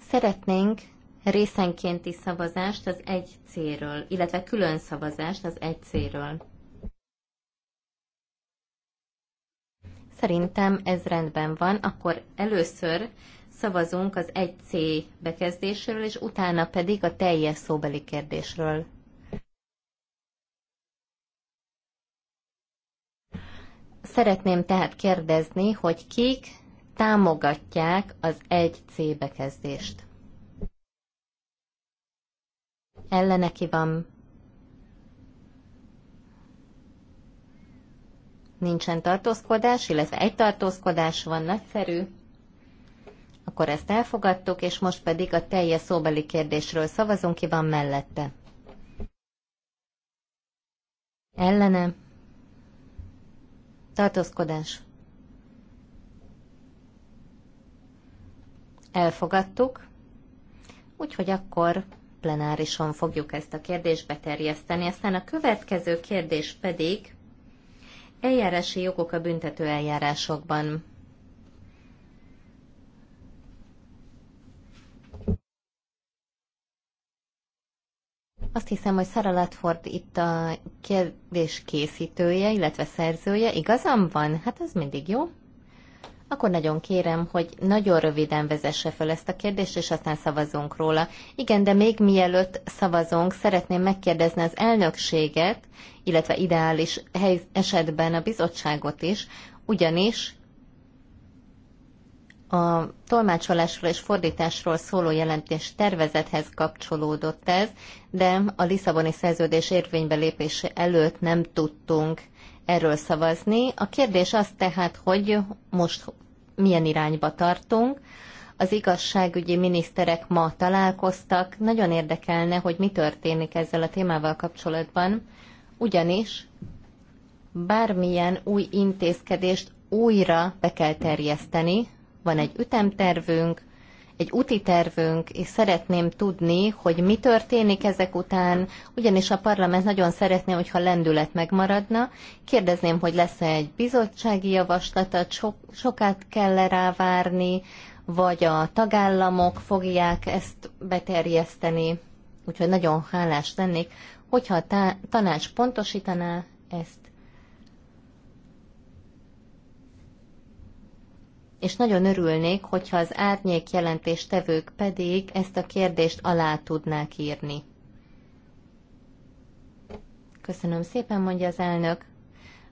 Szeretnénk részenkénti szavazást az egy c illetve külön szavazást az egy c Szerintem ez rendben van. Akkor először szavazunk az 1C bekezdésről, és utána pedig a teljes szóbeli kérdésről. Szeretném tehát kérdezni, hogy kik támogatják az 1C bekezdést. Ellene ki van nincsen tartózkodás, illetve egy tartózkodás van, nagyszerű. Akkor ezt elfogadtuk, és most pedig a teljes szóbeli kérdésről szavazunk, ki van mellette. Ellene. Tartózkodás. Elfogadtuk, úgyhogy akkor plenárison fogjuk ezt a kérdést beterjeszteni. Aztán a következő kérdés pedig Eljárási jogok a büntető eljárásokban. Azt hiszem, hogy Sara Latford itt a kérdés készítője, illetve szerzője. Igazam van? Hát az mindig jó akkor nagyon kérem, hogy nagyon röviden vezesse fel ezt a kérdést, és aztán szavazunk róla. Igen, de még mielőtt szavazunk, szeretném megkérdezni az elnökséget, illetve ideális hely esetben a bizottságot is, ugyanis a tolmácsolásról és fordításról szóló jelentés tervezethez kapcsolódott ez, de a Lisszaboni szerződés érvénybe lépése előtt nem tudtunk erről szavazni. A kérdés az tehát, hogy most milyen irányba tartunk. Az igazságügyi miniszterek ma találkoztak. Nagyon érdekelne, hogy mi történik ezzel a témával kapcsolatban, ugyanis bármilyen új intézkedést újra be kell terjeszteni. Van egy ütemtervünk, egy úti tervünk, és szeretném tudni, hogy mi történik ezek után, ugyanis a parlament nagyon szeretné, hogyha lendület megmaradna. Kérdezném, hogy lesz-e egy bizottsági javaslata, sok, sokat kell -e rá várni, vagy a tagállamok fogják ezt beterjeszteni. Úgyhogy nagyon hálás lennék, hogyha a tanács pontosítaná ezt, és nagyon örülnék, hogyha az árnyék jelentéstevők pedig ezt a kérdést alá tudnák írni. Köszönöm szépen, mondja az elnök.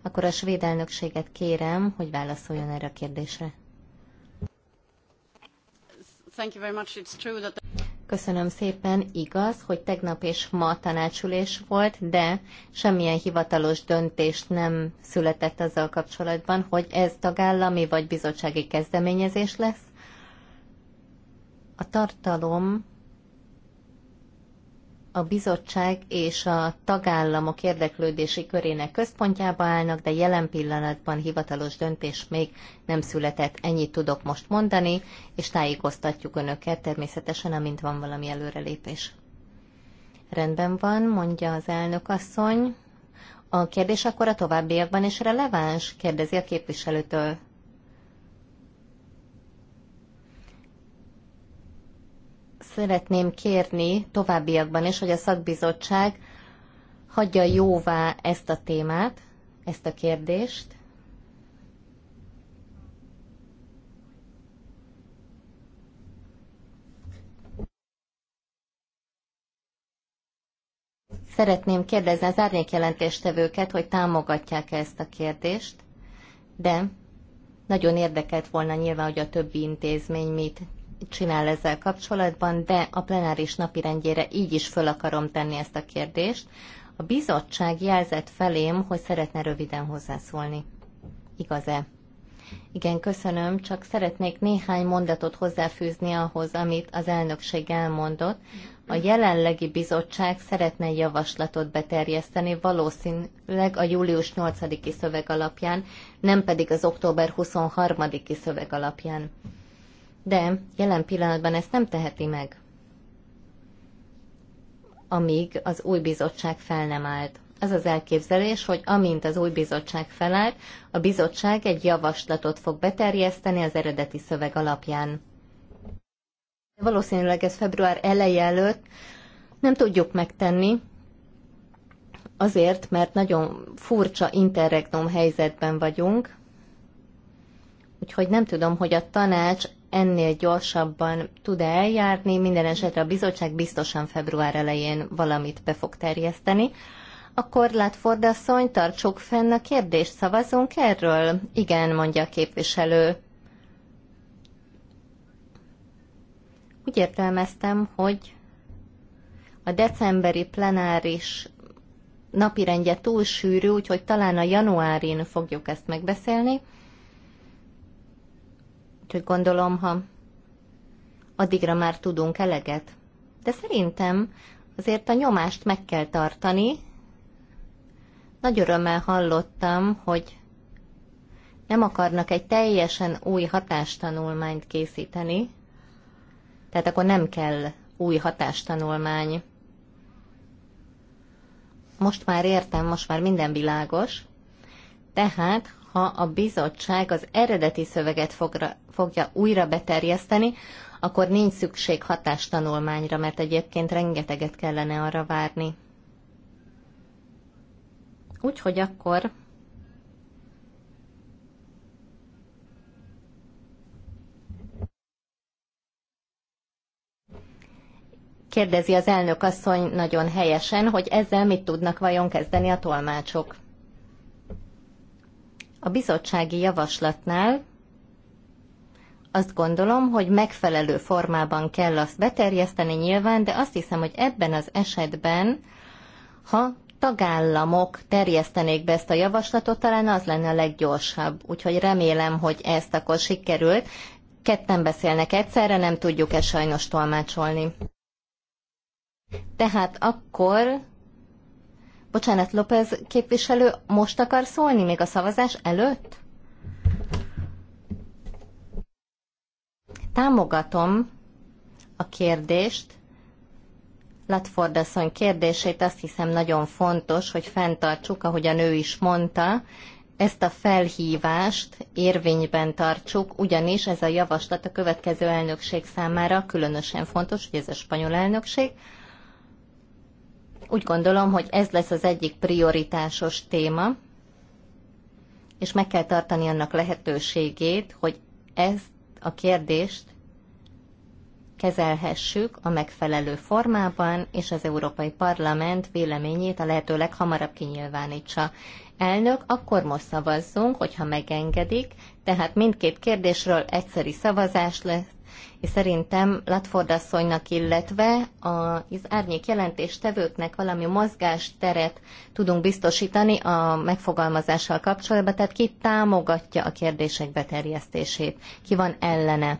Akkor a svéd elnökséget kérem, hogy válaszoljon erre a kérdésre. Köszönöm szépen. Igaz, hogy tegnap és ma tanácsülés volt, de semmilyen hivatalos döntést nem született azzal kapcsolatban, hogy ez tagállami vagy bizottsági kezdeményezés lesz. A tartalom a bizottság és a tagállamok érdeklődési körének központjába állnak, de jelen pillanatban hivatalos döntés még nem született. Ennyit tudok most mondani, és tájékoztatjuk önöket természetesen, amint van valami előrelépés. Rendben van, mondja az elnök asszony. A kérdés akkor a továbbiakban is releváns, kérdezi a képviselőtől. szeretném kérni továbbiakban is, hogy a szakbizottság hagyja jóvá ezt a témát, ezt a kérdést. Szeretném kérdezni az árnyékjelentéstevőket, hogy támogatják-e ezt a kérdést, de nagyon érdekelt volna nyilván, hogy a többi intézmény mit csinál ezzel kapcsolatban, de a plenáris napirendjére így is föl akarom tenni ezt a kérdést. A bizottság jelzett felém, hogy szeretne röviden hozzászólni. Igaz-e? Igen, köszönöm, csak szeretnék néhány mondatot hozzáfűzni ahhoz, amit az elnökség elmondott. A jelenlegi bizottság szeretne javaslatot beterjeszteni, valószínűleg a július 8-i szöveg alapján, nem pedig az október 23-i szöveg alapján de jelen pillanatban ezt nem teheti meg, amíg az új bizottság fel nem állt. Az az elképzelés, hogy amint az új bizottság felállt, a bizottság egy javaslatot fog beterjeszteni az eredeti szöveg alapján. Valószínűleg ez február eleje előtt nem tudjuk megtenni, azért, mert nagyon furcsa interregnum helyzetben vagyunk, úgyhogy nem tudom, hogy a tanács ennél gyorsabban tud -e eljárni. Minden esetre a bizottság biztosan február elején valamit be fog terjeszteni. Akkor lát fordasszony, tartsuk fenn a kérdést, szavazunk erről? Igen, mondja a képviselő. Úgy értelmeztem, hogy a decemberi plenáris napirendje túl sűrű, úgyhogy talán a januárin fogjuk ezt megbeszélni. Úgyhogy gondolom, ha addigra már tudunk eleget. De szerintem azért a nyomást meg kell tartani. Nagy örömmel hallottam, hogy nem akarnak egy teljesen új hatástanulmányt készíteni, tehát akkor nem kell új hatástanulmány. Most már értem, most már minden világos. Tehát, ha a bizottság az eredeti szöveget fogra, fogja újra beterjeszteni, akkor nincs szükség hatástanulmányra, mert egyébként rengeteget kellene arra várni. Úgyhogy akkor kérdezi az elnök asszony nagyon helyesen, hogy ezzel mit tudnak vajon kezdeni a tolmácsok. A bizottsági javaslatnál azt gondolom, hogy megfelelő formában kell azt beterjeszteni nyilván, de azt hiszem, hogy ebben az esetben, ha tagállamok terjesztenék be ezt a javaslatot, talán az lenne a leggyorsabb. Úgyhogy remélem, hogy ezt akkor sikerült. Ketten beszélnek egyszerre, nem tudjuk ezt sajnos tolmácsolni. Tehát akkor Bocsánat, López képviselő, most akar szólni, még a szavazás előtt? Támogatom a kérdést, Latford asszony kérdését azt hiszem nagyon fontos, hogy fenntartsuk, ahogy a nő is mondta, ezt a felhívást érvényben tartsuk, ugyanis ez a javaslat a következő elnökség számára különösen fontos, hogy ez a spanyol elnökség, úgy gondolom, hogy ez lesz az egyik prioritásos téma, és meg kell tartani annak lehetőségét, hogy ezt a kérdést kezelhessük a megfelelő formában, és az Európai Parlament véleményét a lehető leghamarabb kinyilvánítsa. Elnök, akkor most szavazzunk, hogyha megengedik, tehát mindkét kérdésről egyszeri szavazás lesz, és szerintem Latford asszonynak, illetve az árnyék jelentéstevőknek valami mozgásteret tudunk biztosítani a megfogalmazással kapcsolatban, tehát ki támogatja a kérdések beterjesztését, ki van ellene.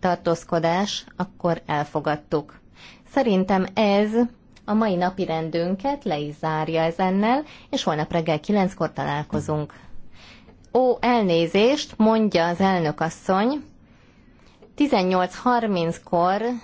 Tartózkodás, akkor elfogadtuk. Szerintem ez a mai napi rendünket le is zárja ezennel, és holnap reggel kilenckor találkozunk. Ó, elnézést, mondja az elnök asszony, 18.30-kor